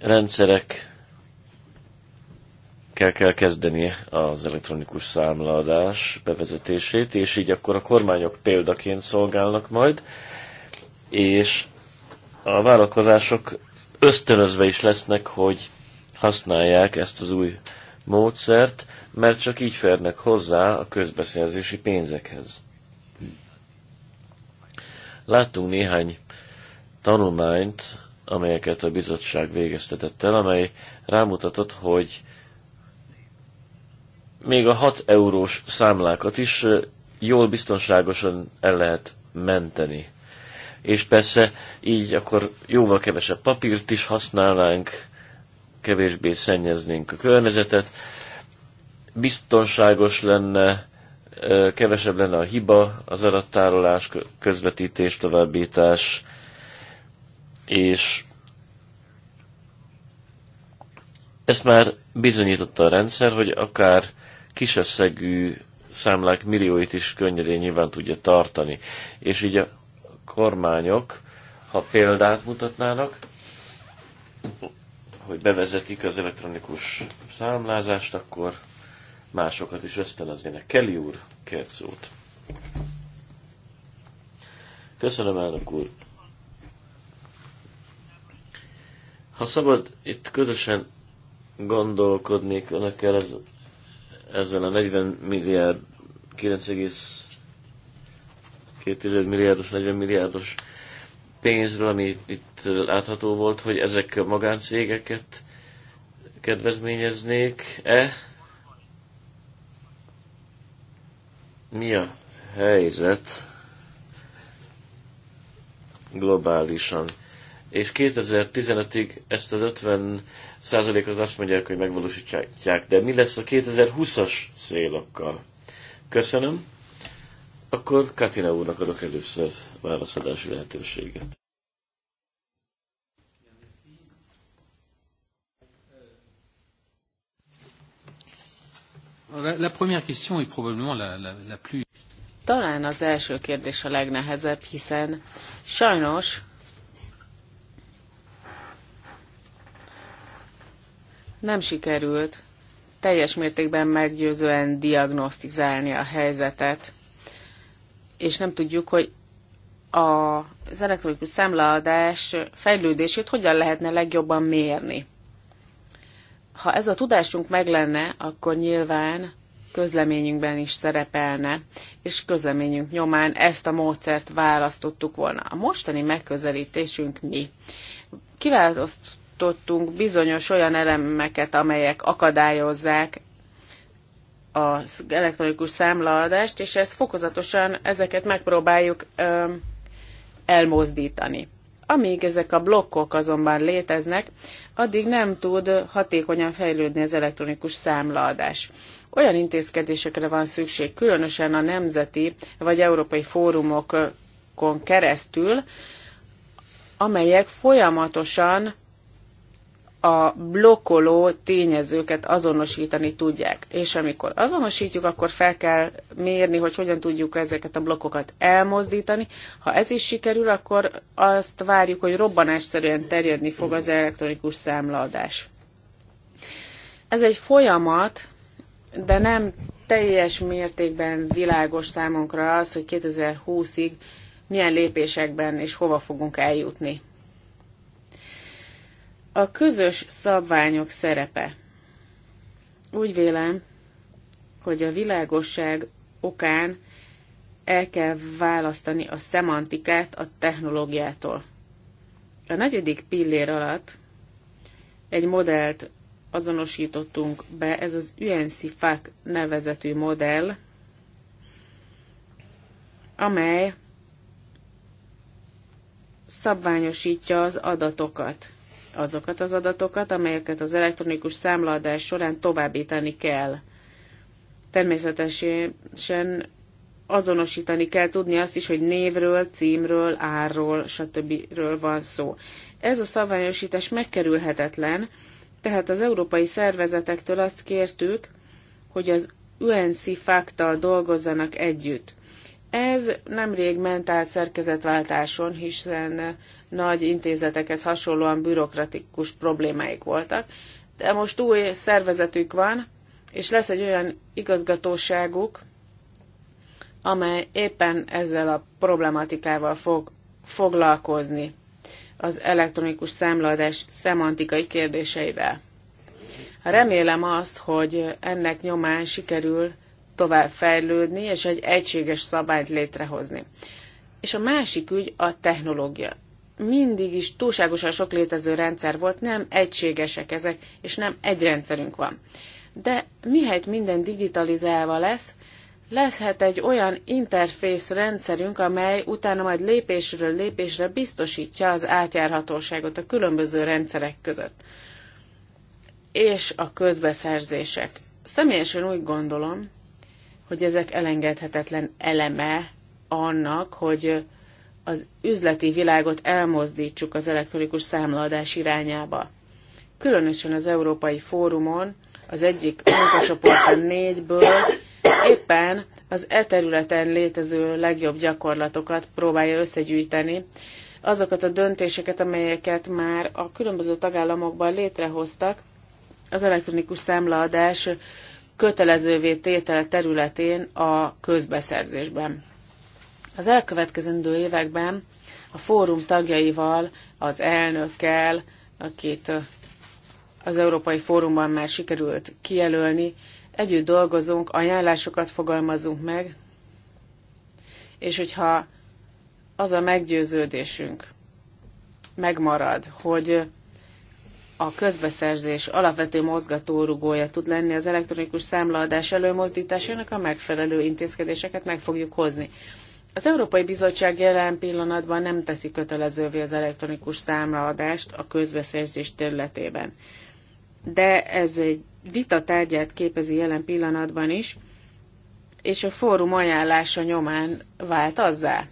rendszerek kell, kell kezdeni az elektronikus számlaadás bevezetését, és így akkor a kormányok példaként szolgálnak majd, és a vállalkozások ösztönözve is lesznek, hogy használják ezt az új módszert, mert csak így férnek hozzá a közbeszerzési pénzekhez. Láttunk néhány tanulmányt, amelyeket a bizottság végeztetett el, amely rámutatott, hogy még a 6 eurós számlákat is jól biztonságosan el lehet menteni. És persze így akkor jóval kevesebb papírt is használnánk, kevésbé szennyeznénk a környezetet, biztonságos lenne, kevesebb lenne a hiba, az adattárolás, közvetítés, továbbítás, és ezt már bizonyította a rendszer, hogy akár kisösszegű számlák millióit is könnyedén nyilván tudja tartani. És így a kormányok, ha példát mutatnának, hogy bevezetik az elektronikus számlázást, akkor másokat is ösztönöznének. Kelly úr, kért szót. Köszönöm, elnök úr. Ha szabad itt közösen gondolkodnék önökkel az ezzel a 40 milliárd, 9,2 milliárdos, 40 milliárdos pénzről, ami itt látható volt, hogy ezek a magáncégeket kedvezményeznék-e? Mi a helyzet globálisan? És 2015-ig ezt az 50 az azt mondják, hogy megvalósítják, de mi lesz a 2020-as célokkal? Köszönöm. Akkor Katina úrnak adok először válaszadási lehetőséget. La, première question est
probablement la, la, la plus... Talán az első kérdés a legnehezebb, hiszen sajnos nem sikerült teljes mértékben meggyőzően diagnosztizálni a helyzetet, és nem tudjuk, hogy az elektronikus számlaadás fejlődését hogyan lehetne legjobban mérni. Ha ez a tudásunk meg lenne, akkor nyilván közleményünkben is szerepelne, és közleményünk nyomán ezt a módszert választottuk volna. A mostani megközelítésünk mi? Kiválasztottuk kiirtottunk bizonyos olyan elemeket, amelyek akadályozzák az elektronikus számlaadást, és ezt fokozatosan ezeket megpróbáljuk ö, elmozdítani. Amíg ezek a blokkok azonban léteznek, addig nem tud hatékonyan fejlődni az elektronikus számlaadás. Olyan intézkedésekre van szükség, különösen a nemzeti vagy európai fórumokon keresztül, amelyek folyamatosan a blokkoló tényezőket azonosítani tudják. És amikor azonosítjuk, akkor fel kell mérni, hogy hogyan tudjuk ezeket a blokkokat elmozdítani. Ha ez is sikerül, akkor azt várjuk, hogy robbanásszerűen terjedni fog az elektronikus számladás. Ez egy folyamat, de nem teljes mértékben világos számunkra az, hogy 2020-ig milyen lépésekben és hova fogunk eljutni. A közös szabványok szerepe. Úgy vélem, hogy a világosság okán el kell választani a szemantikát a technológiától. A negyedik pillér alatt egy modellt azonosítottunk be, ez az UNC-FAC nevezetű modell, amely szabványosítja az adatokat azokat az adatokat, amelyeket az elektronikus számladás során továbbítani kell. Természetesen azonosítani kell tudni azt is, hogy névről, címről, árról, stb. van szó. Ez a szabályosítás megkerülhetetlen, tehát az európai szervezetektől azt kértük, hogy az UNC faktal dolgozzanak együtt. Ez nemrég ment át szerkezetváltáson, hiszen nagy intézetekhez hasonlóan bürokratikus problémáik voltak, de most új szervezetük van, és lesz egy olyan igazgatóságuk, amely éppen ezzel a problematikával fog foglalkozni az elektronikus számladás szemantikai kérdéseivel. Remélem azt, hogy ennek nyomán sikerül tovább fejlődni, és egy egységes szabályt létrehozni. És a másik ügy a technológia. Mindig is túlságosan sok létező rendszer volt, nem egységesek ezek, és nem egy rendszerünk van. De mihelyt minden digitalizálva lesz, leszhet egy olyan interfész rendszerünk, amely utána majd lépésről lépésre biztosítja az átjárhatóságot a különböző rendszerek között. És a közbeszerzések. Személyesen úgy gondolom, hogy ezek elengedhetetlen eleme annak, hogy az üzleti világot elmozdítsuk az elektronikus számlaadás irányába. Különösen az Európai Fórumon az egyik munkacsoport a négyből éppen az e területen létező legjobb gyakorlatokat próbálja összegyűjteni, azokat a döntéseket, amelyeket már a különböző tagállamokban létrehoztak az elektronikus számlaadás kötelezővé tétel területén a közbeszerzésben. Az elkövetkezendő években a fórum tagjaival, az elnökkel, akit az Európai Fórumban már sikerült kijelölni, együtt dolgozunk, ajánlásokat fogalmazunk meg, és hogyha az a meggyőződésünk megmarad, hogy a közbeszerzés alapvető mozgatórugója tud lenni az elektronikus számlaadás előmozdításának, a megfelelő intézkedéseket meg fogjuk hozni. Az Európai Bizottság jelen pillanatban nem teszi kötelezővé az elektronikus számlaadást a közbeszerzés területében. De ez egy vita tárgyát képezi jelen pillanatban is, és a fórum ajánlása nyomán vált azzá.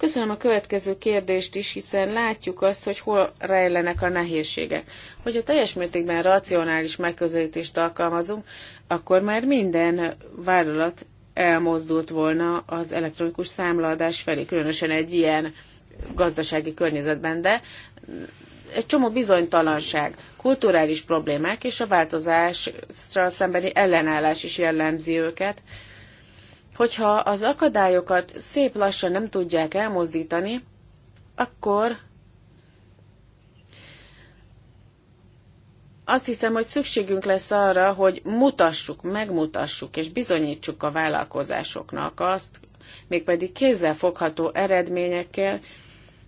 Köszönöm a következő kérdést is, hiszen látjuk azt, hogy hol rejlenek a nehézségek. Hogyha teljes mértékben racionális megközelítést alkalmazunk, akkor már minden vállalat elmozdult volna az elektronikus számlaadás felé, különösen egy ilyen gazdasági környezetben, de egy csomó bizonytalanság, kulturális problémák és a változásra szembeni ellenállás is jellemzi őket. Hogyha az akadályokat szép lassan nem tudják elmozdítani, akkor azt hiszem, hogy szükségünk lesz arra, hogy mutassuk, megmutassuk és bizonyítsuk a vállalkozásoknak azt, mégpedig fogható eredményekkel,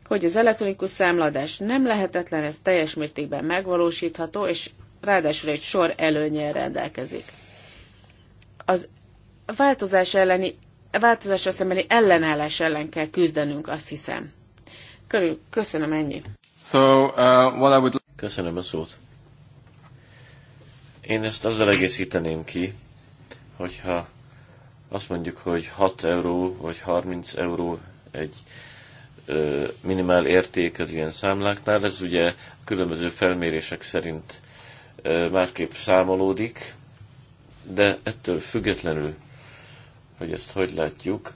hogy az elektronikus számladás nem lehetetlen, ez teljes mértékben megvalósítható, és ráadásul egy sor előnyel rendelkezik. Az a változás elleni, változásra szembeni ellenállás ellen kell küzdenünk, azt hiszem. Körül, köszönöm ennyi.
So, uh, what I would... Köszönöm a szót. Én ezt azzal egészíteném ki, hogyha azt mondjuk, hogy 6 euró vagy 30 euró egy ö, minimál érték az ilyen számláknál, ez ugye különböző felmérések szerint ö, másképp számolódik, de ettől függetlenül hogy ezt hogy látjuk.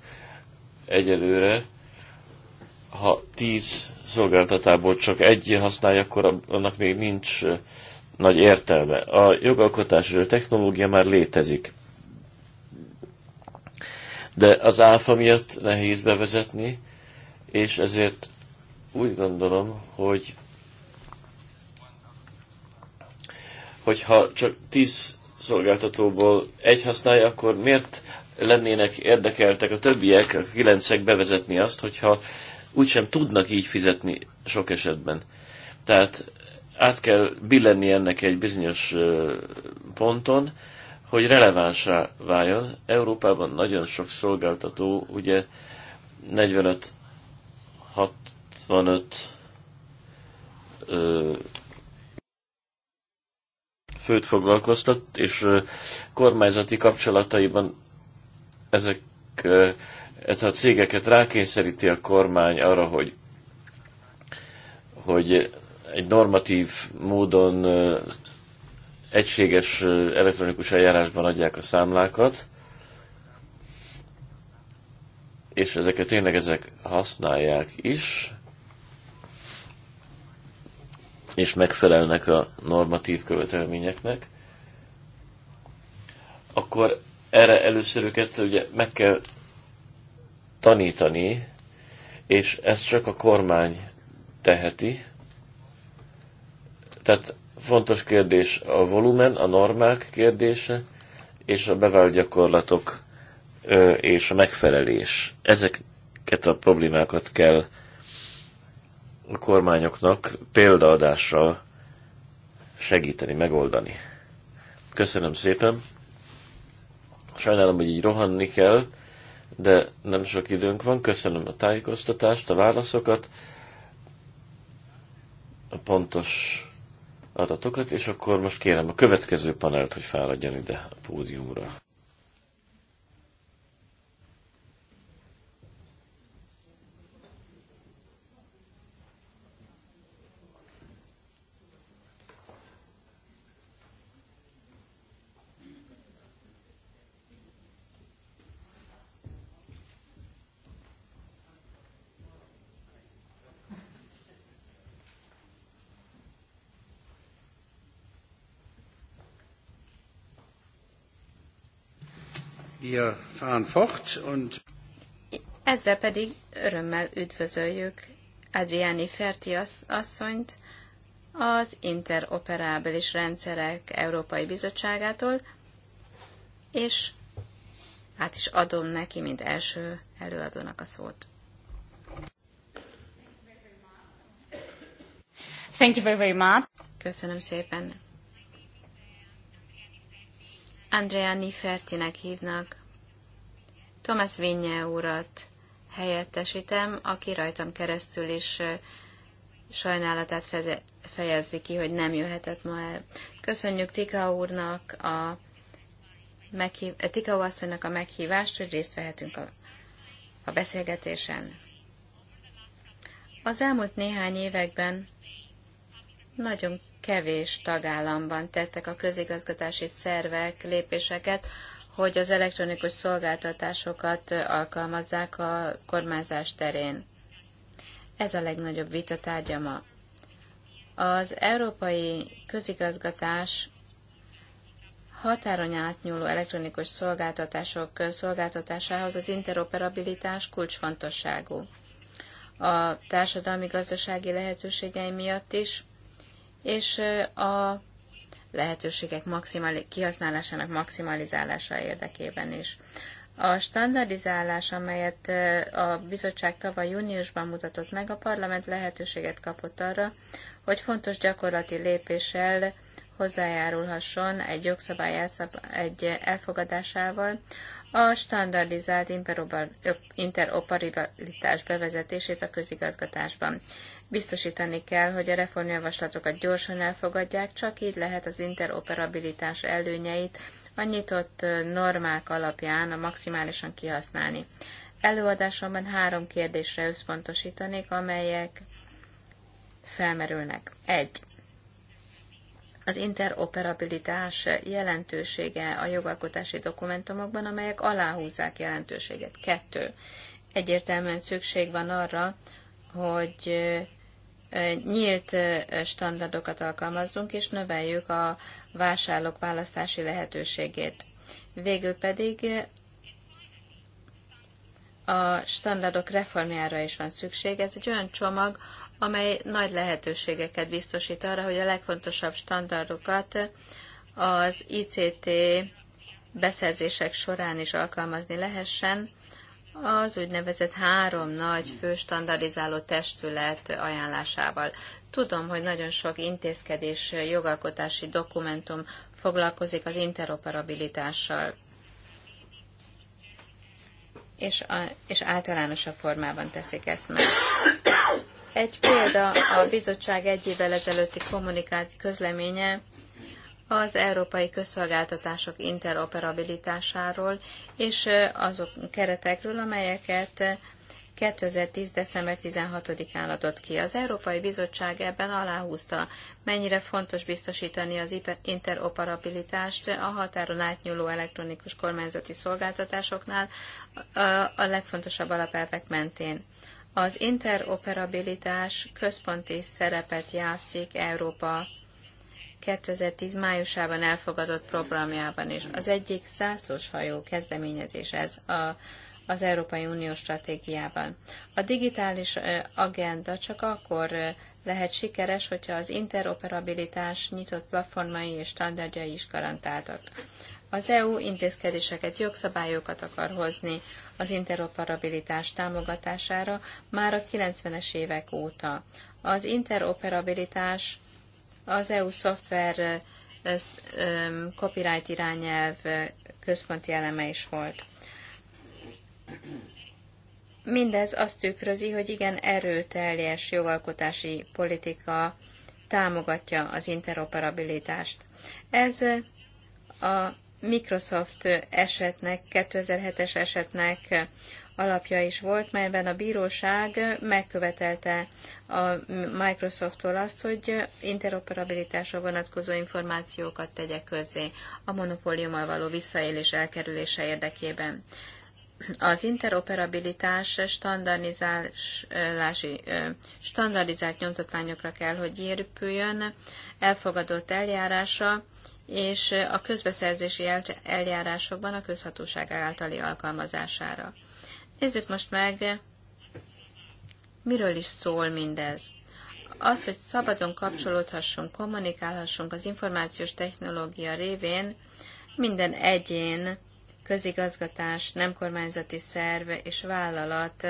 Egyelőre, ha tíz szolgáltatából csak egy használja, akkor annak még nincs nagy értelme. A jogalkotás és a technológia már létezik. De az áfa miatt nehéz bevezetni, és ezért úgy gondolom, hogy hogyha csak tíz szolgáltatóból egy használja, akkor miért lennének érdekeltek a többiek, a kilencek bevezetni azt, hogyha úgysem tudnak így fizetni sok esetben. Tehát át kell billenni ennek egy bizonyos ponton, hogy relevánsá váljon. Európában nagyon sok szolgáltató, ugye 45 65 főt foglalkoztat, és kormányzati kapcsolataiban ezek, ez a cégeket rákényszeríti a kormány arra, hogy, hogy egy normatív módon egységes elektronikus eljárásban adják a számlákat, és ezeket tényleg ezek használják is, és megfelelnek a normatív követelményeknek, akkor erre először őket ugye meg kell tanítani, és ezt csak a kormány teheti. Tehát fontos kérdés a volumen, a normák kérdése, és a bevált gyakorlatok és a megfelelés. Ezeket a problémákat kell a kormányoknak példaadással segíteni, megoldani. Köszönöm szépen! Sajnálom, hogy így rohanni kell, de nem sok időnk van. Köszönöm a tájékoztatást, a válaszokat, a pontos adatokat, és akkor most kérem a következő panelt, hogy fáradjon ide a pódiumra.
Wir fahren fort und
ezzel pedig örömmel üdvözöljük Adriani Fertias asszonyt, az Interoperábilis Rendszerek Európai Bizottságától, és hát is adom neki, mint első előadónak a szót. Thank you very, very much. Köszönöm szépen. Andrea Nifertinek hívnak. Thomas Vinje urat helyettesítem, aki rajtam keresztül is sajnálatát fejezzi ki, hogy nem jöhetett ma el. Köszönjük Tika úrnak a meghív... Eh, Tika asszonynak a meghívást, hogy részt vehetünk a, a beszélgetésen. Az elmúlt néhány években nagyon kevés tagállamban tettek a közigazgatási szervek lépéseket, hogy az elektronikus szolgáltatásokat alkalmazzák a kormányzás terén. Ez a legnagyobb vita tárgya ma. Az európai közigazgatás határon átnyúló elektronikus szolgáltatások szolgáltatásához az interoperabilitás kulcsfontosságú. A társadalmi gazdasági lehetőségei miatt is, és a lehetőségek maximali- kihasználásának maximalizálása érdekében is. A standardizálás, amelyet a bizottság tavaly júniusban mutatott meg, a parlament lehetőséget kapott arra, hogy fontos gyakorlati lépéssel hozzájárulhasson egy jogszabály egy elfogadásával a standardizált interoperabilitás bevezetését a közigazgatásban. Biztosítani kell, hogy a reformjavaslatokat gyorsan elfogadják, csak így lehet az interoperabilitás előnyeit a nyitott normák alapján a maximálisan kihasználni. Előadásomban három kérdésre összpontosítanék, amelyek felmerülnek. 1. Az interoperabilitás jelentősége a jogalkotási dokumentumokban, amelyek aláhúzzák jelentőséget. 2. Egyértelműen szükség van arra, hogy nyílt standardokat alkalmazzunk, és növeljük a vásárlók választási lehetőségét. Végül pedig a standardok reformjára is van szükség. Ez egy olyan csomag, amely nagy lehetőségeket biztosít arra, hogy a legfontosabb standardokat az ICT beszerzések során is alkalmazni lehessen, az úgynevezett három nagy fő standardizáló testület ajánlásával. Tudom, hogy nagyon sok intézkedés, jogalkotási dokumentum foglalkozik az interoperabilitással, és, a, és általánosabb formában teszik ezt meg. Egy példa a bizottság egy évvel ezelőtti kommunikált közleménye az európai közszolgáltatások interoperabilitásáról és azok keretekről, amelyeket 2010. december 16-án adott ki. Az Európai Bizottság ebben aláhúzta, mennyire fontos biztosítani az interoperabilitást a határon átnyúló elektronikus kormányzati szolgáltatásoknál a legfontosabb alapelvek mentén. Az interoperabilitás központi szerepet játszik Európa 2010 májusában elfogadott programjában is. Az egyik százlós hajó kezdeményezés ez a, az Európai Unió stratégiában. A digitális agenda csak akkor lehet sikeres, hogyha az interoperabilitás nyitott platformai és standardjai is garantáltak. Az EU intézkedéseket, jogszabályokat akar hozni az interoperabilitás támogatására már a 90-es évek óta. Az interoperabilitás az EU szoftver copyright irányelv központi eleme is volt. Mindez azt tükrözi, hogy igen erőteljes jogalkotási politika támogatja az interoperabilitást. Ez a Microsoft esetnek, 2007-es esetnek alapja is volt, melyben a bíróság megkövetelte a Microsofttól azt, hogy interoperabilitásra vonatkozó információkat tegye közzé a monopóliummal való visszaélés elkerülése érdekében. Az interoperabilitás standardizálási, standardizált nyomtatványokra kell, hogy érpüljön, elfogadott eljárása, és a közbeszerzési eljárásokban a közhatóság általi alkalmazására. Nézzük most meg, miről is szól mindez. Az, hogy szabadon kapcsolódhassunk, kommunikálhassunk az információs technológia révén, minden egyén, közigazgatás, nem kormányzati szerve és vállalat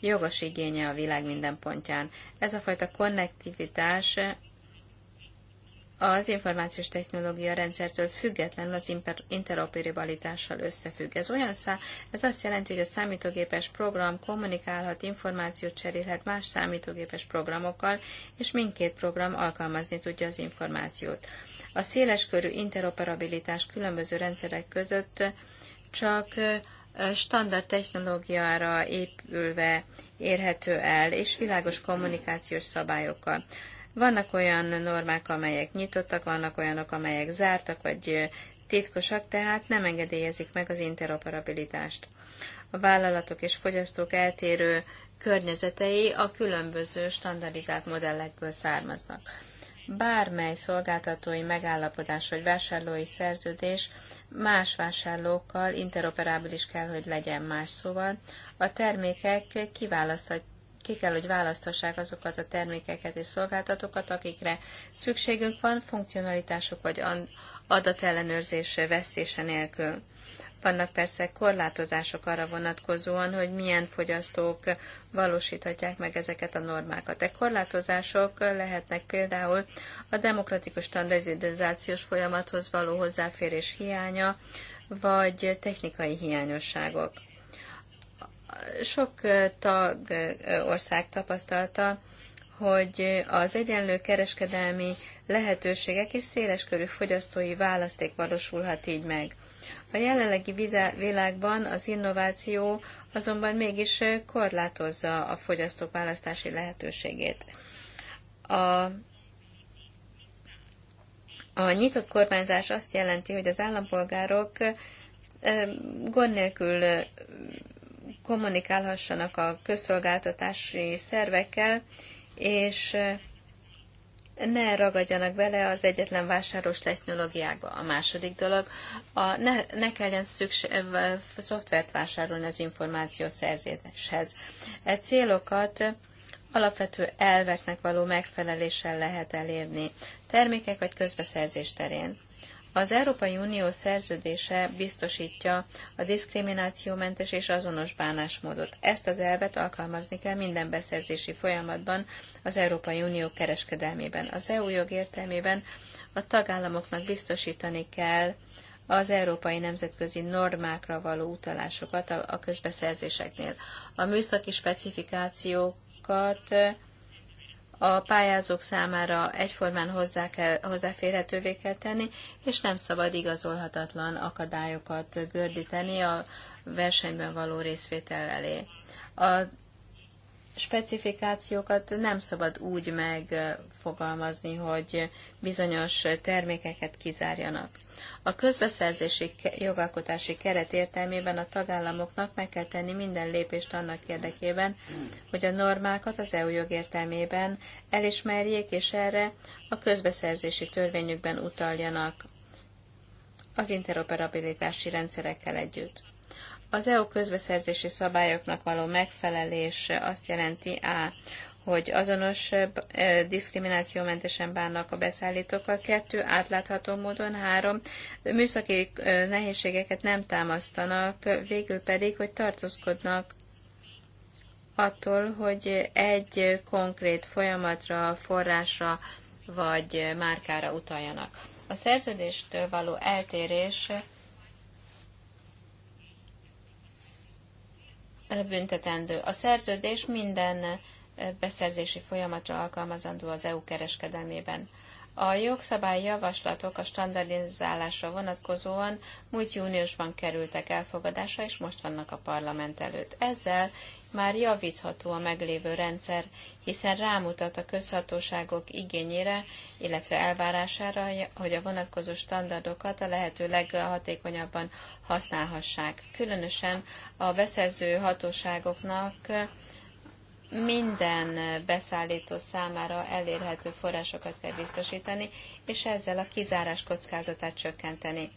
jogos igénye a világ minden pontján. Ez a fajta konnektivitás az információs technológia rendszertől függetlenül az interoperabilitással összefügg. Ez, olyan szá- ez azt jelenti, hogy a számítógépes program kommunikálhat, információt cserélhet más számítógépes programokkal, és mindkét program alkalmazni tudja az információt. A széleskörű interoperabilitás különböző rendszerek között csak standard technológiára épülve érhető el, és világos kommunikációs szabályokkal. Vannak olyan normák, amelyek nyitottak, vannak olyanok, amelyek zártak, vagy titkosak, tehát nem engedélyezik meg az interoperabilitást. A vállalatok és fogyasztók eltérő környezetei a különböző standardizált modellekből származnak. Bármely szolgáltatói megállapodás vagy vásárlói szerződés más vásárlókkal interoperábilis kell, hogy legyen más szóval. A termékek kiválaszthat, ki kell, hogy választhassák azokat a termékeket és szolgáltatókat, akikre szükségünk van, funkcionalitások vagy adatellenőrzés vesztése nélkül. Vannak persze korlátozások arra vonatkozóan, hogy milyen fogyasztók valósíthatják meg ezeket a normákat. De korlátozások lehetnek például a demokratikus standardizációs folyamathoz való hozzáférés hiánya, vagy technikai hiányosságok. Sok tag ország tapasztalta, hogy az egyenlő kereskedelmi lehetőségek és széleskörű fogyasztói választék valósulhat így meg. A jelenlegi világban az innováció azonban mégis korlátozza a fogyasztók választási lehetőségét. A a nyitott kormányzás azt jelenti, hogy az állampolgárok gond nélkül kommunikálhassanak a közszolgáltatási szervekkel, és eh, ne ragadjanak bele az egyetlen vásáros technológiákba. A második dolog, a ne, ne kelljen szükség, eh, szoftvert vásárolni az információ szerzéshez. E célokat alapvető elveknek való megfeleléssel lehet elérni, termékek vagy közbeszerzés terén. Az Európai Unió szerződése biztosítja a diszkriminációmentes és azonos bánásmódot. Ezt az elvet alkalmazni kell minden beszerzési folyamatban az Európai Unió kereskedelmében. Az EU jog értelmében a tagállamoknak biztosítani kell az európai nemzetközi normákra való utalásokat a közbeszerzéseknél. A műszaki specifikációkat a pályázók számára egyformán hozzá kell, hozzáférhetővé kell tenni, és nem szabad igazolhatatlan akadályokat gördíteni a versenyben való részvétel elé. A specifikációkat nem szabad úgy megfogalmazni, hogy bizonyos termékeket kizárjanak. A közbeszerzési jogalkotási keret értelmében a tagállamoknak meg kell tenni minden lépést annak érdekében, hogy a normákat az EU jog értelmében elismerjék, és erre a közbeszerzési törvényükben utaljanak az interoperabilitási rendszerekkel együtt. Az EU közbeszerzési szabályoknak való megfelelés azt jelenti A, hogy azonos diszkriminációmentesen bánnak a beszállítókkal, kettő, átlátható módon, három, műszaki nehézségeket nem támasztanak, végül pedig, hogy tartózkodnak attól, hogy egy konkrét folyamatra, forrásra vagy márkára utaljanak. A szerződéstől való eltérés büntetendő. A szerződés minden beszerzési folyamatra alkalmazandó az EU kereskedelmében. A jogszabály javaslatok a standardizálásra vonatkozóan múlt júniusban kerültek elfogadásra, és most vannak a parlament előtt. Ezzel már javítható a meglévő rendszer, hiszen rámutat a közhatóságok igényére, illetve elvárására, hogy a vonatkozó standardokat a lehető leghatékonyabban használhassák. Különösen a beszerző hatóságoknak minden beszállító számára elérhető forrásokat kell biztosítani, és ezzel a kizárás kockázatát csökkenteni.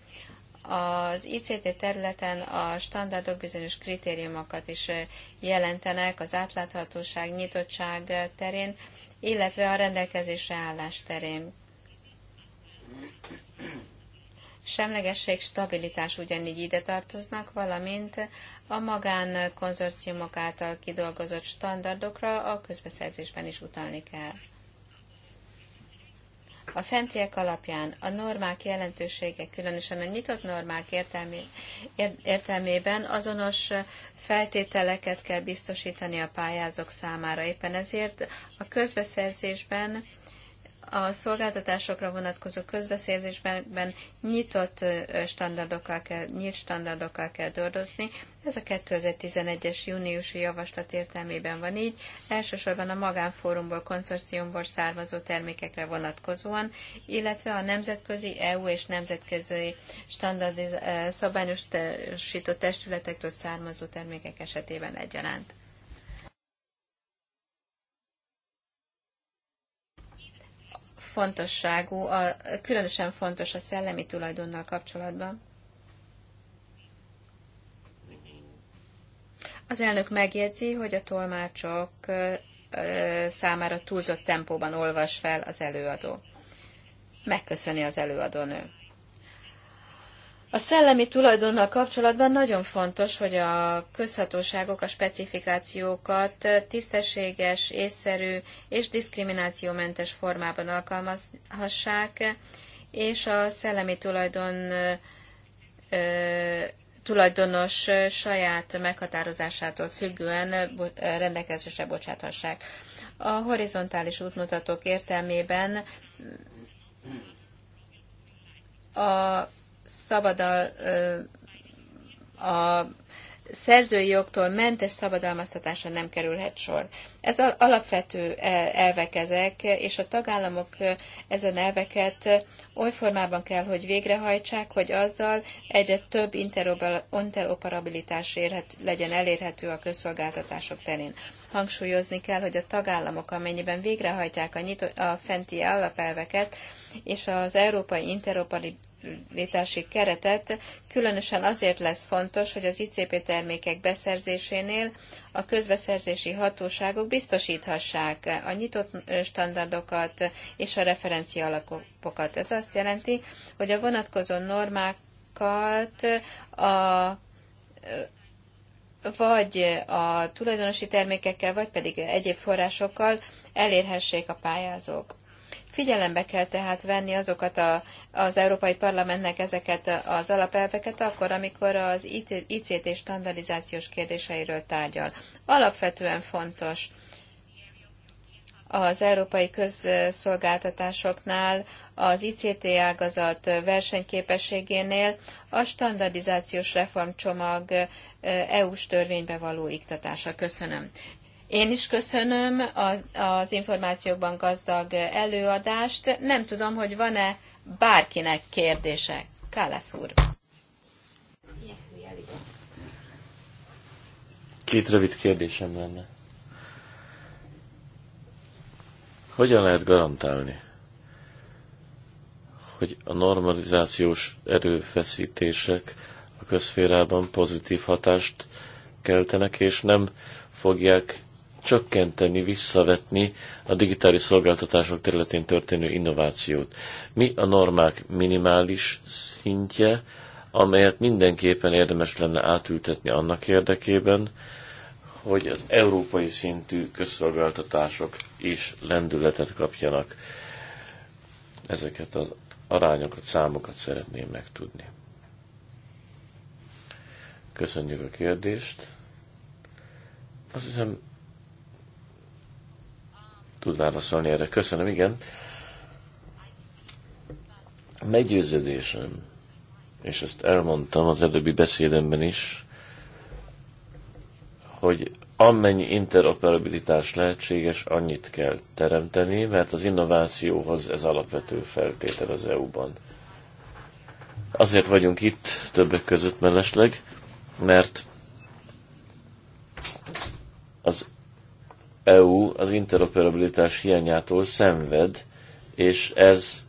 Az ICT területen a standardok bizonyos kritériumokat is jelentenek az átláthatóság, nyitottság terén, illetve a rendelkezésre állás terén. Semlegesség, stabilitás ugyanígy ide tartoznak, valamint a magánkonzorciumok által kidolgozott standardokra a közbeszerzésben is utalni kell. A fentiek alapján a normák jelentősége, különösen a nyitott normák értelmé, értelmében azonos feltételeket kell biztosítani a pályázók számára. Éppen ezért a közbeszerzésben a szolgáltatásokra vonatkozó közbeszerzésben nyitott standardokkal kell, nyílt standardokkal kell dolgozni. Ez a 2011-es júniusi javaslat értelmében van így, elsősorban a magánfórumból, konszorciumból származó termékekre vonatkozóan, illetve a nemzetközi EU és nemzetközi standardiz- szabályosító testületektől származó termékek esetében egyaránt. fontosságú, a, különösen fontos a szellemi tulajdonnal kapcsolatban. Az elnök megjegyzi, hogy a tolmácsok számára túlzott tempóban olvas fel az előadó. Megköszöni az előadónő. A szellemi tulajdonnal kapcsolatban nagyon fontos, hogy a közhatóságok a specifikációkat tisztességes, észszerű és diszkriminációmentes formában alkalmazhassák, és a szellemi tulajdon tulajdonos saját meghatározásától függően rendelkezésre bocsáthassák. A horizontális útmutatók értelmében a szabadal, a szerzői jogtól mentes szabadalmaztatásra nem kerülhet sor. Ez alapvető e, elvek ezek, és a tagállamok ezen elveket oly formában kell, hogy végrehajtsák, hogy azzal egyre több interoperabilitás érhet, legyen elérhető a közszolgáltatások terén. Hangsúlyozni kell, hogy a tagállamok, amennyiben végrehajtják a, nyitó, a fenti alapelveket és az európai biztosítási keretet, különösen azért lesz fontos, hogy az ICP termékek beszerzésénél a közbeszerzési hatóságok biztosíthassák a nyitott standardokat és a referencia alapokat. Ez azt jelenti, hogy a vonatkozó normákat a vagy a tulajdonosi termékekkel, vagy pedig egyéb forrásokkal elérhessék a pályázók. Figyelembe kell tehát venni azokat a, az Európai Parlamentnek ezeket az alapelveket akkor, amikor az ICT standardizációs kérdéseiről tárgyal. Alapvetően fontos az európai közszolgáltatásoknál, az ICT ágazat versenyképességénél a standardizációs reformcsomag EU-s törvénybe való iktatása. Köszönöm. Én is köszönöm az, az információkban gazdag előadást. Nem tudom, hogy van-e bárkinek kérdése. Kálasz úr.
Két rövid kérdésem lenne. Hogyan lehet garantálni, hogy a normalizációs erőfeszítések a közférában pozitív hatást keltenek, és nem fogják csökkenteni, visszavetni a digitális szolgáltatások területén történő innovációt. Mi a normák minimális szintje, amelyet mindenképpen érdemes lenne átültetni annak érdekében, hogy az európai szintű közszolgáltatások is lendületet kapjanak. Ezeket az arányokat, számokat szeretném megtudni. Köszönjük a kérdést. Azt hiszem, tud válaszolni erre. Köszönöm, igen. Meggyőződésem, és ezt elmondtam az előbbi beszédemben is, hogy amennyi interoperabilitás lehetséges, annyit kell teremteni, mert az innovációhoz ez alapvető feltétel az EU-ban. Azért vagyunk itt többek között mellesleg, mert EU az interoperabilitás hiányától szenved, és ez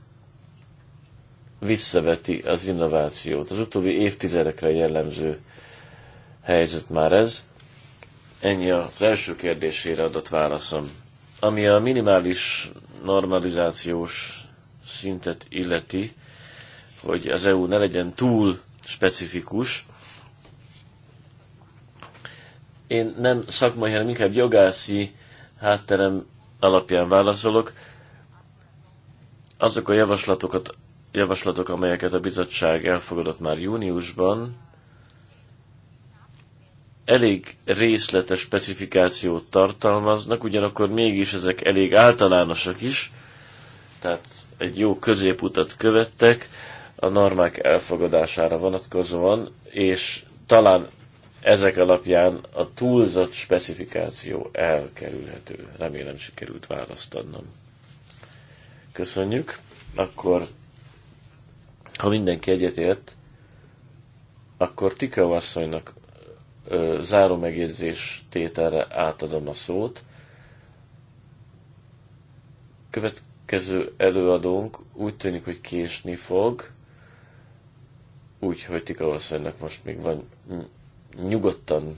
visszaveti az innovációt. Az utóbbi évtizedekre jellemző helyzet már ez. Ennyi az első kérdésére adott válaszom. Ami a minimális normalizációs szintet illeti, hogy az EU ne legyen túl specifikus, én nem szakmai, hanem inkább jogászi hátterem alapján válaszolok. Azok a javaslatokat, javaslatok, amelyeket a bizottság elfogadott már júniusban, elég részletes specifikációt tartalmaznak, ugyanakkor mégis ezek elég általánosak is, tehát egy jó középutat követtek a normák elfogadására vonatkozóan, és talán ezek alapján a túlzott specifikáció elkerülhető. Remélem sikerült választ adnom. Köszönjük. Akkor, ha mindenki egyetért, akkor Tika asszonynak záró megjegyzés tételre átadom a szót. Következő előadónk úgy tűnik, hogy késni fog, úgyhogy Tika asszonynak most még van nyugodtan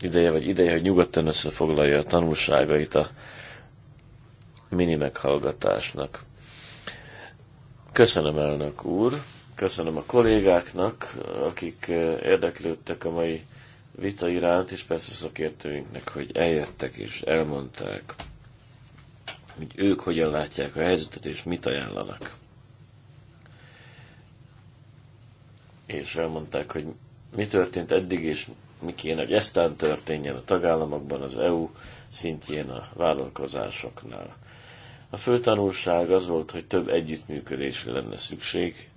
ideje, vagy ideje, hogy nyugodtan összefoglalja a tanulságait a mini meghallgatásnak. Köszönöm elnök úr, köszönöm a kollégáknak, akik eh, érdeklődtek a mai vita iránt, és persze szakértőinknek, hogy eljöttek és elmondták, hogy ők hogyan látják a helyzetet, és mit ajánlanak. És elmondták, hogy mi történt eddig, és mi kéne, hogy eztán történjen a tagállamokban, az EU szintjén, a vállalkozásoknál. A fő tanulság az volt, hogy több együttműködésre lenne szükség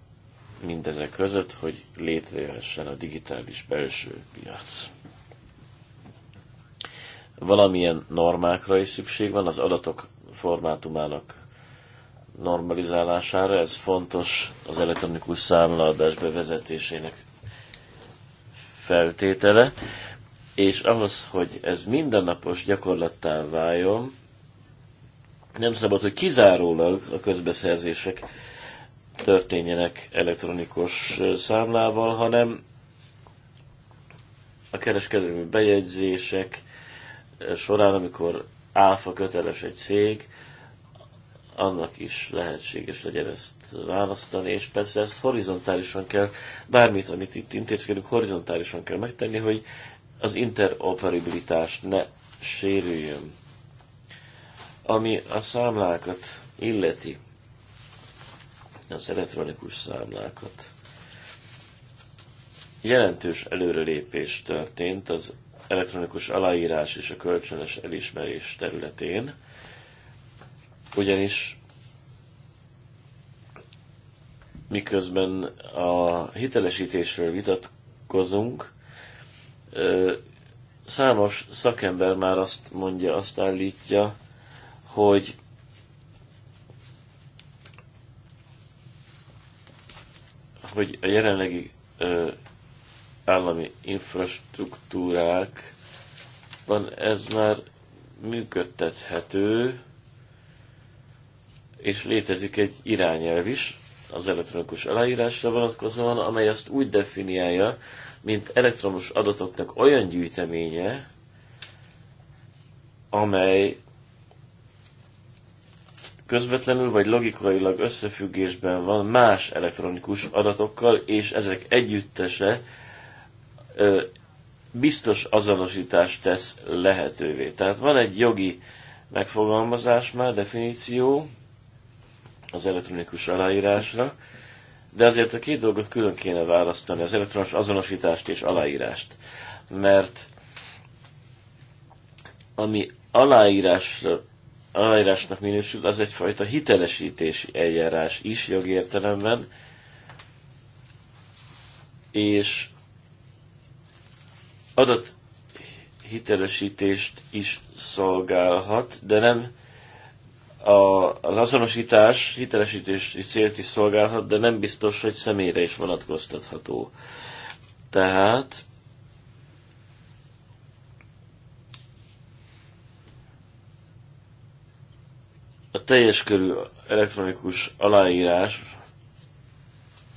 mindezek között, hogy létrejöhessen a digitális belső piac. Valamilyen normákra is szükség van, az adatok formátumának normalizálására, ez fontos az elektronikus számlaadás bevezetésének feltétele, és ahhoz, hogy ez mindennapos gyakorlattá váljon, nem szabad, hogy kizárólag a közbeszerzések történjenek elektronikus számlával, hanem a kereskedelmi bejegyzések során, amikor áfa köteles egy cég, annak is lehetséges legyen ezt választani, és persze ezt horizontálisan kell, bármit, amit itt intézkedünk, horizontálisan kell megtenni, hogy az interoperabilitás ne sérüljön. Ami a számlákat illeti, az elektronikus számlákat, jelentős előrelépés történt az elektronikus aláírás és a kölcsönös elismerés területén, ugyanis miközben a hitelesítésről vitatkozunk, számos szakember már azt mondja, azt állítja, hogy hogy a jelenlegi ö, állami infrastruktúrákban ez már működtethető, és létezik egy irányelv is az elektronikus aláírásra vonatkozóan, amely azt úgy definiálja, mint elektromos adatoknak olyan gyűjteménye, amely közvetlenül vagy logikailag összefüggésben van más elektronikus adatokkal, és ezek együttese ö, biztos azonosítást tesz lehetővé. Tehát van egy jogi megfogalmazás már, definíció, az elektronikus aláírásra, de azért a két dolgot külön kéne választani, az elektronos azonosítást és aláírást. Mert ami aláírás, aláírásnak minősül, az egyfajta hitelesítési eljárás is jogértelemben, és adat hitelesítést is szolgálhat, de nem a, az azonosítás hitelesítési célt is szolgálhat, de nem biztos, hogy személyre is vonatkoztatható. Tehát a teljes körű elektronikus aláírás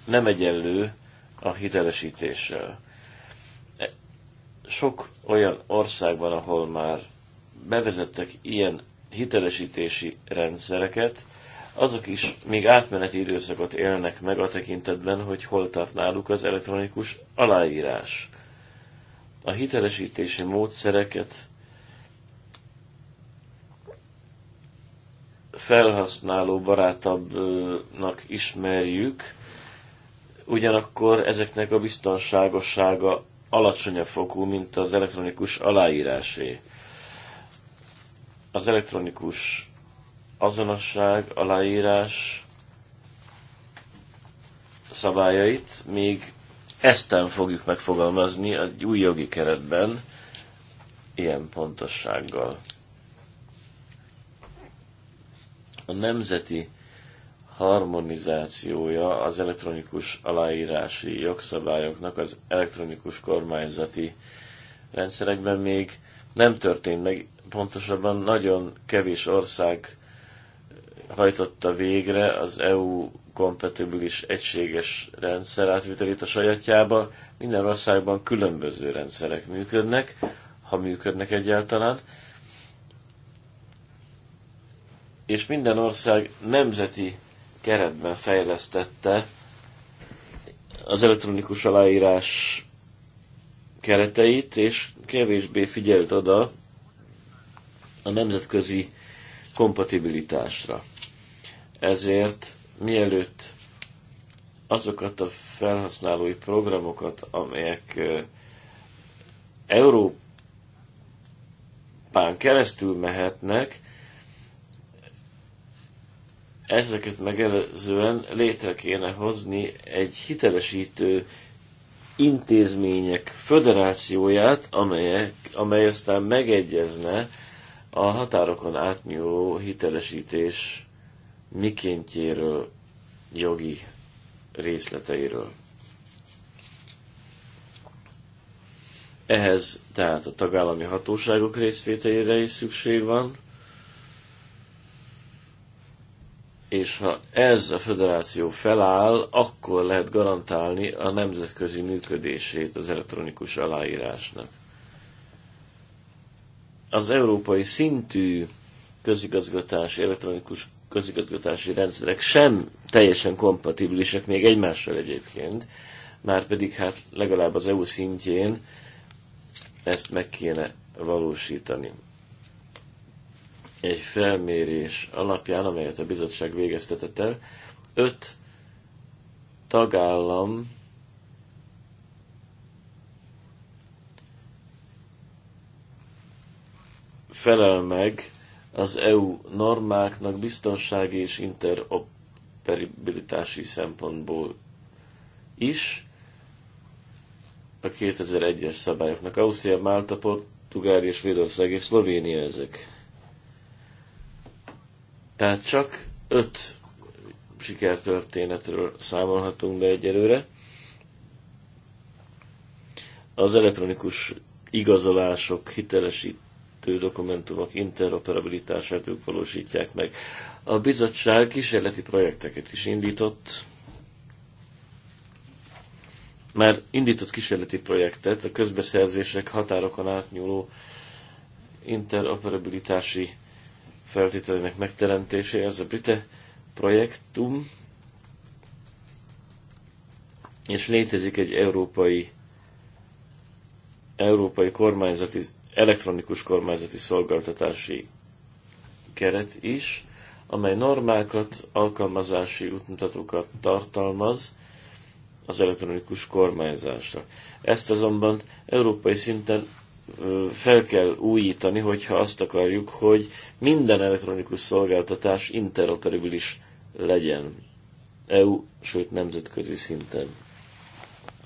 nem egyenlő a hitelesítéssel. Sok olyan országban, ahol már bevezettek ilyen hitelesítési rendszereket, azok is még átmeneti időszakot élnek meg a tekintetben, hogy hol tart náluk az elektronikus aláírás. A hitelesítési módszereket felhasználó barátabbnak ismerjük, ugyanakkor ezeknek a biztonságossága alacsonyabb fokú, mint az elektronikus aláírásé az elektronikus azonosság, aláírás szabályait még nem fogjuk megfogalmazni egy új jogi keretben, ilyen pontossággal. A nemzeti harmonizációja az elektronikus aláírási jogszabályoknak az elektronikus kormányzati rendszerekben még nem történt meg pontosabban nagyon kevés ország hajtotta végre az EU kompatibilis egységes rendszer átvitelét a sajátjába. Minden országban különböző rendszerek működnek, ha működnek egyáltalán. És minden ország nemzeti keretben fejlesztette az elektronikus aláírás kereteit, és kevésbé figyelt oda a nemzetközi kompatibilitásra. Ezért mielőtt azokat a felhasználói programokat, amelyek Európán keresztül mehetnek, ezeket megelőzően létre kéne hozni egy hitelesítő intézmények föderációját, amelyek, amely aztán megegyezne a határokon átnyúló hitelesítés mikéntjéről, jogi részleteiről. Ehhez tehát a tagállami hatóságok részvételére is szükség van, és ha ez a federáció feláll, akkor lehet garantálni a nemzetközi működését az elektronikus aláírásnak az európai szintű közigazgatás, elektronikus közigazgatási rendszerek sem teljesen kompatibilisek még egymással egyébként, már pedig hát legalább az EU szintjén ezt meg kéne valósítani. Egy felmérés alapján, amelyet a bizottság végeztetett el, öt tagállam felel meg az EU normáknak biztonsági és interoperabilitási szempontból is a 2001-es szabályoknak. Ausztria, Málta, Portugália, Svédország és Szlovénia ezek. Tehát csak öt sikertörténetről számolhatunk be egyelőre. Az elektronikus igazolások hitelesít, kettő dokumentumok interoperabilitását ők valósítják meg. A bizottság kísérleti projekteket is indított, már indított kísérleti projektet a közbeszerzések határokon átnyúló interoperabilitási feltételének megteremtése, ez a Brite projektum, és létezik egy európai európai kormányzati elektronikus kormányzati szolgáltatási keret is, amely normákat, alkalmazási útmutatókat tartalmaz az elektronikus kormányzásra. Ezt azonban európai szinten fel kell újítani, hogyha azt akarjuk, hogy minden elektronikus szolgáltatás interoperabilis legyen EU, sőt nemzetközi szinten.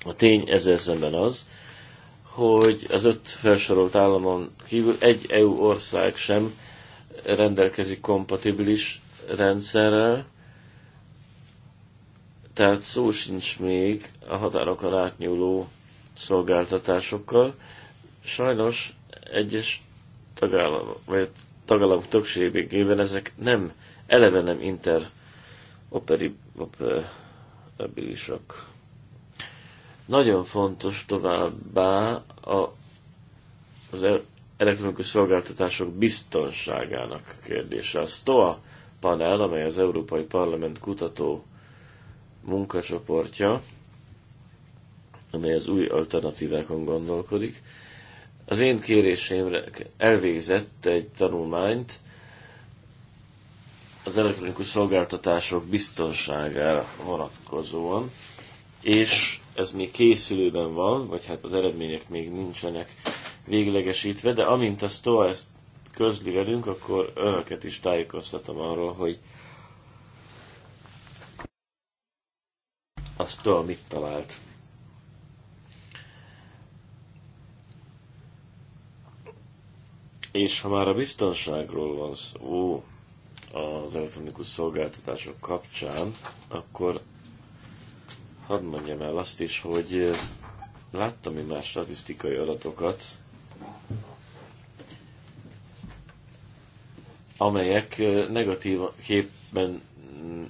A tény ezzel szemben az, hogy az öt felsorolt államon kívül egy EU ország sem rendelkezik kompatibilis rendszerrel, tehát szó sincs még a határokon átnyúló szolgáltatásokkal. Sajnos egyes tagállamok, vagy tagállamok többségében ezek nem, eleve nem interoperabilisak. Nagyon fontos továbbá a, az elektronikus szolgáltatások biztonságának kérdése. A STOA panel, amely az Európai Parlament kutató munkacsoportja, amely az új alternatívákon gondolkodik, az én kérésémre elvégzett egy tanulmányt az elektronikus szolgáltatások biztonságára vonatkozóan, és ez még készülőben van, vagy hát az eredmények még nincsenek véglegesítve, de amint a STOA ezt közli velünk, akkor önöket is tájékoztatom arról, hogy a STOA mit talált. És ha már a biztonságról van szó az elektronikus szolgáltatások kapcsán, akkor hadd mondjam el azt is, hogy eh, láttam én már statisztikai adatokat, amelyek eh, negatív képben,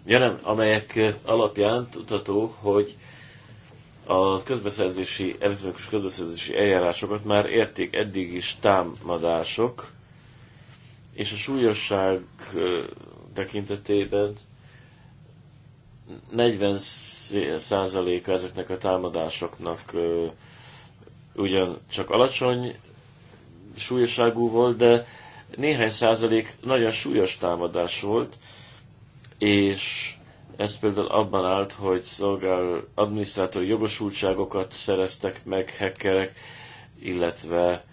ja nem, amelyek eh, alapján tudható, hogy a közbeszerzési, elektronikus közbeszerzési eljárásokat már érték eddig is támadások, és a súlyosság tekintetében 40%-a ezeknek a támadásoknak ugyan csak alacsony súlyoságú volt, de néhány százalék nagyon súlyos támadás volt, és ez például abban állt, hogy szolgál adminisztrátori jogosultságokat szereztek meg hackerek, illetve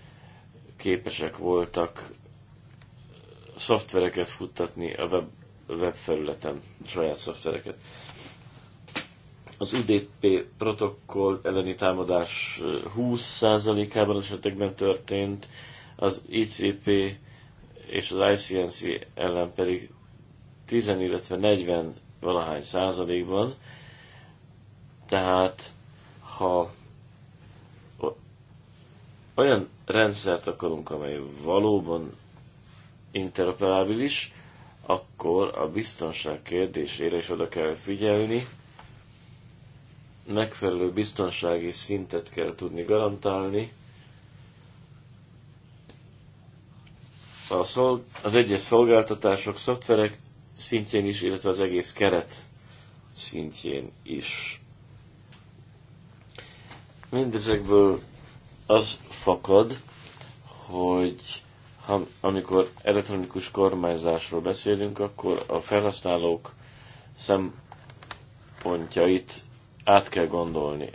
képesek voltak szoftvereket futtatni a web, webfelületen, saját szoftvereket az UDP protokoll elleni támadás 20%-ában az esetekben történt, az ICP és az ICNC ellen pedig 10, illetve 40 valahány százalékban. Tehát, ha olyan rendszert akarunk, amely valóban interoperábilis, akkor a biztonság kérdésére is oda kell figyelni, megfelelő biztonsági szintet kell tudni garantálni. A szol- az egyes szolgáltatások, szoftverek szintjén is, illetve az egész keret szintjén is. Mindezekből az fakad, hogy ha, amikor elektronikus kormányzásról beszélünk, akkor a felhasználók szempontjait át kell gondolni.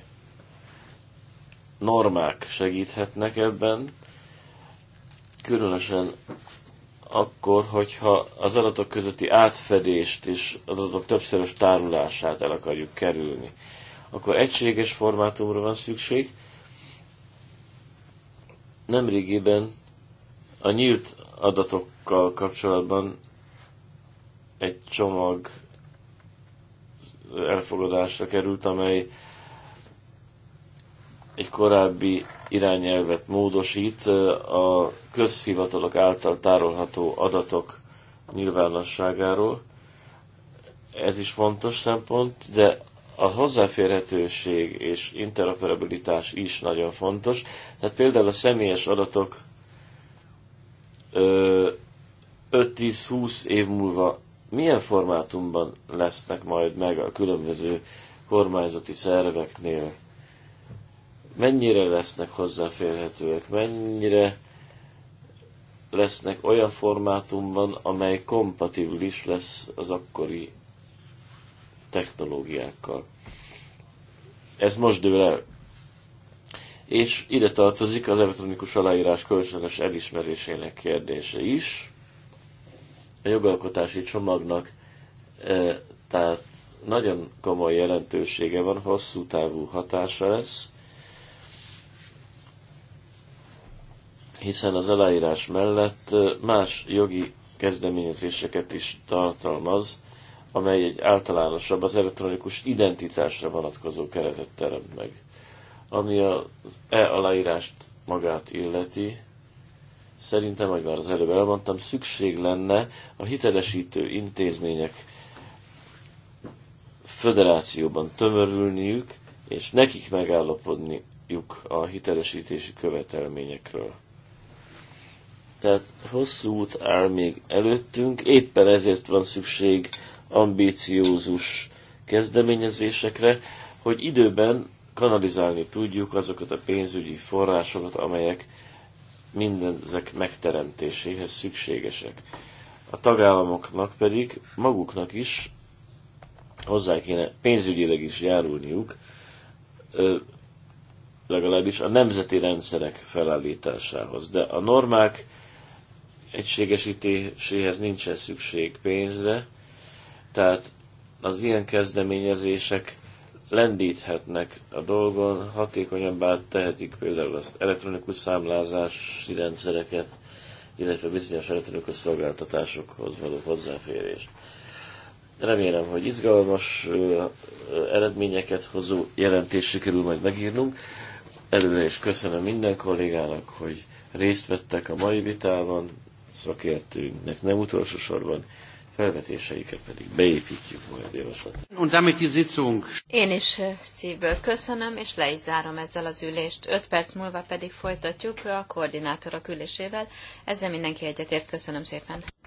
Normák segíthetnek ebben, különösen akkor, hogyha az adatok közötti átfedést és az adatok többszörös tárulását el akarjuk kerülni, akkor egységes formátumra van szükség. Nemrégiben a nyílt adatokkal kapcsolatban egy csomag elfogadásra került, amely egy korábbi irányelvet módosít a közhivatalok által tárolható adatok nyilvánosságáról. Ez is fontos szempont, de a hozzáférhetőség és interoperabilitás is nagyon fontos. Tehát például a személyes adatok 5-10-20 év múlva milyen formátumban lesznek majd meg a különböző kormányzati szerveknél, mennyire lesznek hozzáférhetőek, mennyire lesznek olyan formátumban, amely kompatibilis lesz az akkori technológiákkal. Ez most dől el. És ide tartozik az elektronikus aláírás kölcsönös elismerésének kérdése is, a jogalkotási csomagnak, e, tehát nagyon komoly jelentősége van, hosszú távú hatása lesz, hiszen az aláírás mellett e, más jogi kezdeményezéseket is tartalmaz, amely egy általánosabb, az elektronikus identitásra vonatkozó keretet teremt meg. Ami az e-aláírást magát illeti, szerintem, ahogy már az előbb elmondtam, szükség lenne a hitelesítő intézmények föderációban tömörülniük, és nekik megállapodniuk a hitelesítési követelményekről. Tehát hosszú út áll még előttünk, éppen ezért van szükség ambíciózus kezdeményezésekre, hogy időben kanalizálni tudjuk azokat a pénzügyi forrásokat, amelyek mindezek megteremtéséhez szükségesek. A tagállamoknak pedig maguknak is hozzá kéne pénzügyileg is járulniuk, legalábbis a nemzeti rendszerek felállításához. De a normák egységesítéséhez nincsen szükség pénzre, tehát az ilyen kezdeményezések lendíthetnek a dolgon, hatékonyabbá tehetik például az elektronikus számlázási rendszereket, illetve bizonyos elektronikus szolgáltatásokhoz való hozzáférést. Remélem, hogy izgalmas eredményeket hozó jelentés sikerül majd megírnunk. Előre is köszönöm minden kollégának, hogy részt vettek a mai vitában, szakértőnknek nem utolsó sorban, felvetéseiket pedig beépítjük majd javaslat.
Én is szívből köszönöm, és le is zárom ezzel az ülést. Öt perc múlva pedig folytatjuk a koordinátorok ülésével. Ezzel mindenki egyetért. Köszönöm szépen.